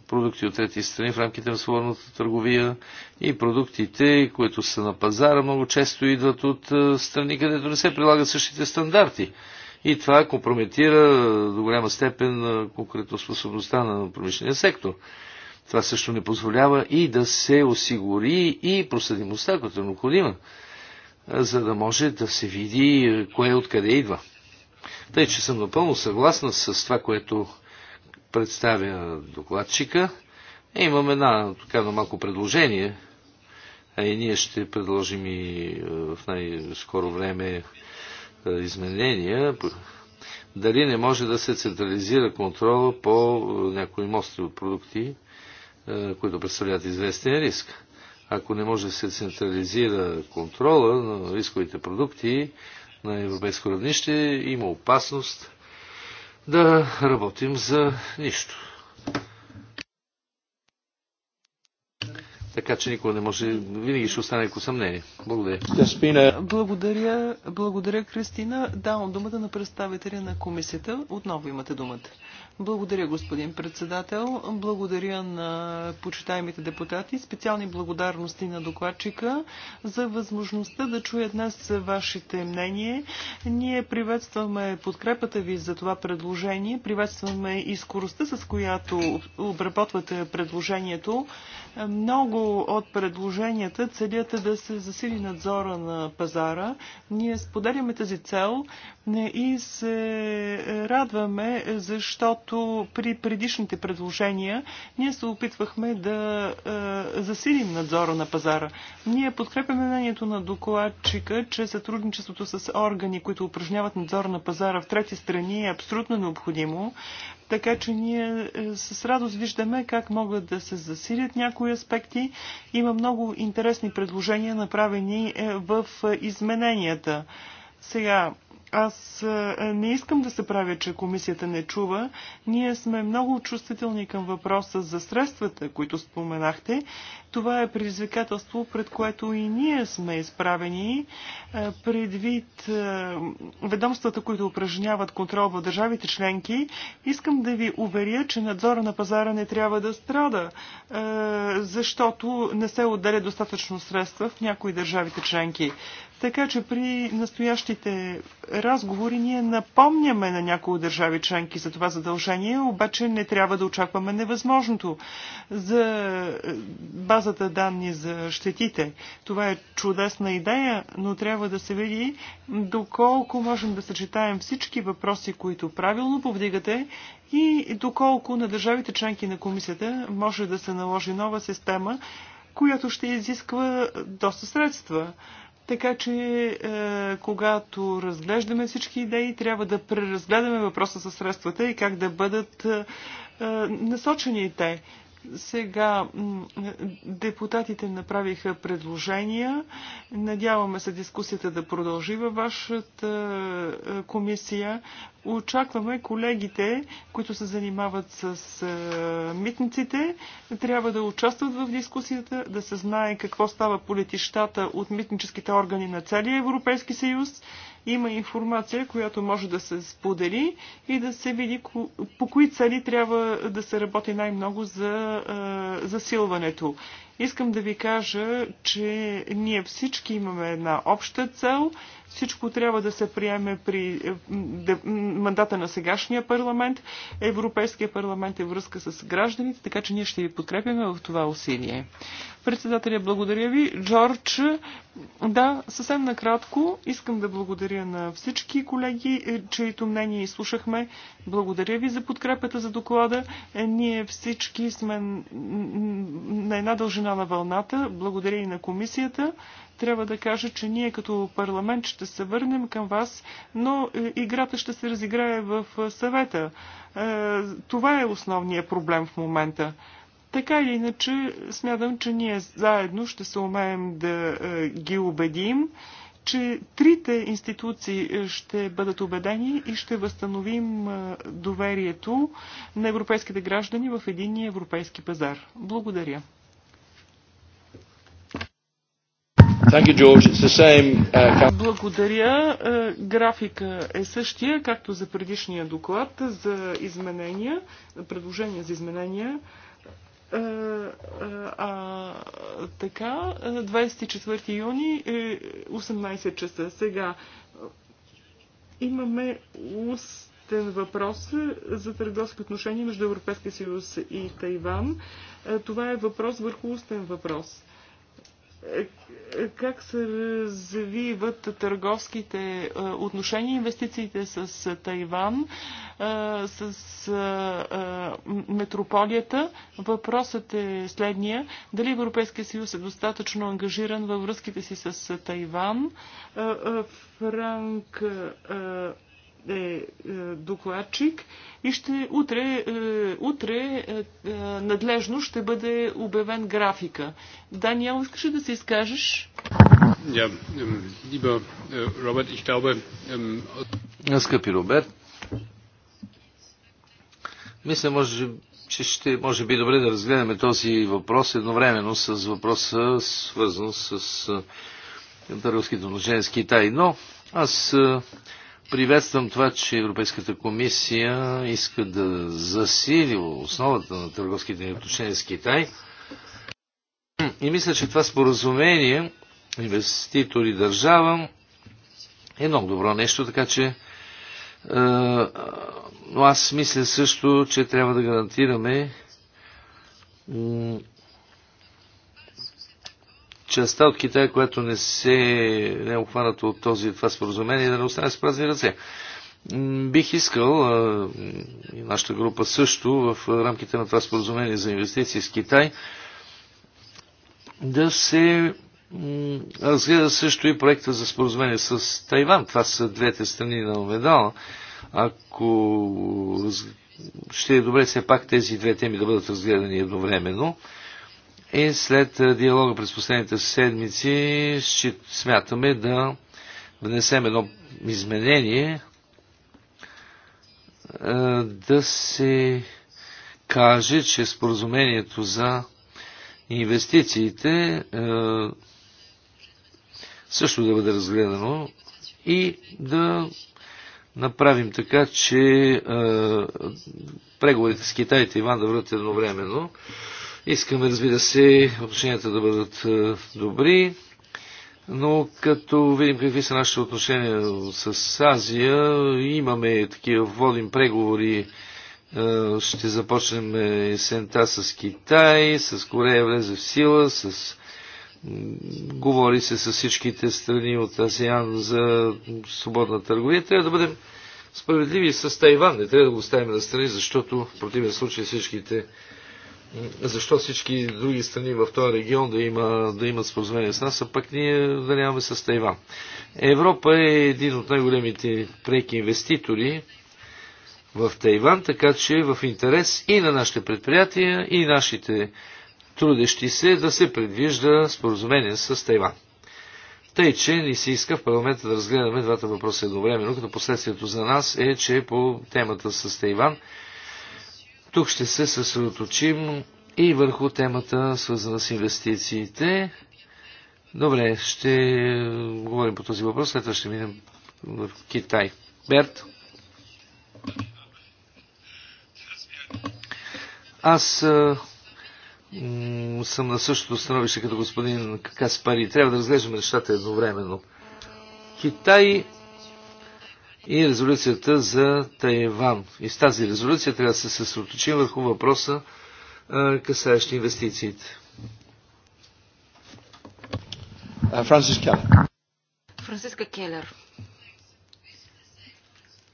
продукти от трети страни в рамките на свободната търговия и продуктите, които са на пазара, много често идват от страни, където не се прилагат същите стандарти и това компрометира до голяма степен конкурентоспособността на промишления сектор. Това също не позволява и да се осигури и проследимостта, която е необходима, за да може да се види кое откъде идва. Тъй, че съм напълно съгласна с това, което представя докладчика. Е, имам една, така, на малко предложение, а и ние ще предложим и в най-скоро време изменения, дали не може да се централизира контрола по някои от продукти, които представляват известен риск. Ако не може да се централизира контрола на рисковите продукти на европейско равнище, има опасност да работим за нищо. Така че никога не може, винаги ще остане ако съмнение. Благодаря. Благодаря, благодаря Кристина. Давам думата на представителя на комисията. Отново имате думата. Благодаря, господин председател. Благодаря на почитаемите депутати. Специални благодарности на докладчика за възможността да чуя днес вашите мнение. Ние приветстваме подкрепата ви за това предложение. Приветстваме и скоростта, с която обработвате предложението. Много от предложенията целят да се засили надзора на пазара. Ние споделяме тази цел и се радваме, защото както при предишните предложения, ние се опитвахме да е, засилим надзора на пазара. Ние подкрепяме мнението на докладчика, че сътрудничеството с органи, които упражняват надзор на пазара в трети страни е абсолютно необходимо. Така че ние е, с радост виждаме как могат да се засилят някои аспекти. Има много интересни предложения, направени е, в е, измененията. Сега, аз не искам да се правя, че комисията не чува. Ние сме много чувствителни към въпроса за средствата, които споменахте. Това е предизвикателство, пред което и ние сме изправени предвид ведомствата, които упражняват контрол в държавите членки. Искам да ви уверя, че надзора на пазара не трябва да страда, защото не се отделя достатъчно средства в някои държавите членки. Така че при настоящите разговори ние напомняме на някои държави членки за това задължение, обаче не трябва да очакваме невъзможното за базата данни за щетите. Това е чудесна идея, но трябва да се види доколко можем да съчетаем всички въпроси, които правилно повдигате и доколко на държавите членки на комисията може да се наложи нова система, която ще изисква доста средства. Така че, е, когато разглеждаме всички идеи, трябва да преразгледаме въпроса със средствата и как да бъдат е, е насочени те. Сега депутатите направиха предложения. Надяваме се дискусията да продължи във вашата е, комисия. Очакваме колегите, които се занимават с е, митниците, трябва да участват в дискусията, да се знае какво става по летищата от митническите органи на целия Европейски съюз има информация, която може да се сподели и да се види по кои цели трябва да се работи най-много за засилването. Искам да ви кажа, че ние всички имаме една обща цел. Всичко трябва да се приеме при е, мандата на сегашния парламент. Европейския парламент е връзка с гражданите, така че ние ще ви подкрепяме в това усилие. Председателя, благодаря ви. Джордж, да, съвсем накратко искам да благодаря на всички колеги, е, чието мнение изслушахме. Благодаря ви за подкрепата за доклада. Е, ние всички сме на една дължина цена на вълната. Благодаря и на комисията. Трябва да кажа, че ние като парламент ще се върнем към вас, но е, играта ще се разиграе в е, съвета. Е, това е основният проблем в момента. Така или иначе, смятам, че ние заедно ще се умеем да ги убедим че трите институции ще бъдат убедени и ще възстановим доверието на европейските граждани в единния европейски пазар. Благодаря. You, uh, Благодаря. Е, графика е същия, както за предишния доклад за изменения, предложения за изменения. А, е, е, а, така, 24 юни, 18 часа. Сега имаме устен въпрос за търговски отношения между Европейския съюз и Тайван. Това е въпрос върху устен въпрос как се развиват търговските отношения, инвестициите с Тайван, с метрополията. Въпросът е следния. Дали Европейския съюз е достатъчно ангажиран във връзките си с Тайван? Франк е е, докладчик и ще утре, е, утре е, е, надлежно ще бъде обявен графика. Даниел, искаш да се изкажеш? Ja, ähm, lieber äh, Robert, ich glaube... Ähm, е, Скъпи Роберт, мисля, може, че ще, може би добре да разгледаме този въпрос едновременно с въпроса, свързан с е, търговските отношения с Китай. Но аз е, Приветствам това, че Европейската комисия иска да засили основата на търговските ни отношения с Китай. И мисля, че това споразумение инвеститор и държава е много добро нещо, така че е, но аз мисля също, че трябва да гарантираме частта от Китай, която не, се, не е обхваната от този, това споразумение, да не остане с празни ръце. Бих искал, и нашата група също, в рамките на това споразумение за инвестиции с Китай, да се разгледа също и проекта за споразумение с Тайван. Това са двете страни на медала. Ако ще е добре все пак тези две теми да бъдат разгледани едновременно, и след е, диалога през последните седмици смятаме да внесем едно изменение, е, да се каже, че споразумението за инвестициите е, също да бъде разгледано и да направим така, че преговорите с Китай и Тайван да врат едновременно. Искаме, разбира се, отношенията да бъдат е, добри, но като видим какви са нашите отношения с Азия, имаме такива, водим преговори, е, ще започнем есента с Китай, с Корея влезе в сила, с говори се с всичките страни от Азиан за свободна търговия. Трябва да бъдем справедливи с Тайван. Не трябва да го оставим на страни, защото в противен случай всичките защо всички други страни в този регион да, има, да имат споразумение с нас, а пък ние да нямаме с Тайван. Европа е един от най-големите преки инвеститори в Тайван, така че е в интерес и на нашите предприятия, и нашите трудещи се да се предвижда споразумение с Тайван. Тъй, че ни се иска в парламента да разгледаме двата въпроса едновременно, като последствието за нас е, че по темата с Тайван тук ще се съсредоточим и върху темата, свързана с инвестициите. Добре, ще е, говорим по този въпрос, след това ще минем в Китай. Берт? Аз е, съм на същото становище като господин Каспари. Трябва да разглеждаме нещата едновременно. Китай и резолюцията за Тайван. И с тази резолюция трябва да се съсредоточим върху въпроса, касаещи инвестициите. Франциска Келер. Франциска Келер.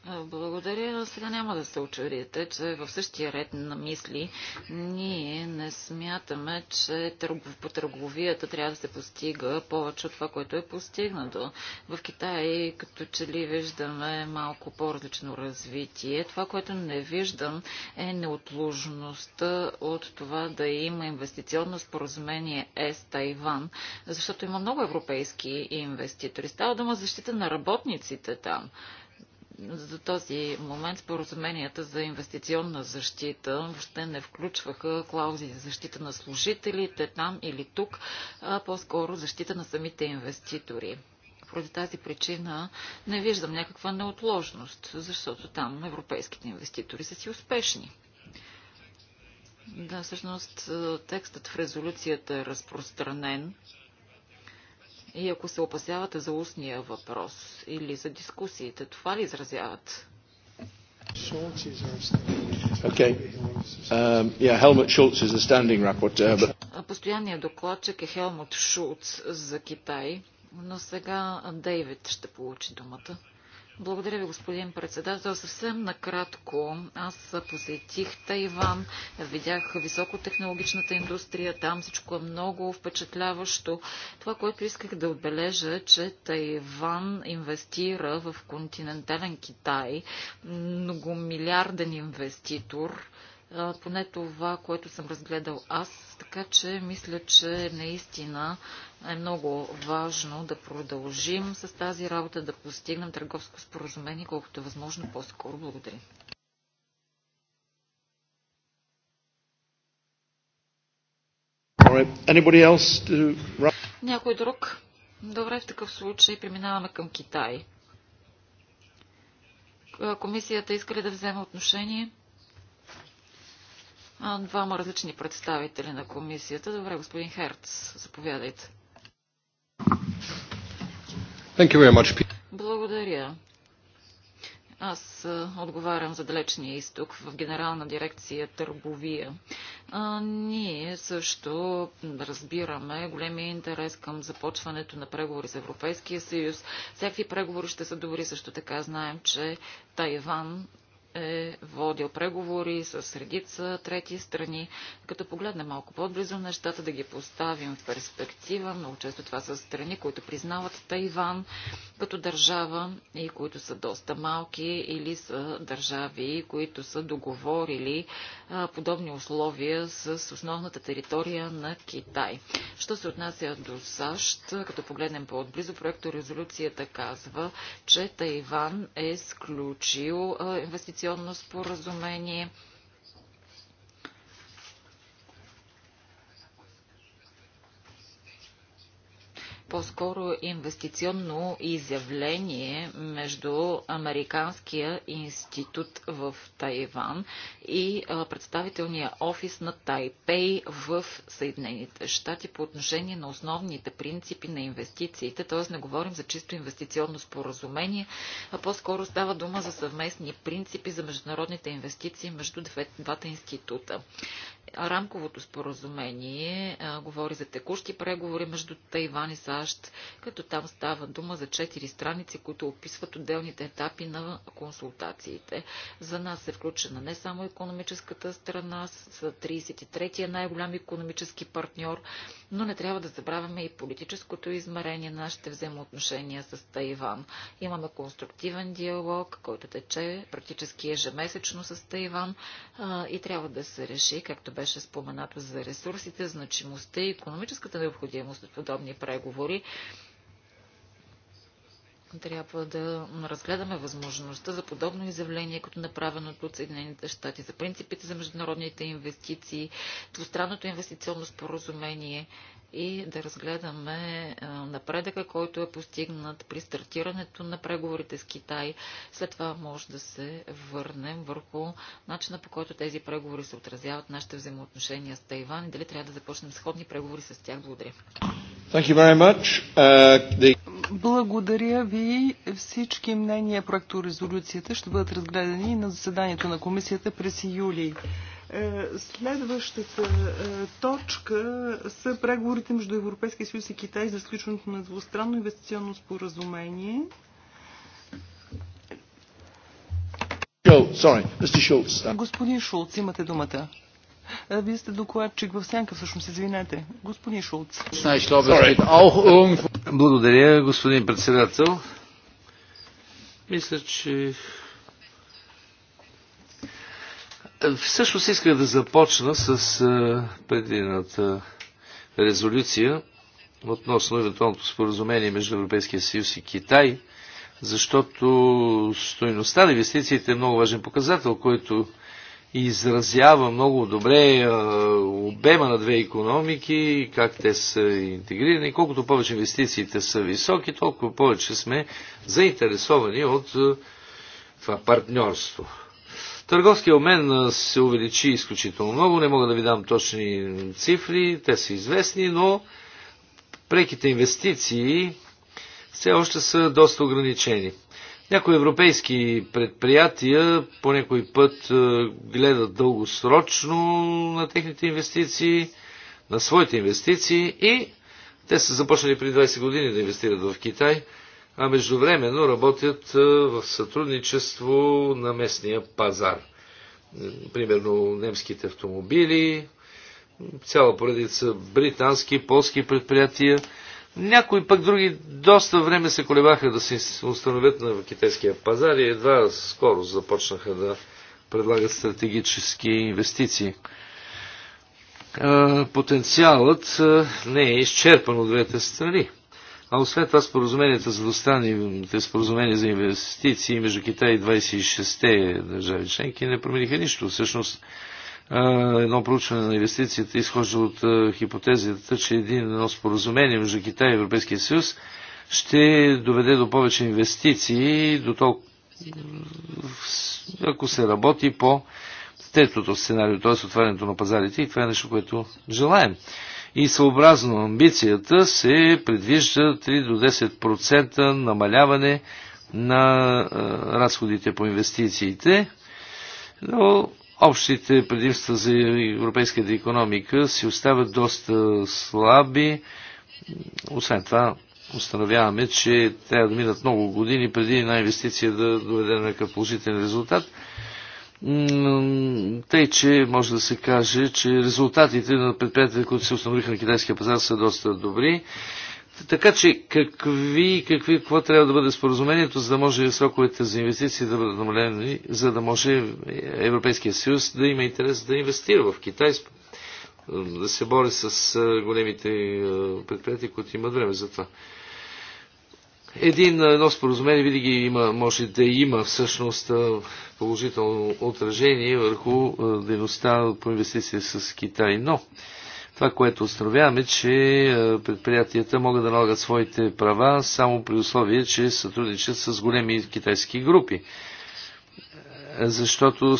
Благодаря. Сега няма да се очарите, че в същия ред на мисли ние не смятаме, че по търговията трябва да се постига повече от това, което е постигнато. В Китай като че ли виждаме малко по-различно развитие. Това, което не виждам е неотложността от това да има инвестиционно споразумение ЕС-Тайван, защото има много европейски инвеститори. Става дума защита на работниците там за този момент споразуменията за инвестиционна защита въобще не включваха клаузи за защита на служителите там или тук, а по-скоро защита на самите инвеститори. Поради тази причина не виждам някаква неотложност, защото там европейските инвеститори са си успешни. Да, всъщност текстът в резолюцията е разпространен и ако се опасявате за устния въпрос или за дискусиите, това ли изразяват? Okay. Um, yeah, Helmut is the standing rapporteur. But... Постоянният докладчик е Хелмут Шулц за Китай, но сега Дейвид ще получи думата. Благодаря ви, господин председател. Съвсем накратко, аз посетих Тайван, видях високотехнологичната индустрия, там всичко е много впечатляващо. Това, което исках да отбележа, е, че Тайван инвестира в континентален Китай, многомилиарден инвеститор, поне това, което съм разгледал аз, така че мисля, че наистина е много важно да продължим с тази работа, да постигнем търговско споразумение, колкото е възможно по-скоро. Благодаря. Някой друг? Добре, в такъв случай преминаваме към Китай. Комисията иска ли да вземе отношение? Двама различни представители на комисията. Добре, господин Херц, заповядайте. Благодаря. Аз отговарям за Далечния изток в Генерална дирекция Търговия. А, ние също разбираме големия интерес към започването на преговори с Европейския съюз. Всякакви преговори ще са добри също така. Знаем, че Тайван е водил преговори с редица трети страни. Като погледнем малко по-близо нещата, да ги поставим в перспектива, много често това са страни, които признават Тайван като държава и които са доста малки или са държави, които са договорили подобни условия с основната територия на Китай. Що се отнася до САЩ, като погледнем по-отблизо, проекто резолюцията казва, че Тайван е сключил инвестиционни инвестиционно споразумение – по-скоро инвестиционно изявление между Американския институт в Тайван и представителния офис на Тайпей в Съединените щати по отношение на основните принципи на инвестициите, т.е. не говорим за чисто инвестиционно споразумение, а по-скоро става дума за съвместни принципи за международните инвестиции между двата института. Рамковото споразумение а, говори за текущи преговори между Тайван и САЩ, като там става дума за четири страници, които описват отделните етапи на консултациите. За нас е включена не само економическата страна, с 33-я най-голям економически партньор, но не трябва да забравяме и политическото измерение на нашите взаимоотношения с Тайван. Имаме конструктивен диалог, който тече практически ежемесечно с Тайван а, и трябва да се реши, както беше споменато за ресурсите, значимостта и економическата необходимост от подобни преговори, трябва да разгледаме възможността за подобно изявление, като направеното от Съединените щати за принципите за международните инвестиции, двустранното инвестиционно споразумение и да разгледаме напредъка, който е постигнат при стартирането на преговорите с Китай. След това може да се върнем върху начина по който тези преговори се отразяват нашите взаимоотношения с Тайван и дали трябва да започнем сходни преговори с тях. Благодаря. Thank you very much. Uh, the... Благодаря ви. Всички мнения проекто резолюцията ще бъдат разгледани на заседанието на комисията през юли. Е, следващата е, точка са преговорите между Европейския съюз и Китай за сключването на двустранно инвестиционно споразумение. Господин Шулц, имате думата. Е, вие сте докладчик в сянка, всъщност, извинете. Господин Шулц. Благодаря, господин председател. Мисля, че Всъщност исках да започна с предината резолюция относно евентуалното споразумение между Европейския съюз и Китай, защото стоиността на инвестициите е много важен показател, който изразява много добре обема на две економики, как те са интегрирани. Колкото повече инвестициите са високи, толкова повече сме заинтересовани от това партньорство. Търговския обмен се увеличи изключително много. Не мога да ви дам точни цифри, те са известни, но преките инвестиции все още са доста ограничени. Някои европейски предприятия по някой път гледат дългосрочно на техните инвестиции, на своите инвестиции и те са започнали преди 20 години да инвестират в Китай – а междувременно работят в сътрудничество на местния пазар. Примерно немските автомобили, цяла поредица британски, полски предприятия. Някои пък други доста време се колебаха да се установят на китайския пазар и едва скоро започнаха да предлагат стратегически инвестиции. Потенциалът не е изчерпан от двете страни. А освен това споразуменията за двустранните споразумения за инвестиции между Китай и 26-те държави членки не промениха нищо. Всъщност едно проучване на инвестицията изхожда от хипотезията, че един едно споразумение между Китай и Европейския съюз ще доведе до повече инвестиции, до толкова, ако се работи по тетото сценарио, т.е. отварянето на пазарите и това е нещо, което желаем и съобразно амбицията се предвижда 3 до 10% намаляване на разходите по инвестициите, но общите предимства за европейската економика си остават доста слаби. Освен това, установяваме, че трябва да минат много години преди една инвестиция да доведе на някакъв положителен резултат. Тъй, че може да се каже, че резултатите на предприятията, които се установиха на китайския пазар, са доста добри. Така че какви, какви, какво трябва да бъде споразумението, за да може сроковете за инвестиции да бъдат намалени, за да може Европейския съюз да има интерес да инвестира в Китай, да се бори с големите предприятия, които имат време за това. Един, едно споразумение винаги има, може да има всъщност положително отражение върху дейността по инвестиция с Китай. Но това, което установяваме, че предприятията могат да налагат своите права само при условие, че сътрудничат с големи китайски групи. Защото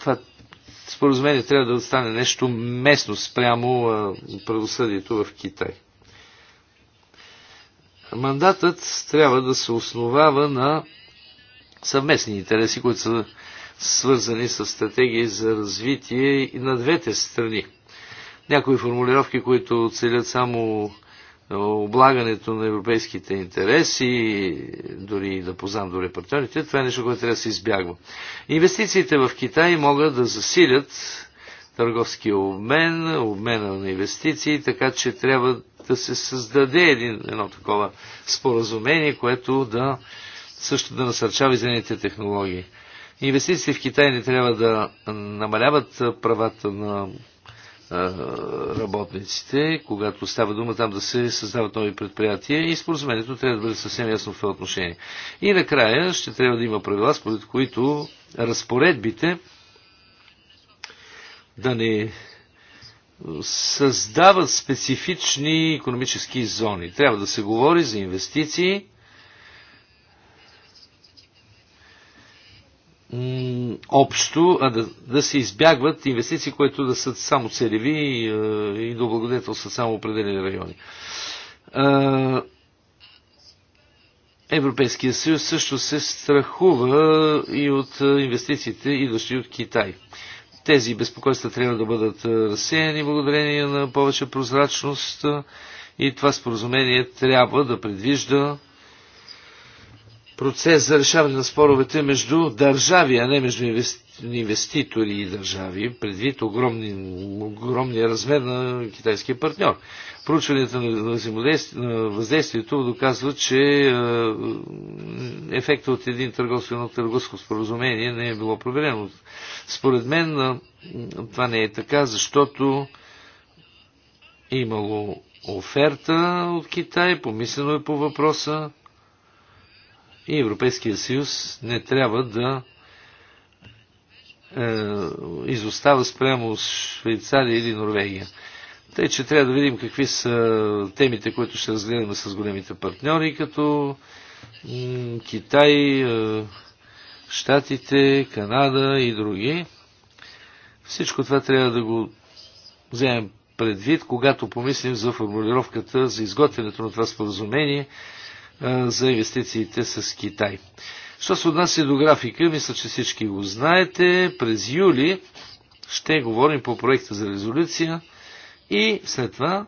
това споразумение трябва да стане нещо местно спрямо правосъдието в Китай. Мандатът трябва да се основава на съвместни интереси, които са свързани с стратегии за развитие и на двете страни. Някои формулировки, които целят само облагането на европейските интереси, дори да познам до репортерите, това е нещо, което трябва да се избягва. Инвестициите в Китай могат да засилят търговския обмен, обмена на инвестиции, така че трябва да се създаде един, едно такова споразумение, което да също да насърчава зелените технологии. Инвестиции в Китай не трябва да намаляват правата на работниците, когато става дума там да се създават нови предприятия и споразумението трябва да бъде съвсем ясно в това отношение. И накрая ще трябва да има правила, според които разпоредбите да не създават специфични економически зони. Трябва да се говори за инвестиции, общо, а да, да се избягват инвестиции, които да са само целеви и, и да облагодетелстват само определени райони. Европейския съюз също се страхува и от инвестициите, идващи от Китай. Тези безпокойства трябва да бъдат е, разсеяни благодарение на повече прозрачност и това споразумение трябва да предвижда процес за решаване на споровете между държави, а не между инвеститори и държави, предвид огромни, огромния размер на китайския партньор. Проучванията на, на въздействието доказват, че е, ефекта от един търговско, търговско споразумение не е било проверено. Според мен това не е така, защото е имало оферта от Китай, помислено е по въпроса, и Европейския съюз не трябва да е, изостава спрямо Швейцария или Норвегия. Тъй, че трябва да видим какви са темите, които ще разгледаме с големите партньори, като Китай, е, Штатите, Канада и други. Всичко това трябва да го вземем предвид, когато помислим за формулировката за изготвянето на това споразумение за инвестициите с Китай. Що се отнася до графика, мисля, че всички го знаете. През юли ще говорим по проекта за резолюция и след това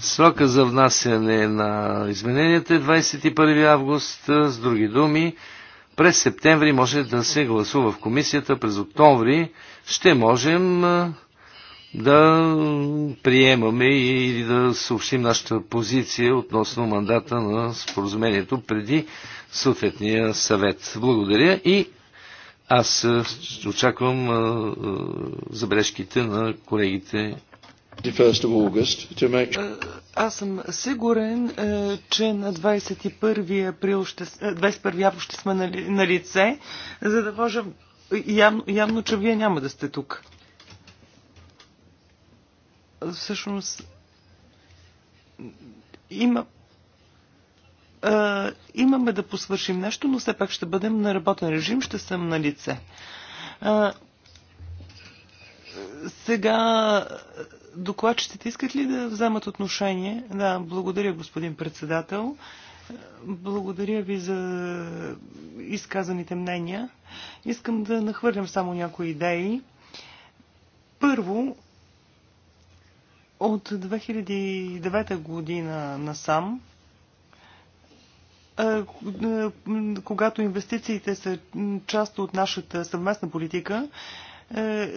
Срока за внасяне на измененията е 21 август. С други думи, през септември може да се гласува в комисията, през октомври ще можем да приемаме или да съобщим нашата позиция относно мандата на споразумението преди съответния съвет. Благодаря и аз е, очаквам е, е, забележките на колегите аз съм сигурен, че на 21 април ще, 21 август ще сме на, лице, за да можем... Явно, явно, че вие няма да сте тук всъщност има а, имаме да посвършим нещо, но все пак ще бъдем на работен режим, ще съм на лице. А, сега докладчиците искат ли да вземат отношение? Да, благодаря, господин председател. Благодаря ви за изказаните мнения. Искам да нахвърлям само някои идеи. Първо, от 2009 година насам, е, е, когато инвестициите са част от нашата съвместна политика, е,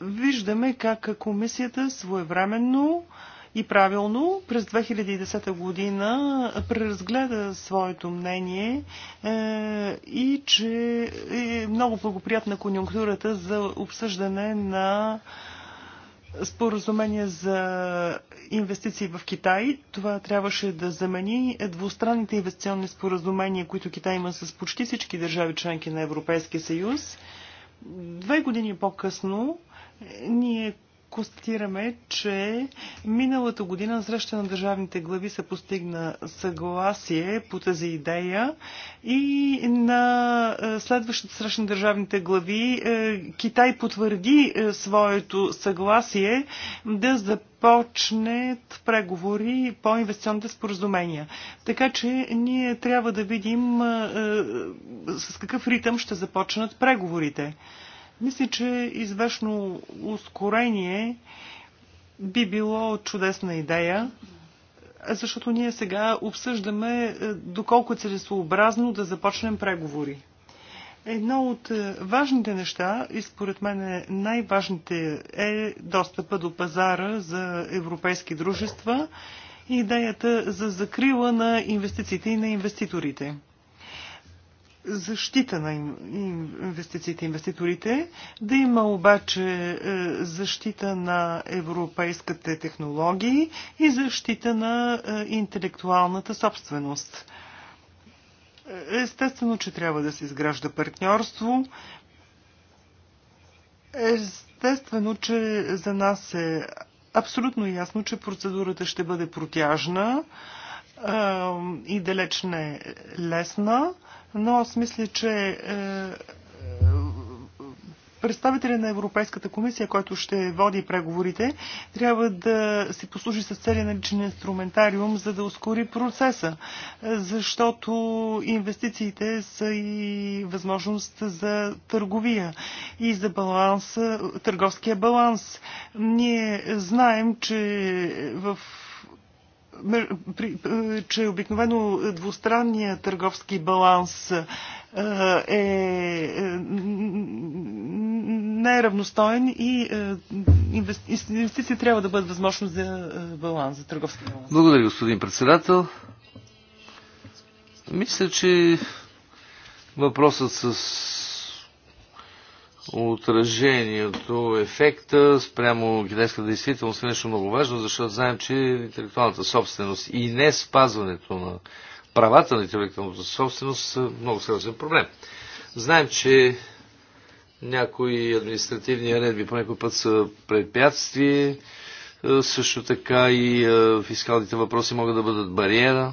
виждаме как комисията своевременно и правилно през 2010 година преразгледа своето мнение и че е много благоприятна конюнктурата за обсъждане на споразумение за инвестиции в Китай. Това трябваше да замени двустранните инвестиционни споразумения, които Китай има с почти всички държави членки на Европейския съюз. Две години по-късно ние констатираме, че миналата година среща на държавните глави се постигна съгласие по тази идея и на е, следващата среща на държавните глави е, Китай потвърди е, своето съгласие да започнат преговори по инвестиционните споразумения. Така че ние трябва да видим с какъв ритъм ще започнат преговорите. Мисля, че известно ускорение би било чудесна идея, защото ние сега обсъждаме е, доколко е целесообразно да започнем преговори. Едно от е, важните неща, и според мен е най-важните, е достъпа до пазара за европейски дружества и идеята за закрила на инвестициите и на инвеститорите защита на инвестициите, инвеститорите, да има обаче е, защита на европейските технологии и защита на е, интелектуалната собственост. Естествено, че трябва да се изгражда партньорство. Естествено, че за нас е абсолютно ясно, че процедурата ще бъде протяжна и далеч не е лесна но аз мисля, че е, е, представителя на Европейската комисия, който ще води преговорите, трябва да си послужи с целия наличен инструментариум, за да ускори процеса, защото инвестициите са и възможност за търговия и за баланс, търговския баланс. Ние знаем, че в е, че обикновено двустранния търговски баланс е, е неравностоен е и инвестиции трябва да бъдат възможност за баланс, за търговски баланс. Благодаря, господин председател. Мисля, че въпросът с отражението, ефекта спрямо китайската действителност е нещо много важно, защото знаем, че интелектуалната собственост и не спазването на правата на интелектуалната собственост са много сериозен проблем. Знаем, че някои административни редби по някой път са препятствие, също така и фискалните въпроси могат да бъдат бариера.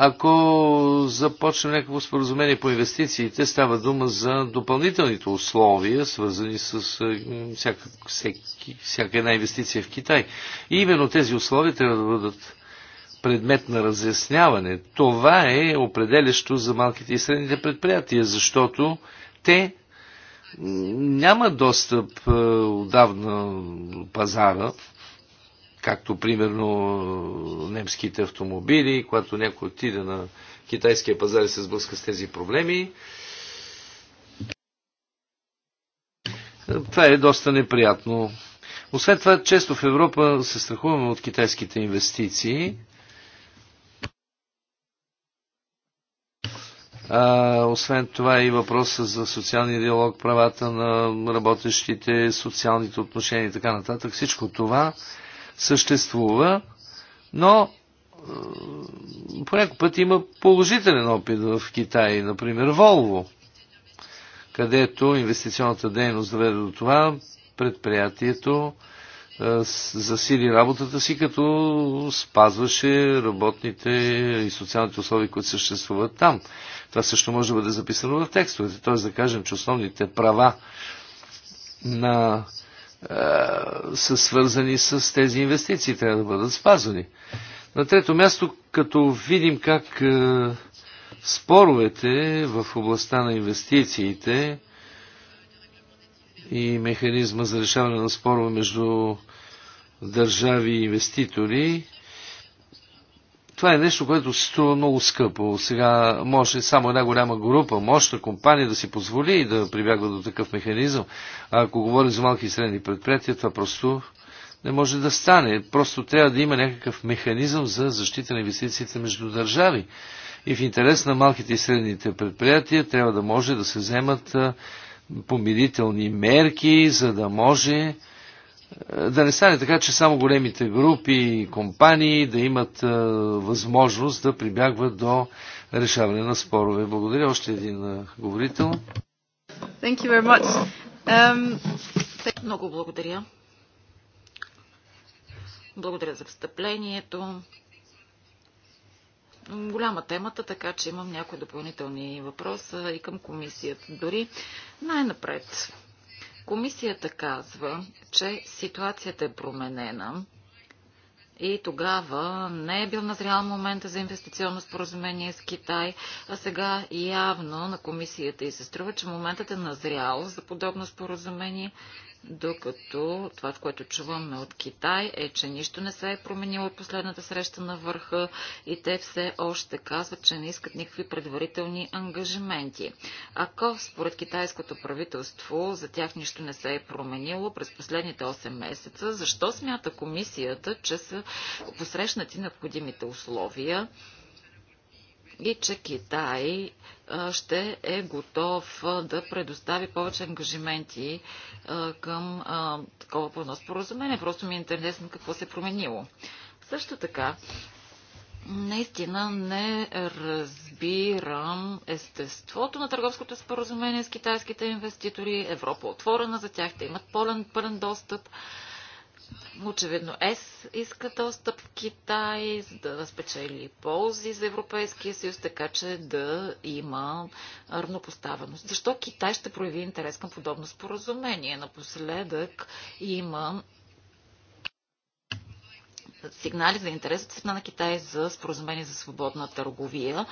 Ако започне някакво споразумение по инвестициите, става дума за допълнителните условия, свързани с е, всяка, всеки, всяка една инвестиция в Китай. И именно тези условия трябва да бъдат предмет на разясняване. Това е определящо за малките и средните предприятия, защото те няма достъп е, отдавна до пазара, както примерно е, немските автомобили, когато някой отиде на китайския пазар и се сблъска с тези проблеми. Това е доста неприятно. Освен това, често в Европа се страхуваме от китайските инвестиции. А, освен това и въпроса за социалния диалог, правата на работещите, социалните отношения и така нататък. Всичко това съществува, но е, по някой път има положителен опит в Китай, например Волво, където инвестиционната дейност доведе до това предприятието е, засили работата си, като спазваше работните и социалните условия, които съществуват там. Това също може да бъде записано в текстовете. Т.е. да кажем, че основните права на са свързани с тези инвестиции, трябва да бъдат спазвани. На трето място, като видим как споровете в областта на инвестициите и механизма за решаване на спорове между държави и инвеститори това е нещо, което се струва много скъпо. Сега може само една голяма група, мощна компания да си позволи и да прибягва до такъв механизъм. А ако говорим за малки и средни предприятия, това просто не може да стане. Просто трябва да има някакъв механизъм за защита на инвестициите между държави. И в интерес на малките и средните предприятия трябва да може да се вземат помирителни мерки, за да може е, да не стане така, че само големите групи и компании да имат е, възможност да прибягват до решаване на спорове. Благодаря. Още един е, говорител. Thank you very much. Um, thank... Много благодаря. Благодаря за встъплението. Голяма темата, така че имам някои допълнителни въпроса и към комисията. Дори най-напред Комисията казва, че ситуацията е променена и тогава не е бил назрял момента за инвестиционно споразумение с Китай, а сега явно на комисията и се струва, че моментът е назрял за подобно споразумение докато това, което чуваме от Китай, е, че нищо не се е променило от последната среща на върха и те все още казват, че не искат никакви предварителни ангажименти. Ако според китайското правителство за тях нищо не се е променило през последните 8 месеца, защо смята комисията, че са посрещнати необходимите условия? и че Китай ще е готов да предостави повече ангажименти към такова пълно споразумение. Просто ми е интересно какво се е променило. Също така, наистина не разбирам естеството на търговското споразумение с китайските инвеститори. Европа е отворена за тях, те имат пълен достъп. Очевидно ЕС иска достъп в Китай, за да спечели ползи за Европейския съюз, така че да има равнопоставеност. Защо Китай ще прояви интерес към подобно споразумение? Напоследък има сигнали за интерес от страна на Китай за споразумение за свободна търговия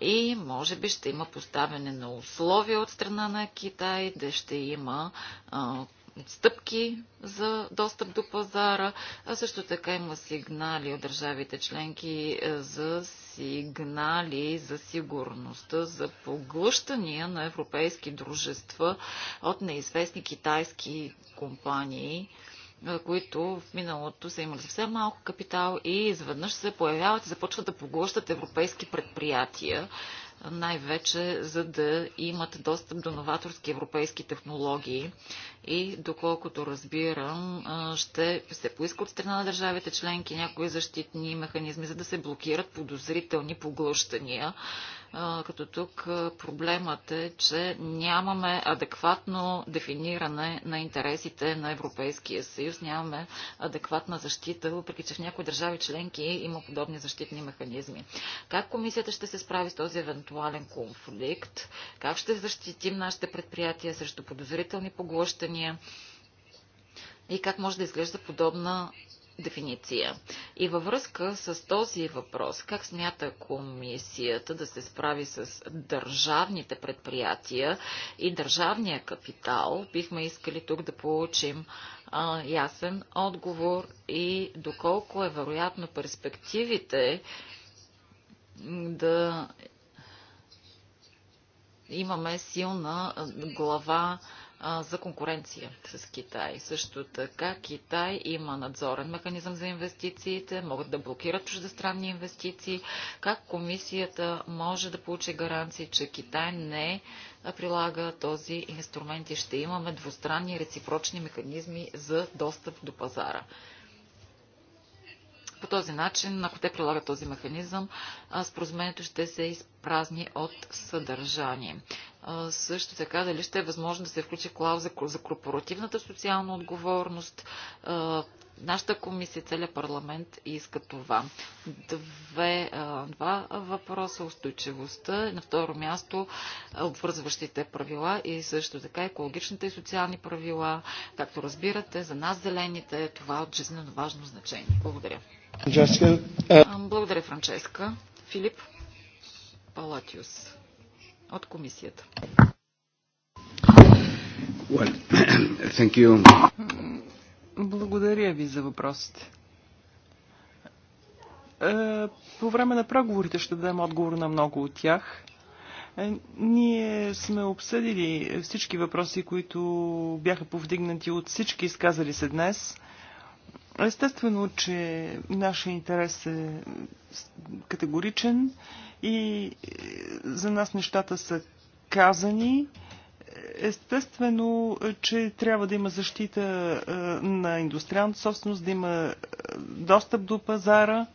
и може би ще има поставяне на условия от страна на Китай, да ще има а, стъпки за достъп до пазара, а също така има сигнали от държавите членки е, за сигнали за сигурността, за поглъщания на европейски дружества от неизвестни китайски компании е, които в миналото са имали съвсем малко капитал и изведнъж се появяват и започват да поглъщат европейски предприятия най-вече за да имат достъп до новаторски европейски технологии и доколкото разбирам, ще се поиска от страна на държавите членки някои защитни механизми, за да се блокират подозрителни поглъщания като тук проблемът е, че нямаме адекватно дефиниране на интересите на Европейския съюз, нямаме адекватна защита, въпреки че в някои държави членки има подобни защитни механизми. Как комисията ще се справи с този евентуален конфликт? Как ще защитим нашите предприятия срещу подозрителни поглъщания? И как може да изглежда подобна дефиниция. И във връзка с този въпрос, как смята комисията да се справи с държавните предприятия и държавния капитал, бихме искали тук да получим а, ясен отговор и доколко е вероятно перспективите да имаме силна глава за конкуренция с Китай. Също така Китай има надзорен механизъм за инвестициите, могат да блокират чуждестранни инвестиции. Как комисията може да получи гаранции, че Китай не прилага този инструмент и ще имаме двустранни реципрочни механизми за достъп до пазара? По този начин, ако те прилагат този механизъм, споразумението ще се изпразни от съдържание. Също така, дали ще е възможно да се включи клауза за корпоративната социална отговорност, Нашата комисия, целият парламент иска това. Две, два въпроса устойчивостта. На второ място обвързващите правила и също така екологичните и социални правила. Както разбирате, за нас зелените това е от жизненно важно значение. Благодаря. Благодаря, Франческа. Филип Палатиус от комисията. Well, Благодаря ви за въпросите. Е, по време на преговорите ще дадем отговор на много от тях. Е, ние сме обсъдили всички въпроси, които бяха повдигнати от всички изказали се днес – Естествено, че нашия интерес е категоричен и е, за нас нещата са казани. Естествено, че трябва да има защита е, на индустриалната собственост, да има е, достъп до пазара.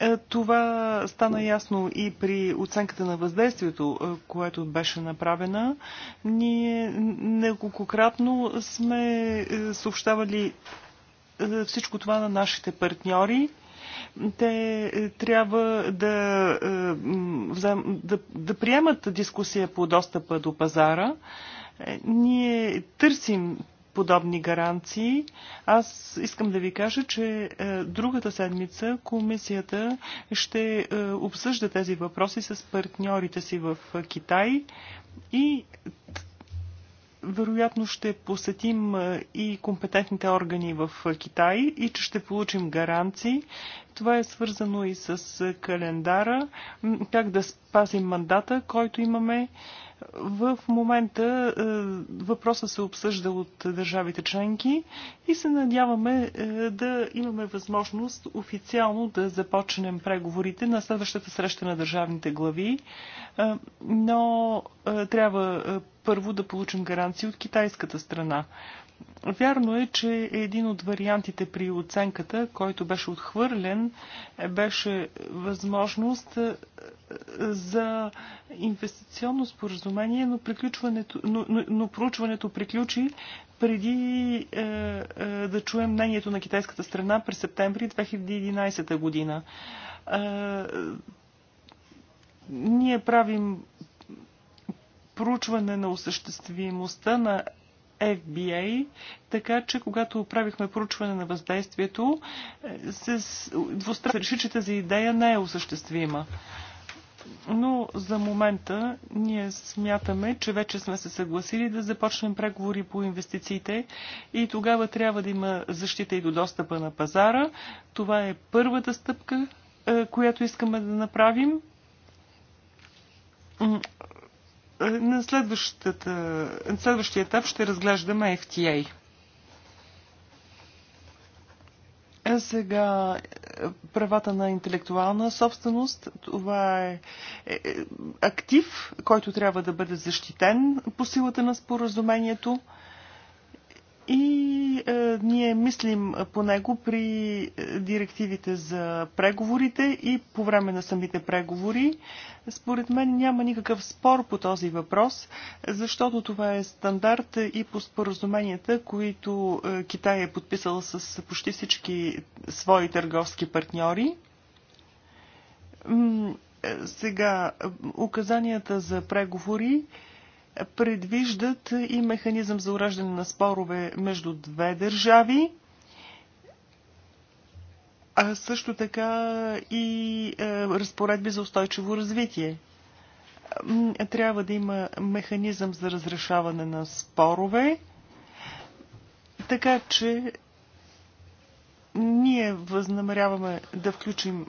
Е, това стана ясно и при оценката на въздействието, е, което беше направена. Ние неколкократно сме е, съобщавали всичко това на нашите партньори. Те трябва да, да, да приемат дискусия по достъпа до пазара. Ние търсим подобни гаранции. Аз искам да ви кажа, че е, другата седмица комисията ще е, обсъжда тези въпроси с партньорите си в е, Китай и вероятно ще посетим и компетентните органи в Китай и че ще получим гаранции. Това е свързано и с календара, как да спазим мандата, който имаме в момента е, въпросът се обсъжда от държавите членки и се надяваме е, да имаме възможност официално да започнем преговорите на следващата среща на държавните глави, е, но трябва първо да получим гаранции от китайската страна. Вярно е, че един от вариантите при оценката, който беше отхвърлен, беше възможност е, за инвестиционно споразумение, но, приключването, но, но, но проучването приключи преди е, е, да чуем мнението на китайската страна през септември 2011 година. Е, ние правим проучване на осъществимостта на FBA, така че когато правихме проучване на въздействието, се двустранно реши, че тази идея не е осъществима. Но за момента ние смятаме, че вече сме се съгласили да започнем преговори по инвестициите и тогава трябва да има защита и до достъпа на пазара. Това е първата стъпка, е, която искаме да направим на, на следващия етап ще разглеждаме FTA. А сега е, правата на интелектуална собственост. Това е, е, е актив, който трябва да бъде защитен по силата на споразумението и е, ние мислим по него при е, директивите за преговорите и по време на самите преговори. Според мен няма никакъв спор по този въпрос, защото това е стандарт и по споразуменията, които е, Китай е подписал с почти всички свои търговски партньори. Е, сега, указанията за преговори предвиждат и механизъм за уреждане на спорове между две държави, а също така и е, разпоредби за устойчиво развитие. Трябва да има механизъм за разрешаване на спорове, така че ние възнамеряваме да включим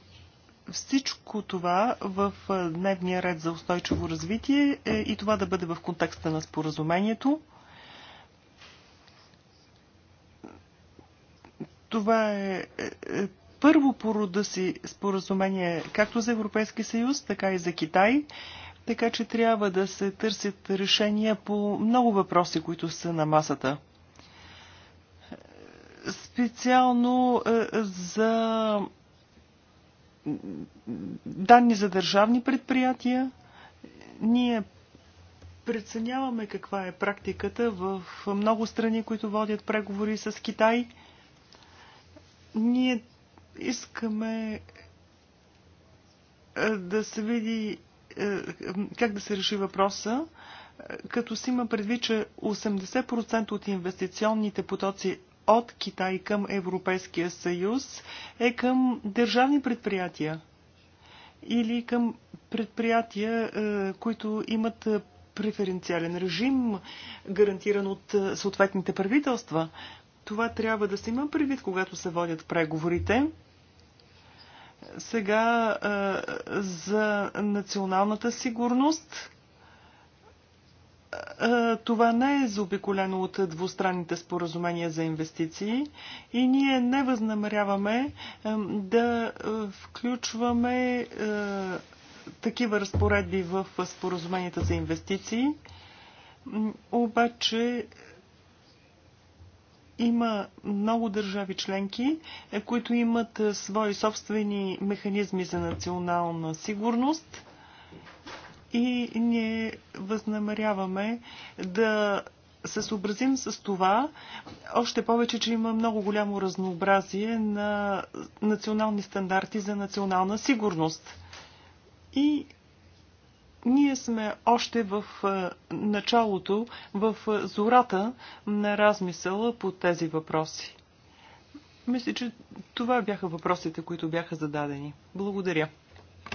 всичко това в дневния ред за устойчиво развитие е, и това да бъде в контекста на споразумението. Това е, е, е първо по рода си споразумение както за Европейски съюз, така и за Китай. Така че трябва да се търсят решения по много въпроси, които са на масата. Специално за данни за държавни предприятия. Ние преценяваме каква е практиката в много страни, които водят преговори с Китай. Ние искаме е, да се види е, как да се реши въпроса, е, като си има предвид, че 80% от инвестиционните потоци от Китай към Европейския съюз е към държавни предприятия или към предприятия, е, които имат преференциален режим, гарантиран от е, съответните правителства. Това трябва да се има предвид, когато се водят преговорите. Сега е, за националната сигурност е, това не е заобиколено от двустранните споразумения за инвестиции и ние не възнамеряваме е, да е, включваме такива разпоредби в споразуменията за инвестиции. Обаче има много държави членки, които имат свои собствени механизми за национална сигурност и ние възнамеряваме да се съобразим с това, още повече, че има много голямо разнообразие на национални стандарти за национална сигурност. И ние сме още в е, началото, в е, зората на размисъла по тези въпроси. Мисля, че това бяха въпросите, които бяха зададени. Благодаря.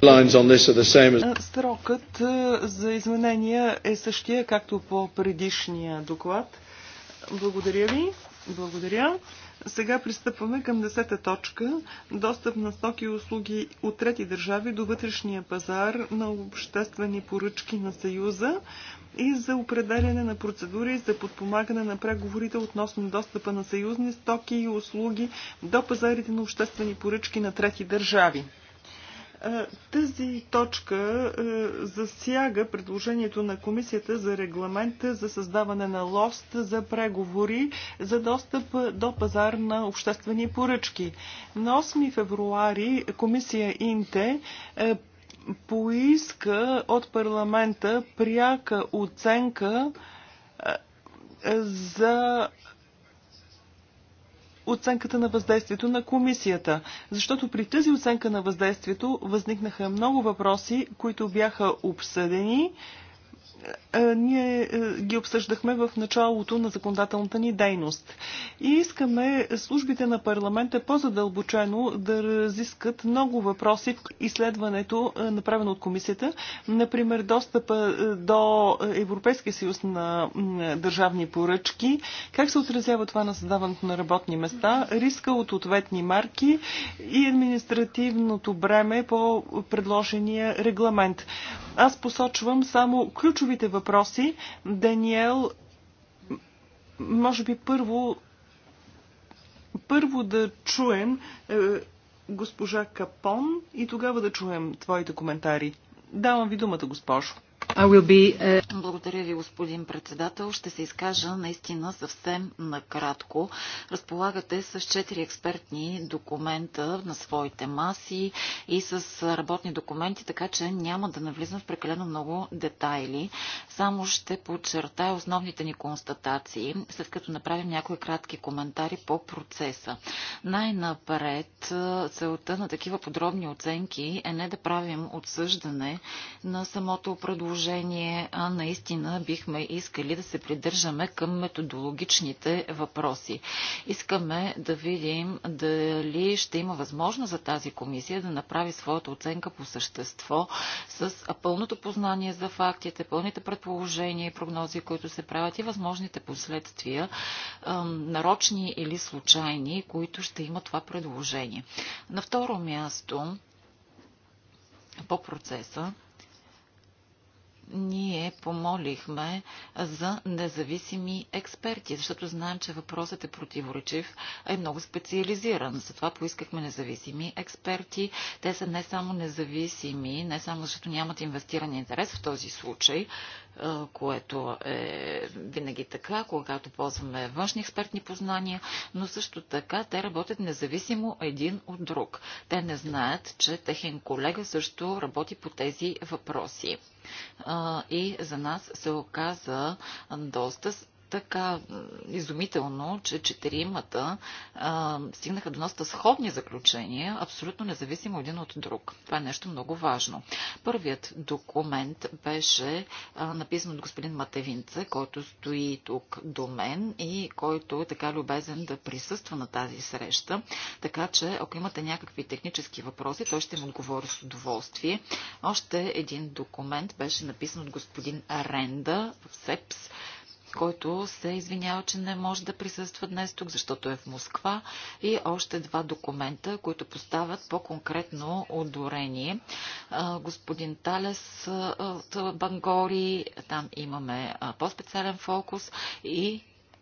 Е, срокът е, за изменения е същия, както по предишния доклад. Благодаря ви. Благодаря. Сега пристъпваме към 10-та точка. Достъп на стоки и услуги от трети държави до вътрешния пазар на обществени поръчки на Съюза и за определяне на процедури за подпомагане на преговорите относно достъпа на съюзни стоки и услуги до пазарите на обществени поръчки на трети държави. Е, тази точка е, засяга предложението на комисията за регламент за създаване на лост за преговори за достъп до пазар на обществени поръчки. На 8 февруари комисия Инте е, поиска от парламента пряка оценка за оценката на въздействието на комисията, защото при тази оценка на въздействието възникнаха много въпроси, които бяха обсъдени е, ние е, ги обсъждахме в началото на законодателната ни дейност. И искаме службите на парламента по-задълбочено да разискат много въпроси в изследването, е, направено от комисията, например достъпа до Европейския съюз на държавни поръчки, как се отразява това на създаването на работни места, риска от ответни марки и административното бреме по предложения регламент. Аз посочвам само ключовите въпроси. Даниел, може би първо, първо да чуем е, госпожа Капон и тогава да чуем твоите коментари. Давам ви думата, госпожо. Uh, Благодаря ви, господин председател. Ще се изкажа наистина съвсем накратко. Разполагате с четири експертни документа на своите маси и с работни документи, така че няма да навлизам в прекалено много детайли. Само ще подчертая основните ни констатации, след като направим някои кратки коментари по процеса. Най-напред целта на такива подробни оценки е не да правим отсъждане на самото предложение положение, а наистина бихме искали да се придържаме към методологичните въпроси. Искаме да видим дали ще има възможност за тази комисия да направи своята оценка по същество с пълното познание за фактите, пълните предположения и прогнози, които се правят и възможните последствия, нарочни или случайни, които ще има това предложение. На второ място, по процеса, ние помолихме за независими експерти, защото знаем, че въпросът е противоречив, а е много специализиран. Затова поискахме независими експерти. Те са не само независими, не само защото нямат инвестиран интерес в този случай, което е винаги така, когато ползваме външни експертни познания, но също така те работят независимо един от друг. Те не знаят, че техен колега също работи по тези въпроси. И за нас се оказа доста така изумително, че четиримата а, стигнаха до доста сходни заключения, абсолютно независимо един от друг. Това е нещо много важно. Първият документ беше а, написан от господин Матевинце, който стои тук до мен и който е така любезен да присъства на тази среща. Така че, ако имате някакви технически въпроси, той ще им отговори с удоволствие. Още един документ беше написан от господин Ренда в СЕПС, който се извинява, че не може да присъства днес тук, защото е в Москва и още два документа, които поставят по-конкретно одорение. Господин Талес от Бангори, там имаме по-специален фокус и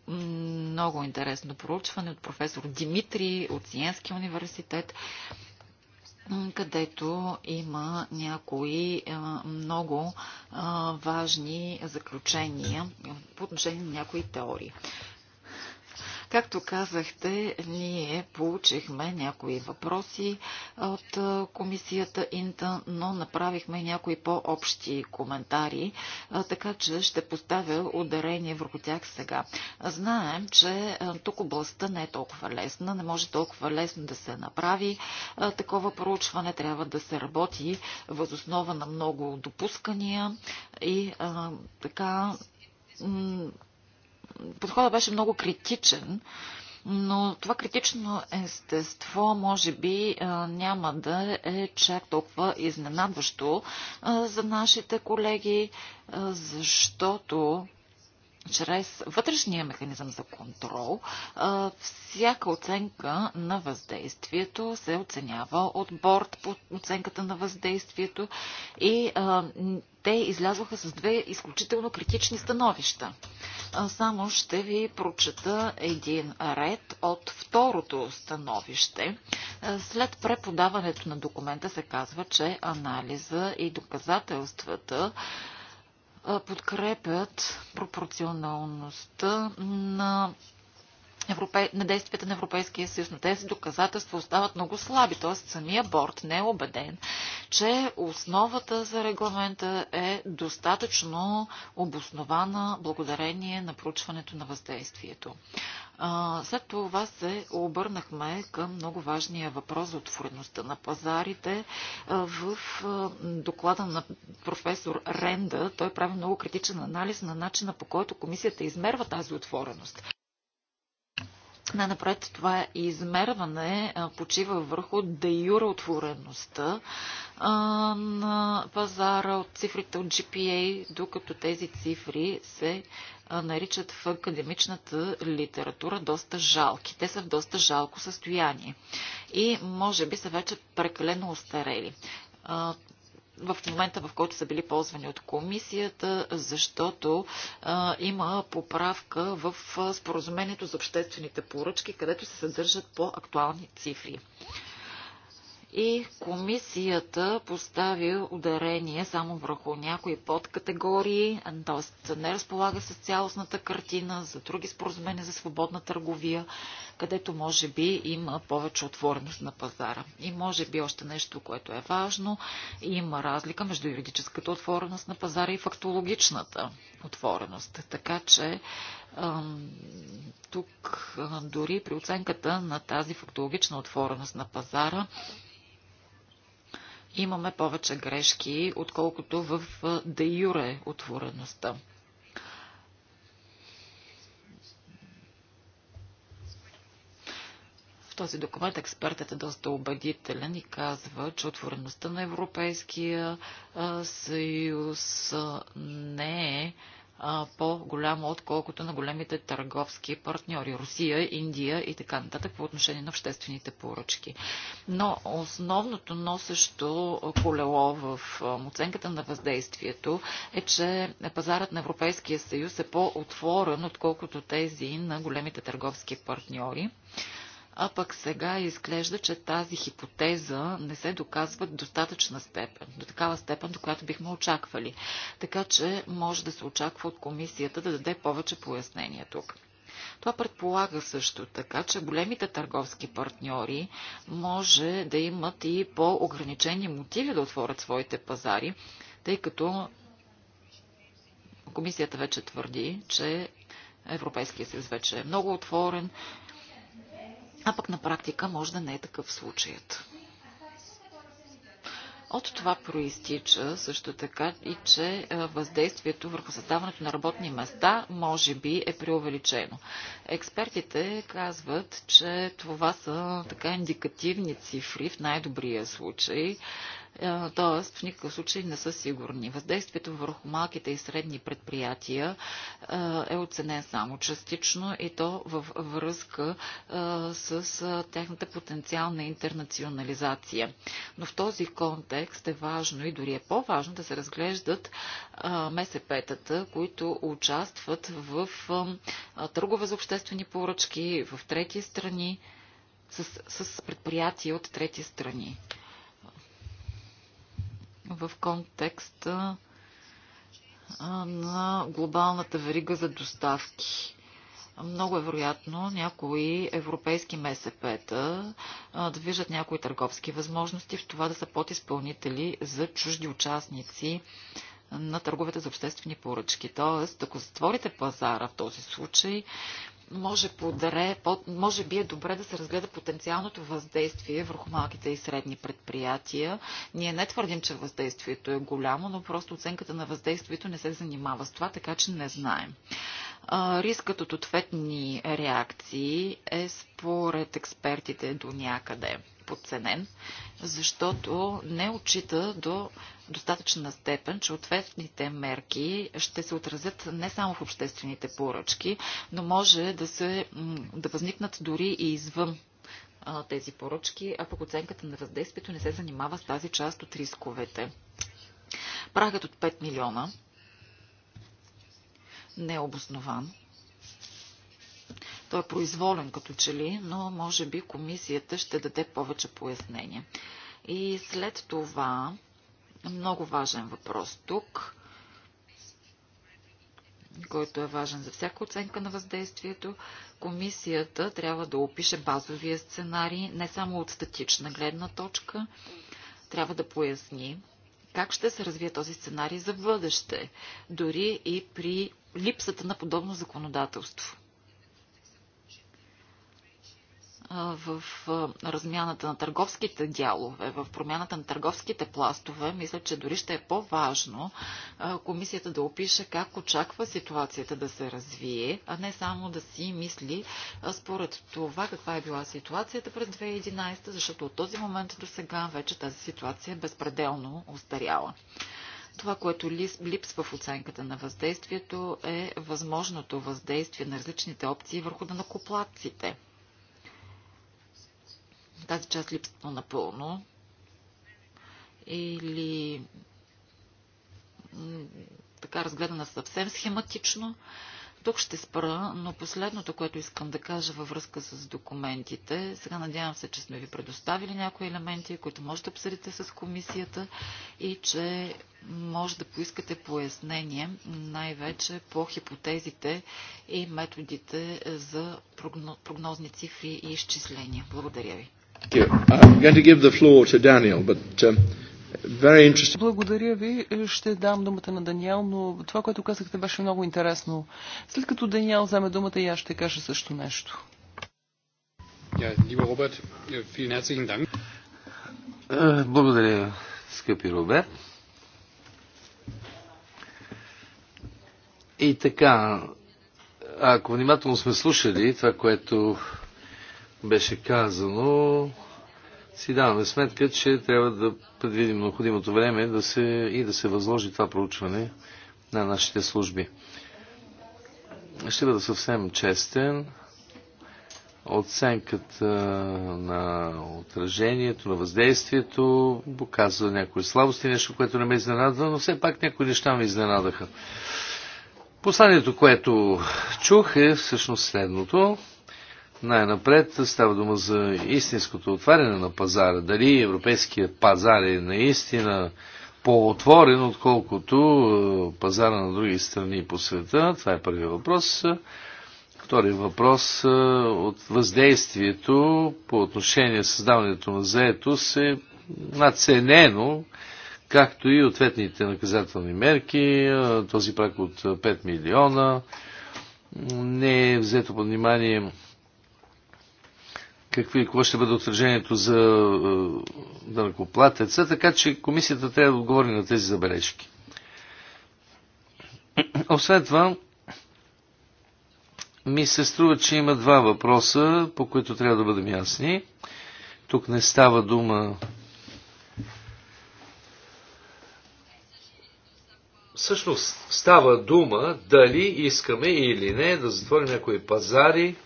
много интересно проучване от професор Димитрий от Сиенския университет където има някои много важни заключения по отношение на някои теории. Както казахте, ние получихме някои въпроси от комисията Инта, но направихме някои по-общи коментари, така че ще поставя ударение върху тях сега. Знаем, че тук областта не е толкова лесна, не може толкова лесно да се направи. Такова проучване трябва да се работи възоснова на много допускания и така подходът беше много критичен, но това критично естество може би няма да е чак толкова изненадващо за нашите колеги, защото чрез вътрешния механизъм за контрол всяка оценка на въздействието се оценява от борт по оценката на въздействието и те излязоха с две изключително критични становища. Само ще ви прочета един ред от второто становище. След преподаването на документа се казва, че анализа и доказателствата подкрепят пропорционалността на на, Европе... на действията на Европейския съюз, но тези доказателства остават много слаби. Т.е. самия борт не е убеден, че основата за регламента е достатъчно обоснована благодарение на проучването на въздействието. След това се обърнахме към много важния въпрос за отвореността на пазарите. В доклада на професор Ренда той прави много критичен анализ на начина по който комисията измерва тази отвореност. Най-напред това е измерване почива върху деюра отвореността на пазара от цифрите от GPA, докато тези цифри се наричат в академичната литература доста жалки. Те са в доста жалко състояние и може би са вече прекалено устарели в момента, в който са били ползвани от комисията, защото а, има поправка в споразумението за обществените поръчки, където се съдържат по-актуални цифри и комисията постави ударение само върху някои подкатегории, т.е. не разполага с цялостната картина за други споразумения за свободна търговия, където може би има повече отвореност на пазара. И може би още нещо, което е важно, има разлика между юридическата отвореност на пазара и фактологичната отвореност. Така че тук дори при оценката на тази фактологична отвореност на пазара имаме повече грешки, отколкото в де юре отвореността. В този документ експертът е доста убедителен и казва, че отвореността на Европейския съюз не е по-голямо, отколкото на големите търговски партньори Русия, Индия и така нататък по отношение на обществените поръчки. Но основното носещо колело в оценката на въздействието е, че пазарът на Европейския съюз е по-отворен, отколкото тези на големите търговски партньори а пък сега изглежда, че тази хипотеза не се доказва до достатъчна степен, до такава степен, до която бихме очаквали. Така че може да се очаква от комисията да даде повече пояснения тук. Това предполага също така, че големите търговски партньори може да имат и по-ограничени мотиви да отворят своите пазари, тъй като комисията вече твърди, че Европейския съюз вече е много отворен, а пък на практика може да не е такъв случаят. От това проистича също така и, че е, въздействието върху създаването на работни места може би е преувеличено. Експертите казват, че това са така индикативни цифри в най-добрия случай т.е. в никакъв случай не са сигурни. Въздействието върху малките и средни предприятия е, е оценен само частично и то във връзка е, с е, тяхната потенциална интернационализация. Но в този контекст е важно и дори е по-важно да се разглеждат МСП-тата, които участват в търгове за обществени поръчки в трети страни с, с предприятия от трети страни в контекста на глобалната верига за доставки. Много е вероятно някои европейски МСП-та да виждат някои търговски възможности в това да са по-изпълнители за чужди участници на търговете за обществени поръчки. Тоест, ако затворите пазара в този случай, може, подаре, може би е добре да се разгледа потенциалното въздействие върху малките и средни предприятия. Ние не твърдим, че въздействието е голямо, но просто оценката на въздействието не се занимава с това, така че не знаем. Рискът от ответни реакции е според експертите до някъде подценен, защото не отчита до достатъчна степен, че ответните мерки ще се отразят не само в обществените поръчки, но може да, се, да възникнат дори и извън тези поръчки, а пък оценката на въздействието не се занимава с тази част от рисковете. Прагът от 5 милиона не е обоснован той е произволен като че ли, но може би комисията ще даде повече пояснения. И след това, много важен въпрос тук, който е важен за всяка оценка на въздействието, комисията трябва да опише базовия сценарий, не само от статична гледна точка, трябва да поясни как ще се развие този сценарий за бъдеще, дори и при липсата на подобно законодателство в размяната на търговските дялове, в промяната на търговските пластове, мисля, че дори ще е по-важно комисията да опише как очаква ситуацията да се развие, а не само да си мисли според това каква е била ситуацията през 2011, защото от този момент до сега вече тази ситуация е безпределно устаряла. Това, което липсва в оценката на въздействието е възможното въздействие на различните опции върху данакоплатците – тази част липсва напълно. Или така разгледана съвсем схематично. Тук ще спра, но последното, което искам да кажа във връзка с документите, сега надявам се, че сме ви предоставили някои елементи, които може да обсъдите с комисията и че може да поискате пояснение, най-вече по хипотезите и методите за прогнозни цифри и изчисления. Благодаря ви. Благодаря ви. Ще дам думата на Даниел, но това, което казахте, беше много интересно. След като Даниел вземе думата, и аз ще кажа също нещо. Е, благодаря, скъпи Роберт. И така, ако внимателно сме слушали това, което беше казано, си даваме сметка, че трябва да предвидим необходимото време да се, и да се възложи това проучване на нашите служби. Ще бъда съвсем честен. Оценката на отражението, на въздействието показва някои слабости, нещо, което не ме изненадва, но все пак някои неща ме изненадаха. Посланието, което чух е всъщност следното. Най-напред става дума за истинското отваряне на пазара. Дали европейският пазар е наистина по-отворен, отколкото е, пазара на други страни по света? Това е първият въпрос. Втори въпрос е, от въздействието по отношение създаването на заето се наценено, както и ответните наказателни мерки, е, този прак от 5 милиона. Не е взето под внимание какви, какво ще бъде отражението за е, дънакоплатеца, така че комисията трябва да отговори на тези забележки. Освен това, ми се струва, че има два въпроса, по които трябва да бъдем ясни. Тук не става дума Всъщност става дума дали искаме или не да затворим някои пазари,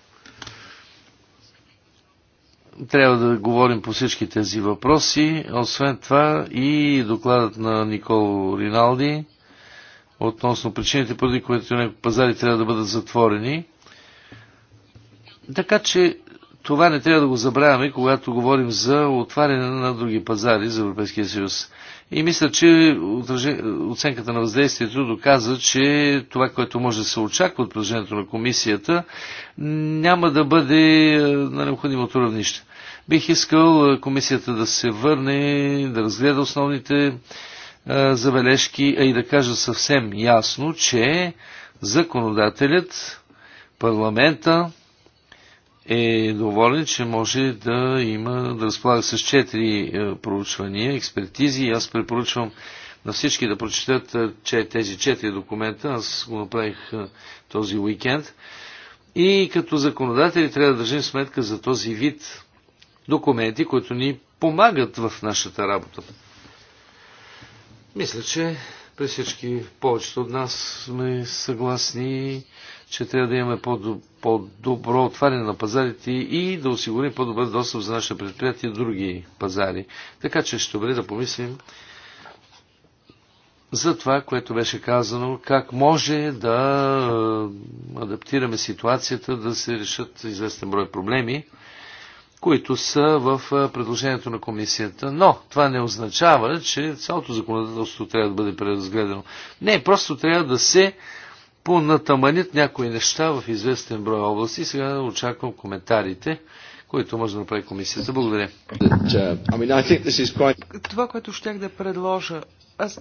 трябва да говорим по всички тези въпроси. Освен това и докладът на Николо Риналди относно причините, поради които някои пазари трябва да бъдат затворени. Така че това не трябва да го забравяме, когато говорим за отваряне на други пазари за Европейския съюз. И мисля, че оценката на въздействието доказа, че това, което може да се очаква от предложението на комисията, няма да бъде е, на необходимото равнище. Бих искал е, комисията да се върне, да разгледа основните е, забележки, а и да кажа съвсем ясно, че законодателят, парламента, е доволен, че може да има, да разполага с четири е, проучвания, експертизи аз препоръчвам на всички да прочетат е, че тези четири документа. Аз го направих е, този уикенд. И като законодатели трябва да държим сметка за този вид документи, които ни помагат в нашата работа. Мисля, че при всички повечето от нас сме съгласни че трябва да имаме по-добро отваряне на пазарите и да осигурим по-добър достъп за нашите предприятия и други пазари. Така че ще добре да помислим за това, което беше казано, как може да е, адаптираме ситуацията, да се решат известен брой проблеми, които са в е, предложението на комисията. Но това не означава, че цялото законодателство трябва да бъде преразгледано. Не, просто трябва да се понатаманят някои неща в известен брой области. Сега очаквам коментарите, които може да направи комисията. Благодаря. Uh, това, което щях да предложа, аз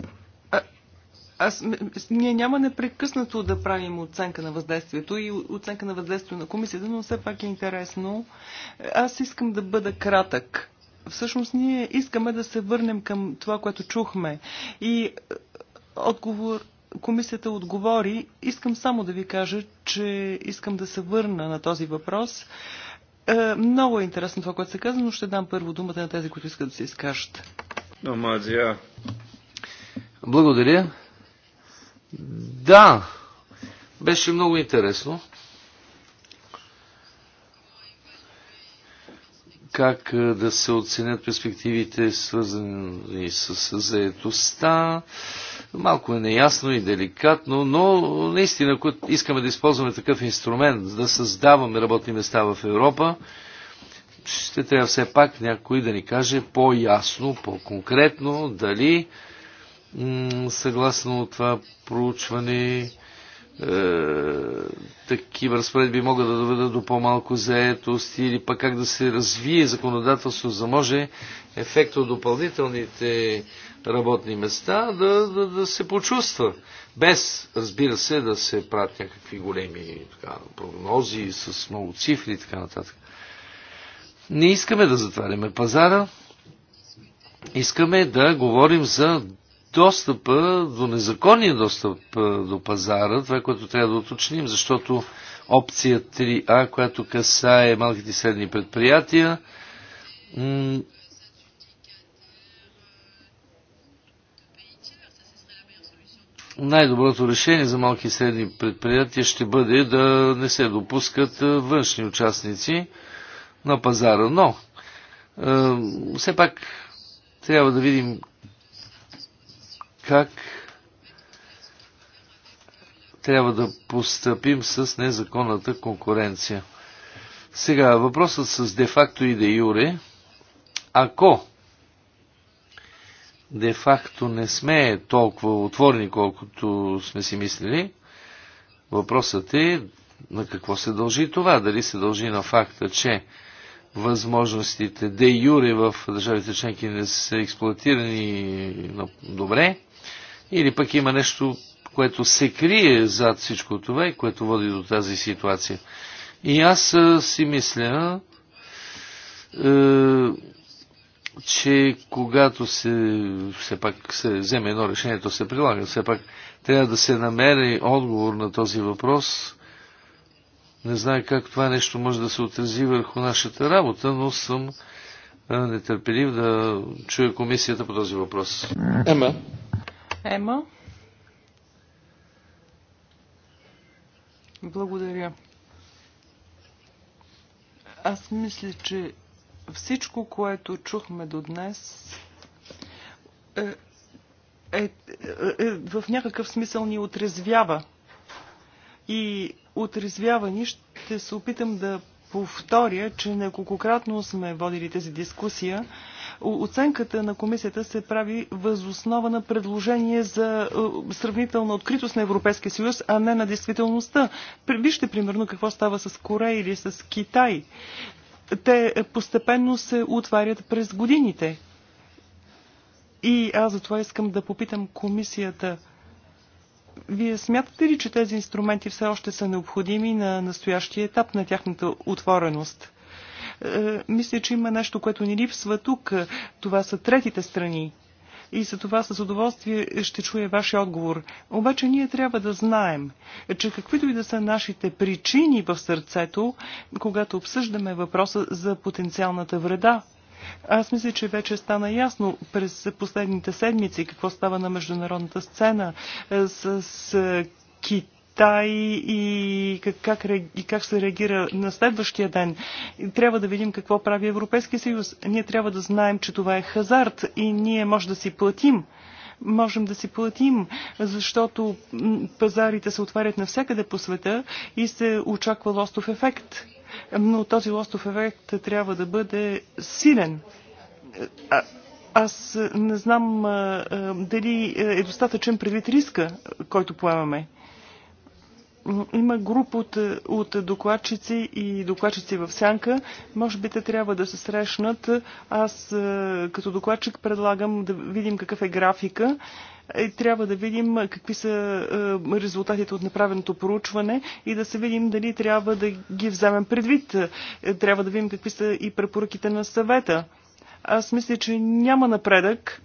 аз, ние няма непрекъснато да правим оценка на въздействието и оценка на въздействието на комисията, но все пак е интересно. Аз искам да бъда кратък. Всъщност ние искаме да се върнем към това, което чухме. И отговор комисията отговори. Искам само да ви кажа, че искам да се върна на този въпрос. Е, много е интересно това, което се казва, но ще дам първо думата на тези, които искат да се изкажат. Благодаря. Да, беше много интересно. как да се оценят перспективите, свързани с заедостта. Малко е неясно и деликатно, но наистина, ако искаме да използваме такъв инструмент, да създаваме работни места в Европа, ще трябва все пак някой да ни каже по-ясно, по-конкретно, дали съгласно това проучване е, такива разпоредби могат да доведат до по-малко заетост или пък как да се развие законодателство, за може ефект от допълнителните работни места да, да, да се почувства. Без, разбира се, да се правят някакви големи така, прогнози с много цифри и така нататък. Не искаме да затваряме пазара, искаме да говорим за достъпа, до незаконния достъп до пазара, това е което трябва да уточним, защото опция 3А, която касае малките и средни предприятия, най-доброто решение за малки и средни предприятия ще бъде да не се допускат външни участници на пазара. Но, все пак, трябва да видим как трябва да постъпим с незаконната конкуренция. Сега, въпросът с де-факто и де-юре. Ако де-факто не сме толкова отворени, колкото сме си мислили, въпросът е на какво се дължи това. Дали се дължи на факта, че възможностите де-юре в държавите членки не са експлуатирани добре, или пък има нещо, което се крие зад всичко това и което води до тази ситуация. И аз си мисля, че когато се, все пак се вземе едно решение, то се прилага. Все пак трябва да се намери отговор на този въпрос. Не знае как това нещо може да се отрази върху нашата работа, но съм нетърпелив да чуя комисията по този въпрос. Ема. Ема. Благодаря. Аз мисля, че всичко, което чухме до днес, е, е, е, в някакъв смисъл ни отрезвява. И отрезвява ни ще се опитам да повторя, че неколкократно сме водили тази дискусия Оценката на комисията се прави възоснова на предложение за е, сравнителна откритост на Европейския съюз, а не на действителността. Вижте примерно какво става с Корея или с Китай. Те постепенно се отварят през годините. И аз затова искам да попитам комисията. Вие смятате ли, че тези инструменти все още са необходими на настоящия етап на тяхната отвореност? Е, мисля, че има нещо, което ни липсва тук. Това са третите страни. И за това с удоволствие ще чуя вашия отговор. Обаче ние трябва да знаем, че каквито и да са нашите причини в сърцето, когато обсъждаме въпроса за потенциалната вреда, аз мисля, че вече стана ясно през последните седмици какво става на международната сцена е, с, с е, Китай Китай и как, как, и как се реагира на следващия ден. Трябва да видим какво прави Европейския съюз. Ние трябва да знаем, че това е хазарт и ние може да си платим можем да си платим, защото пазарите се отварят навсякъде по света и се очаква лостов ефект. Но този лостов ефект трябва да бъде силен. А, аз не знам а, а, дали е достатъчен предвид риска, който поемаме има група от, от докладчици и докладчици в сянка. Може би те трябва да се срещнат. Аз е, като докладчик предлагам да видим какъв е графика. Е, трябва да видим какви са е, резултатите от направеното проучване и да се видим дали трябва да ги вземем предвид. Трябва да видим какви са и препоръките на съвета. Аз мисля, че няма напредък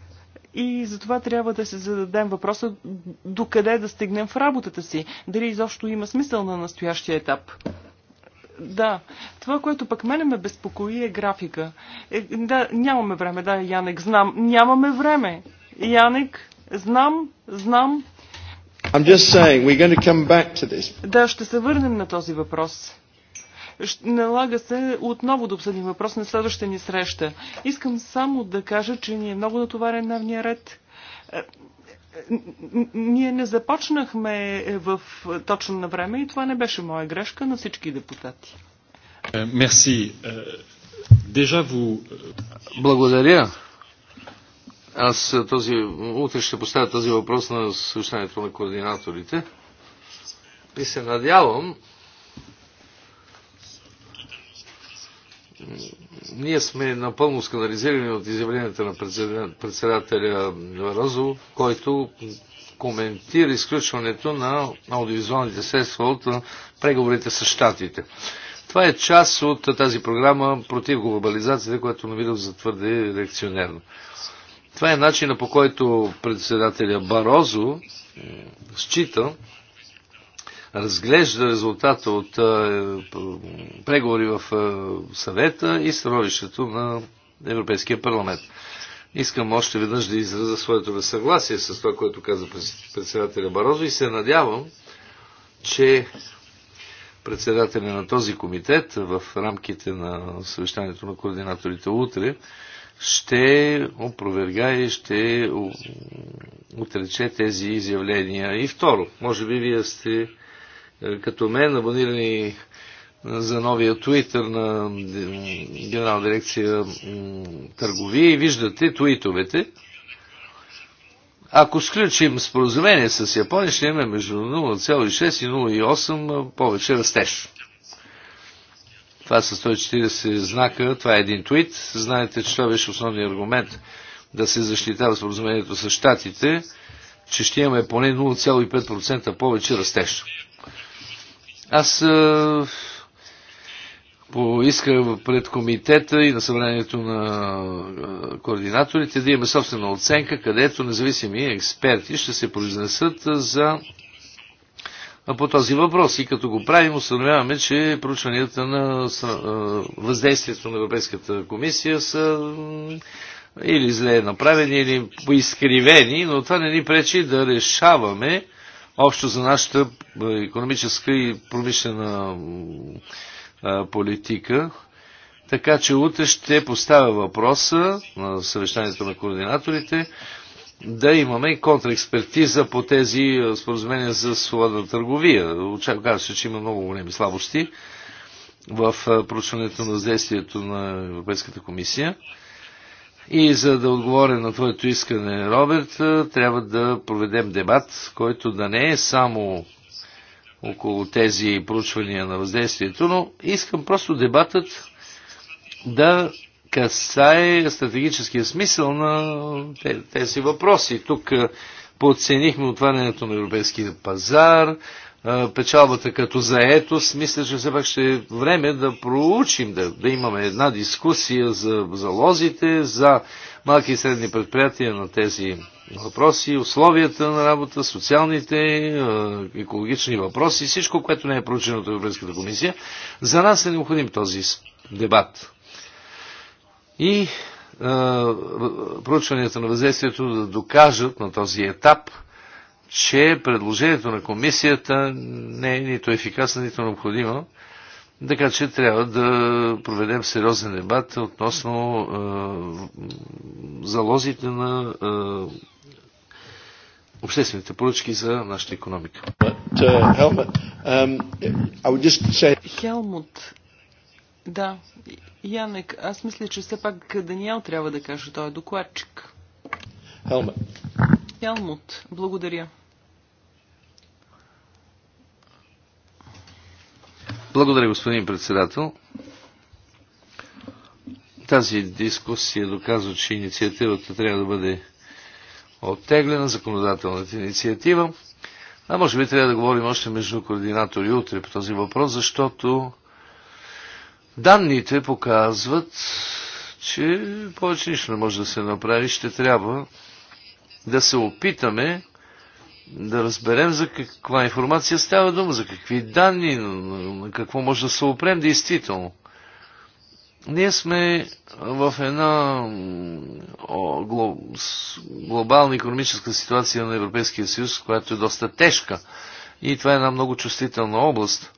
и затова трябва да се зададем въпроса докъде да стигнем в работата си. Дали изобщо има смисъл на настоящия етап. Да, това, което пък мене ме безпокои е графика. Е, да, нямаме време, да, Янек, знам. Нямаме време. Янек, знам, знам. I'm just saying, we're going to come back to this. Да, ще се върнем на този въпрос. Налага се отново да обсъдим въпрос на следващата ни среща. Искам само да кажа, че ни е много натоварен дневния ред е, ние не започнахме в е, точно на време и това не беше моя грешка на всички депутати. Е, мерси. Дежа ву... Благодаря. Аз този, утре ще поставя този въпрос на съвещанието на координаторите. И се надявам, Ние сме напълно скандализирани от изявленията на председателя Розо, който коментира изключването на аудиовизуалните средства от преговорите с щатите. Това е част от тази програма против глобализацията, която намирам за твърде реакционерна. Това е начина по който председателя Барозо счита, разглежда резултата от е, преговори в е, съвета и становището на Европейския парламент. Искам още веднъж да изразя своето несъгласие с това, което каза председателя Барозо и се надявам, че председателя на този комитет в рамките на съвещанието на координаторите утре ще опроверга и ще отрече тези изявления. И второ, може би вие сте е, като мен, абонирани за новия твитър на генерална дирекция търговия и виждате твитовете. Ако сключим споразумение с Япония, ще имаме между 0,6 и 0,8 повече растеж. Това са 140 знака, това е един твит. Знаете, че това беше основният аргумент да се защитава споразумението с щатите, че ще имаме поне 0,5% повече растеж. Аз а, е, поисках пред комитета и на събранието на е, координаторите да имаме собствена оценка, където независими експерти ще се произнесат за е, по този въпрос. И като го правим, установяваме, че проучванията на въздействието на Европейската комисия са или зле направени, или поискривени, но това не ни пречи да решаваме общо за нашата економическа и промишлена е, политика. Така че утре ще поставя въпроса на съвещанието на координаторите да имаме и контраекспертиза по тези е, споразумения за свободна търговия. Очаква се, че има много големи слабости в е, проучването на въздействието на Европейската комисия. И за да отговоря на твоето искане, Роберт, трябва да проведем дебат, който да не е само около тези проучвания на въздействието, но искам просто дебатът да касае стратегическия смисъл на тези въпроси. Тук подценихме отварянето на европейския пазар, печалбата като заетост, мисля, че все пак ще е време да проучим, да, да имаме една дискусия за залозите, за малки и средни предприятия на тези въпроси, условията на работа, социалните, екологични въпроси, всичко, което не е проучено от Европейската комисия. За нас е необходим този дебат. И проучванията на въздействието да докажат на този етап – че предложението на комисията не е нито ефикасно, нито необходимо. Така че трябва да проведем сериозен дебат относно е, залозите на е, обществените поръчки за нашата економика. Uh, um, Хелмут, да, Янек, аз мисля, че все пак Даниел трябва да каже, той е докладчик. Хелмут. Ялмут, благодаря. Благодаря, господин председател. Тази дискусия доказва, че инициативата трябва да бъде оттеглена, законодателната инициатива. А може би трябва да говорим още между координатори утре по този въпрос, защото данните показват, че повече нищо не може да се направи. Ще трябва да се опитаме да разберем за каква информация става дума, за какви данни, на какво може да се опрем действително. Ние сме в една глобална економическа ситуация на Европейския съюз, която е доста тежка. И това е една много чувствителна област.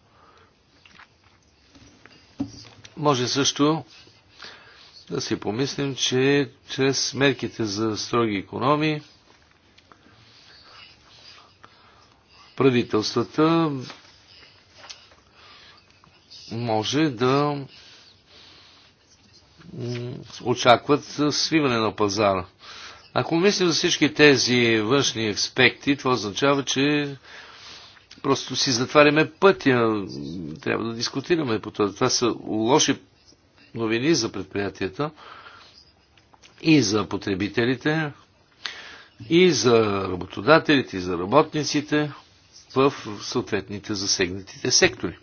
Може също да си помислим, че чрез мерките за строги економии, правителствата може да очакват свиване на пазара. Ако мислим за всички тези външни аспекти, това означава, че просто си затваряме пътя. Трябва да дискутираме по това. Това са лоши новини за предприятията и за потребителите, и за работодателите, и за работниците в съответните засегнатите сектори.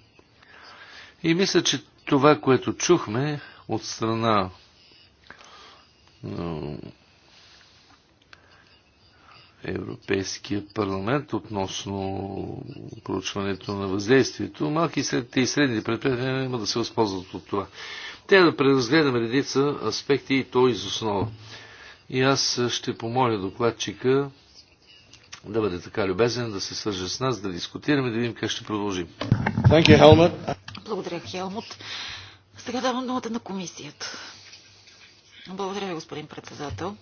И мисля, че това, което чухме от страна Европейския парламент относно проучването на въздействието, малки и средни предприятия няма да се възползват от това. Те да преразгледаме редица аспекти и то из основа. И аз ще помоля докладчика да бъде така любезен, да се свържа с нас, да дискутираме, да видим как ще продължим. Thank you, Helmut. Благодаря, Хелмут. Сега давам думата на комисията. Благодаря ви, господин председател.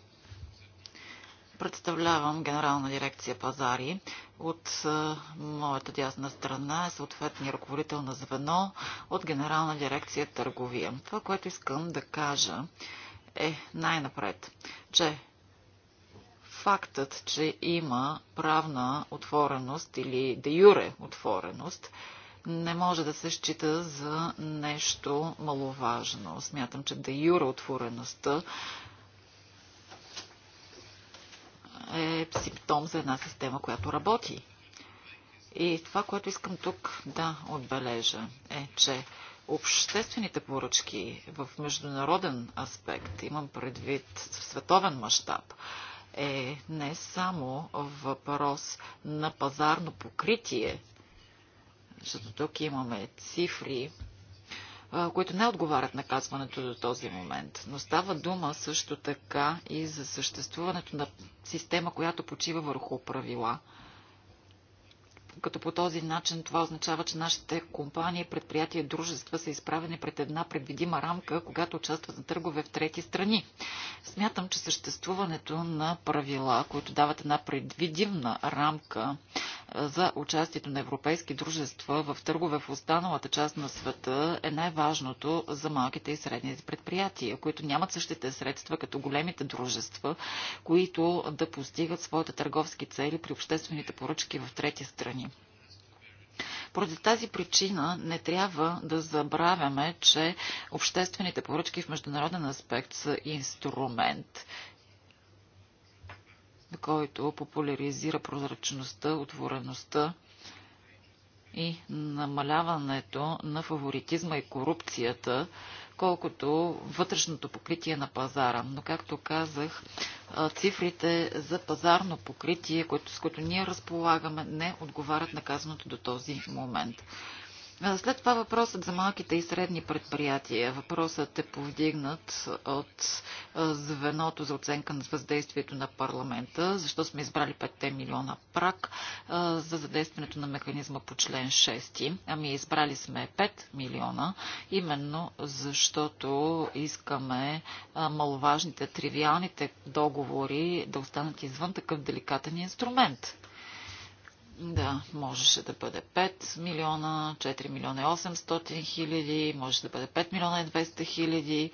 Представлявам генерална дирекция пазари. От моята дясна страна е съответния ръководител на звено от генерална дирекция търговия. Това, което искам да кажа е най-напред, че фактът, че има правна отвореност или де юре отвореност, не може да се счита за нещо маловажно. Смятам, че де юре отвореността е симптом за една система, която работи. И това, което искам тук да отбележа е, че обществените поръчки в международен аспект, имам предвид в световен мащаб, е не само въпрос на пазарно покритие, защото тук имаме цифри, които не отговарят на казването до този момент. Но става дума също така и за съществуването на система, която почива върху правила – като по този начин това означава, че нашите компании, предприятия, дружества са изправени пред една предвидима рамка, когато участват на търгове в трети страни. Смятам, че съществуването на правила, които дават една предвидимна рамка за участието на европейски дружества в търгове в останалата част на света е най-важното за малките и средните предприятия, които нямат същите средства като големите дружества, които да постигат своите търговски цели при обществените поръчки в трети страни. Поради тази причина не трябва да забравяме, че обществените поръчки в международен аспект са инструмент който популяризира прозрачността, отвореността и намаляването на фаворитизма и корупцията, колкото вътрешното покритие на пазара. Но, както казах, цифрите за пазарно покритие, с които ние разполагаме, не отговарят на казаното до този момент. След това въпросът за малките и средни предприятия. Въпросът е повдигнат от звеното за оценка на въздействието на парламента, защо сме избрали 5 милиона прак за задействането на механизма по член 6. Ами избрали сме 5 милиона, именно защото искаме маловажните, тривиалните договори да останат извън такъв деликатен инструмент. Да, можеше да бъде 5 милиона, 4 милиона и 800 хиляди, може да бъде 5 милиона и 200 хиляди.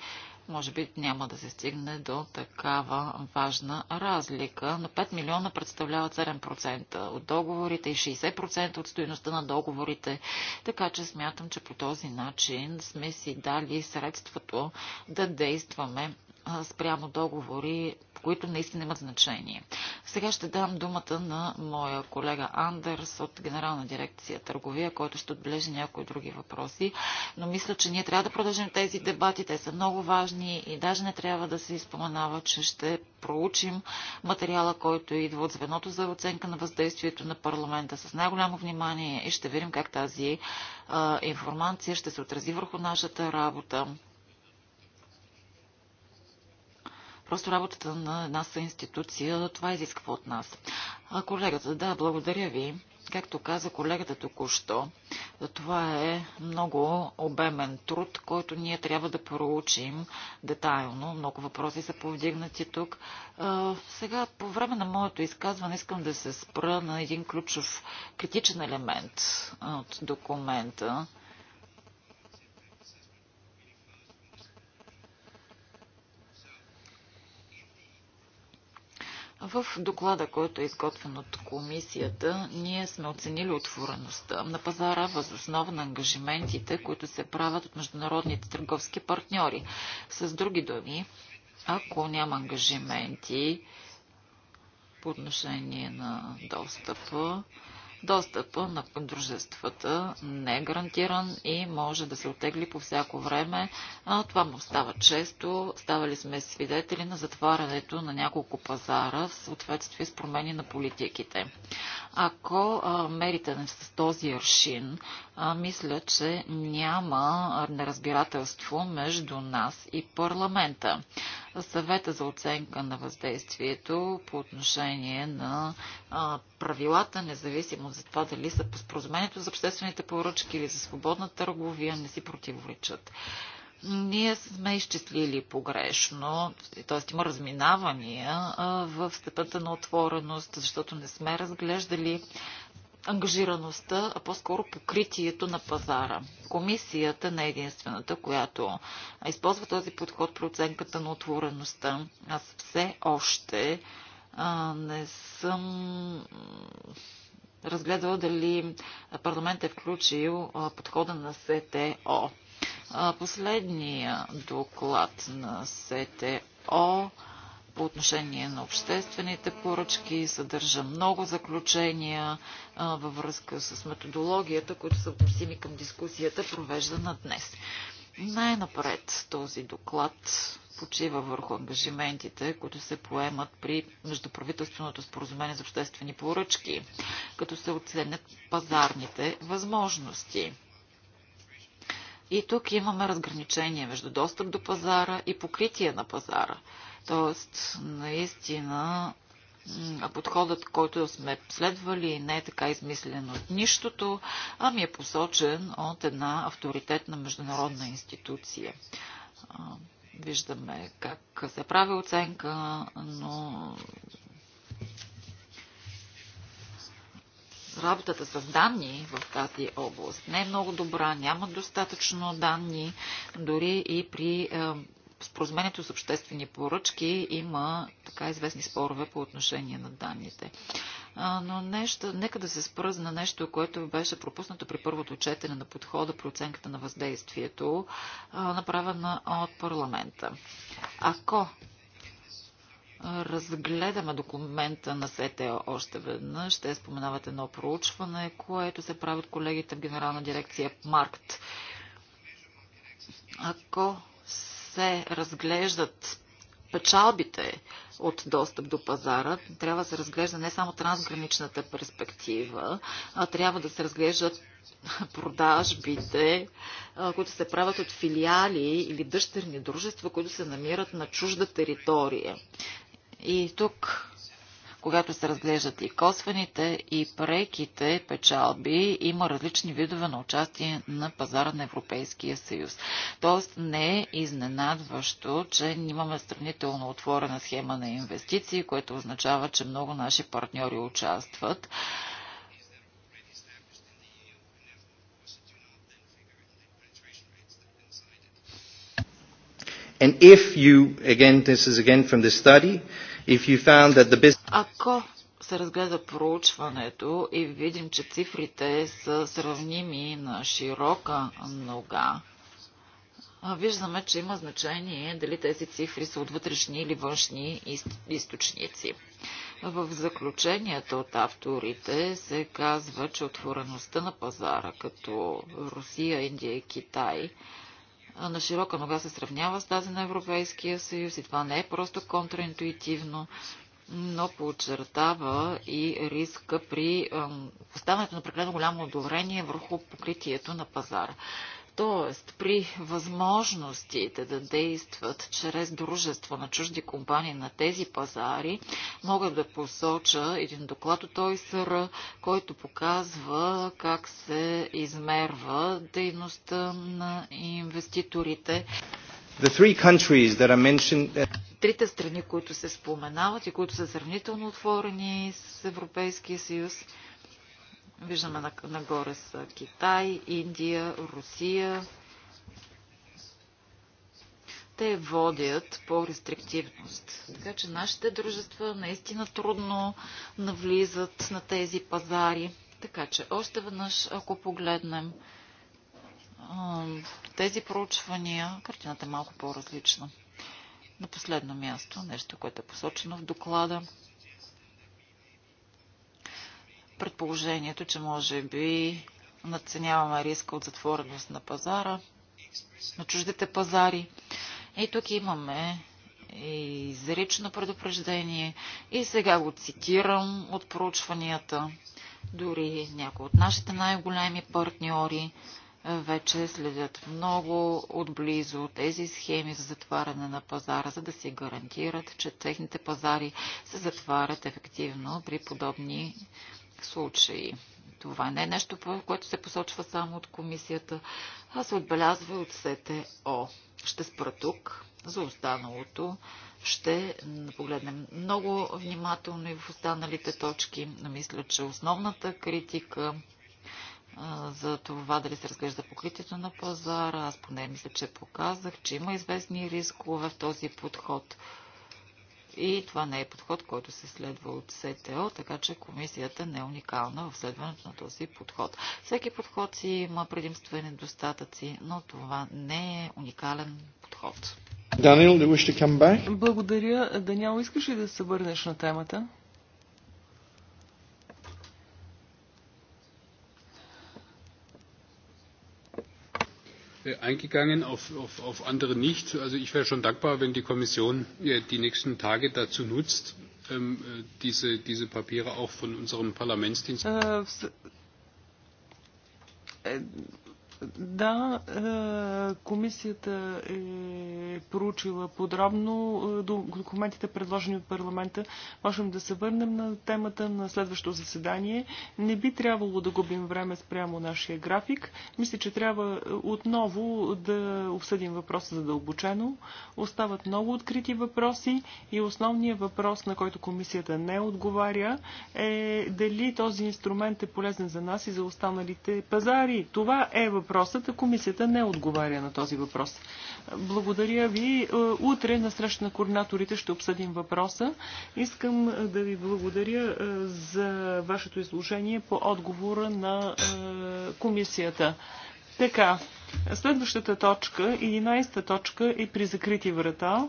Може би няма да се стигне до такава важна разлика, но 5 милиона представляват 7% от договорите и 60% от стоеността на договорите, така че смятам, че по този начин сме си дали средството да действаме спрямо договори които наистина имат значение. Сега ще дам думата на моя колега Андерс от Генерална дирекция Търговия, който ще отбележи някои други въпроси. Но мисля, че ние трябва да продължим тези дебати. Те са много важни и даже не трябва да се изпоменава, че ще проучим материала, който идва от звеното за оценка на въздействието на парламента с най-голямо внимание и ще видим как тази а, информация ще се отрази върху нашата работа Просто работата на една институция, това изисква от нас. А колегата, да, благодаря ви. Както каза колегата току-що, това е много обемен труд, който ние трябва да проучим детайлно. Много въпроси са повдигнати тук. Сега, по време на моето изказване, искам да се спра на един ключов критичен елемент от документа, В доклада, който е изготвен от комисията, ние сме оценили отвореността на пазара въз основа на ангажиментите, които се правят от международните търговски партньори. С други думи, ако няма ангажименти по отношение на достъпа, Достъпа на дружествата не е гарантиран и може да се отегли по всяко време. това му става често. Ставали сме свидетели на затварянето на няколко пазара в съответствие с промени на политиките. Ако мерите мерите с този аршин, мисля, че няма неразбирателство между нас и парламента съвета за оценка на въздействието по отношение на правилата, независимо за това дали са по споразумението за обществените поръчки или за свободна търговия, не си противоречат. Ние сме изчислили погрешно, т.е. има разминавания в степента на отвореност, защото не сме разглеждали ангажираността, а по-скоро покритието на пазара. Комисията не е единствената, която използва този подход при оценката на отвореността. Аз все още а, не съм разгледала дали парламент е включил подхода на СТО. Последния доклад на СТО по отношение на обществените поръчки, съдържа много заключения а, във връзка с методологията, които са относими към дискусията, провеждана днес. Най-напред този доклад почива върху ангажиментите, които се поемат при междуправителственото споразумение за обществени поръчки, като се оценят пазарните възможности. И тук имаме разграничение между достъп до пазара и покритие на пазара. Тоест, наистина, подходът, който сме следвали, не е така измислен от нищото, а ми е посочен от една авторитетна международна институция. Виждаме как се прави оценка, но работата с данни в тази област не е много добра, няма достатъчно данни, дори и при е, споразумението с обществени поръчки има така известни спорове по отношение на данните. Но нещо, нека да се спръзна на нещо, което беше пропуснато при първото четене на подхода при оценката на въздействието, направена от парламента. Ако разгледаме документа на СТО още веднъж. Ще споменават едно проучване, което се правят колегите в Генерална дирекция Маркт. Ако се разглеждат печалбите от достъп до пазара. Трябва да се разглежда не само трансграничната перспектива, а трябва да се разглеждат продажбите, които се правят от филиали или дъщерни дружества, които се намират на чужда територия. И тук когато се разглеждат и косвените, и преките печалби, има различни видове на участие на пазара на Европейския съюз. Тоест не е изненадващо, че имаме сравнително отворена схема на инвестиции, което означава, че много наши партньори участват. And if you, again, this is again from the study, if you found that the business ако се разгледа проучването и видим, че цифрите са сравними на широка нога, виждаме, че има значение дали тези цифри са от вътрешни или външни източници. В заключенията от авторите се казва, че отвореността на пазара, като Русия, Индия и Китай, на широка нога се сравнява с тази на Европейския съюз и това не е просто контраинтуитивно, но подчертава и риска при поставянето на прекалено голямо одобрение върху покритието на пазара. Тоест, при възможностите да действат чрез дружество на чужди компании на тези пазари, мога да посоча един доклад от ОИСР, който показва как се измерва дейността на инвеститорите Uh, Трите страни, които се споменават и които са сравнително отворени с Европейския съюз, виждаме нагоре са Китай, Индия, Русия. Те водят по рестриктивност. Така че нашите дружества наистина трудно навлизат на тези пазари. Така че още веднъж, ако погледнем тези проучвания картината е малко по-различна. На последно място, нещо, което е посочено в доклада, предположението, че може би надценяваме риска от затвореност на пазара, на чуждите пазари. И тук имаме и изрично предупреждение. И сега го цитирам от проучванията. Дори някои от нашите най-големи партньори вече следят много отблизо тези схеми за затваряне на пазара, за да си гарантират, че техните пазари се затварят ефективно при подобни случаи. Това не е нещо, което се посочва само от комисията, а се отбелязва от СТО. Ще спра тук за останалото. Ще погледнем много внимателно и в останалите точки. Мисля, че основната критика за това дали се разглежда покритието на пазара. Аз поне мисля, че показах, че има известни рискове в този подход. И това не е подход, който се следва от СТО, така че комисията не е уникална в следването на този подход. Всеки подход си има предимства и недостатъци, но това не е уникален подход. Даниел, Благодаря. Даниел, искаш ли да се върнеш на темата? eingegangen, auf, auf, auf andere nicht. Also ich wäre schon dankbar, wenn die Kommission die nächsten Tage dazu nutzt, diese, diese Papiere auch von unserem Parlamentsdienst да, е, комисията е проучила подробно е, документите, предложени от парламента. Можем да се върнем на темата на следващото заседание. Не би трябвало да губим време спрямо нашия график. Мисля, че трябва е, отново да обсъдим въпроса задълбочено. Остават много открити въпроси и основният въпрос, на който комисията не отговаря, е дали този инструмент е полезен за нас и за останалите пазари. Това е въпрос въпросът, а комисията не отговаря на този въпрос. Благодаря ви. Е, утре на среща на координаторите ще обсъдим въпроса. Искам е, да ви благодаря е, за вашето изложение по отговора на комисията. Така, следващата точка, 11-та точка е при закрити врата.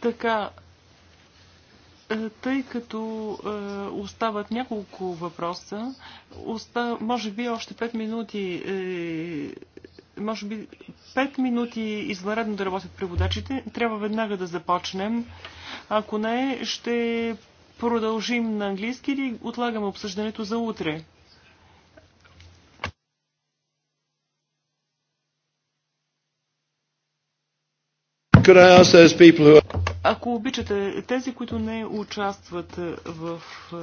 Така, е, тъй като е, остават няколко въпроса, оста... може би още 5 минути, е, може би 5 минути извънредно да работят преводачите. Трябва веднага да започнем. Ако не, ще продължим на английски или отлагаме обсъждането за утре. Could I ask those people who are... Ако обичате, тези, които не участват в е,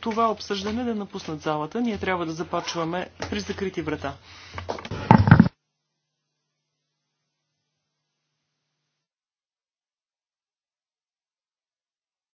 това обсъждане, да напуснат залата. Ние трябва да започваме при закрити врата.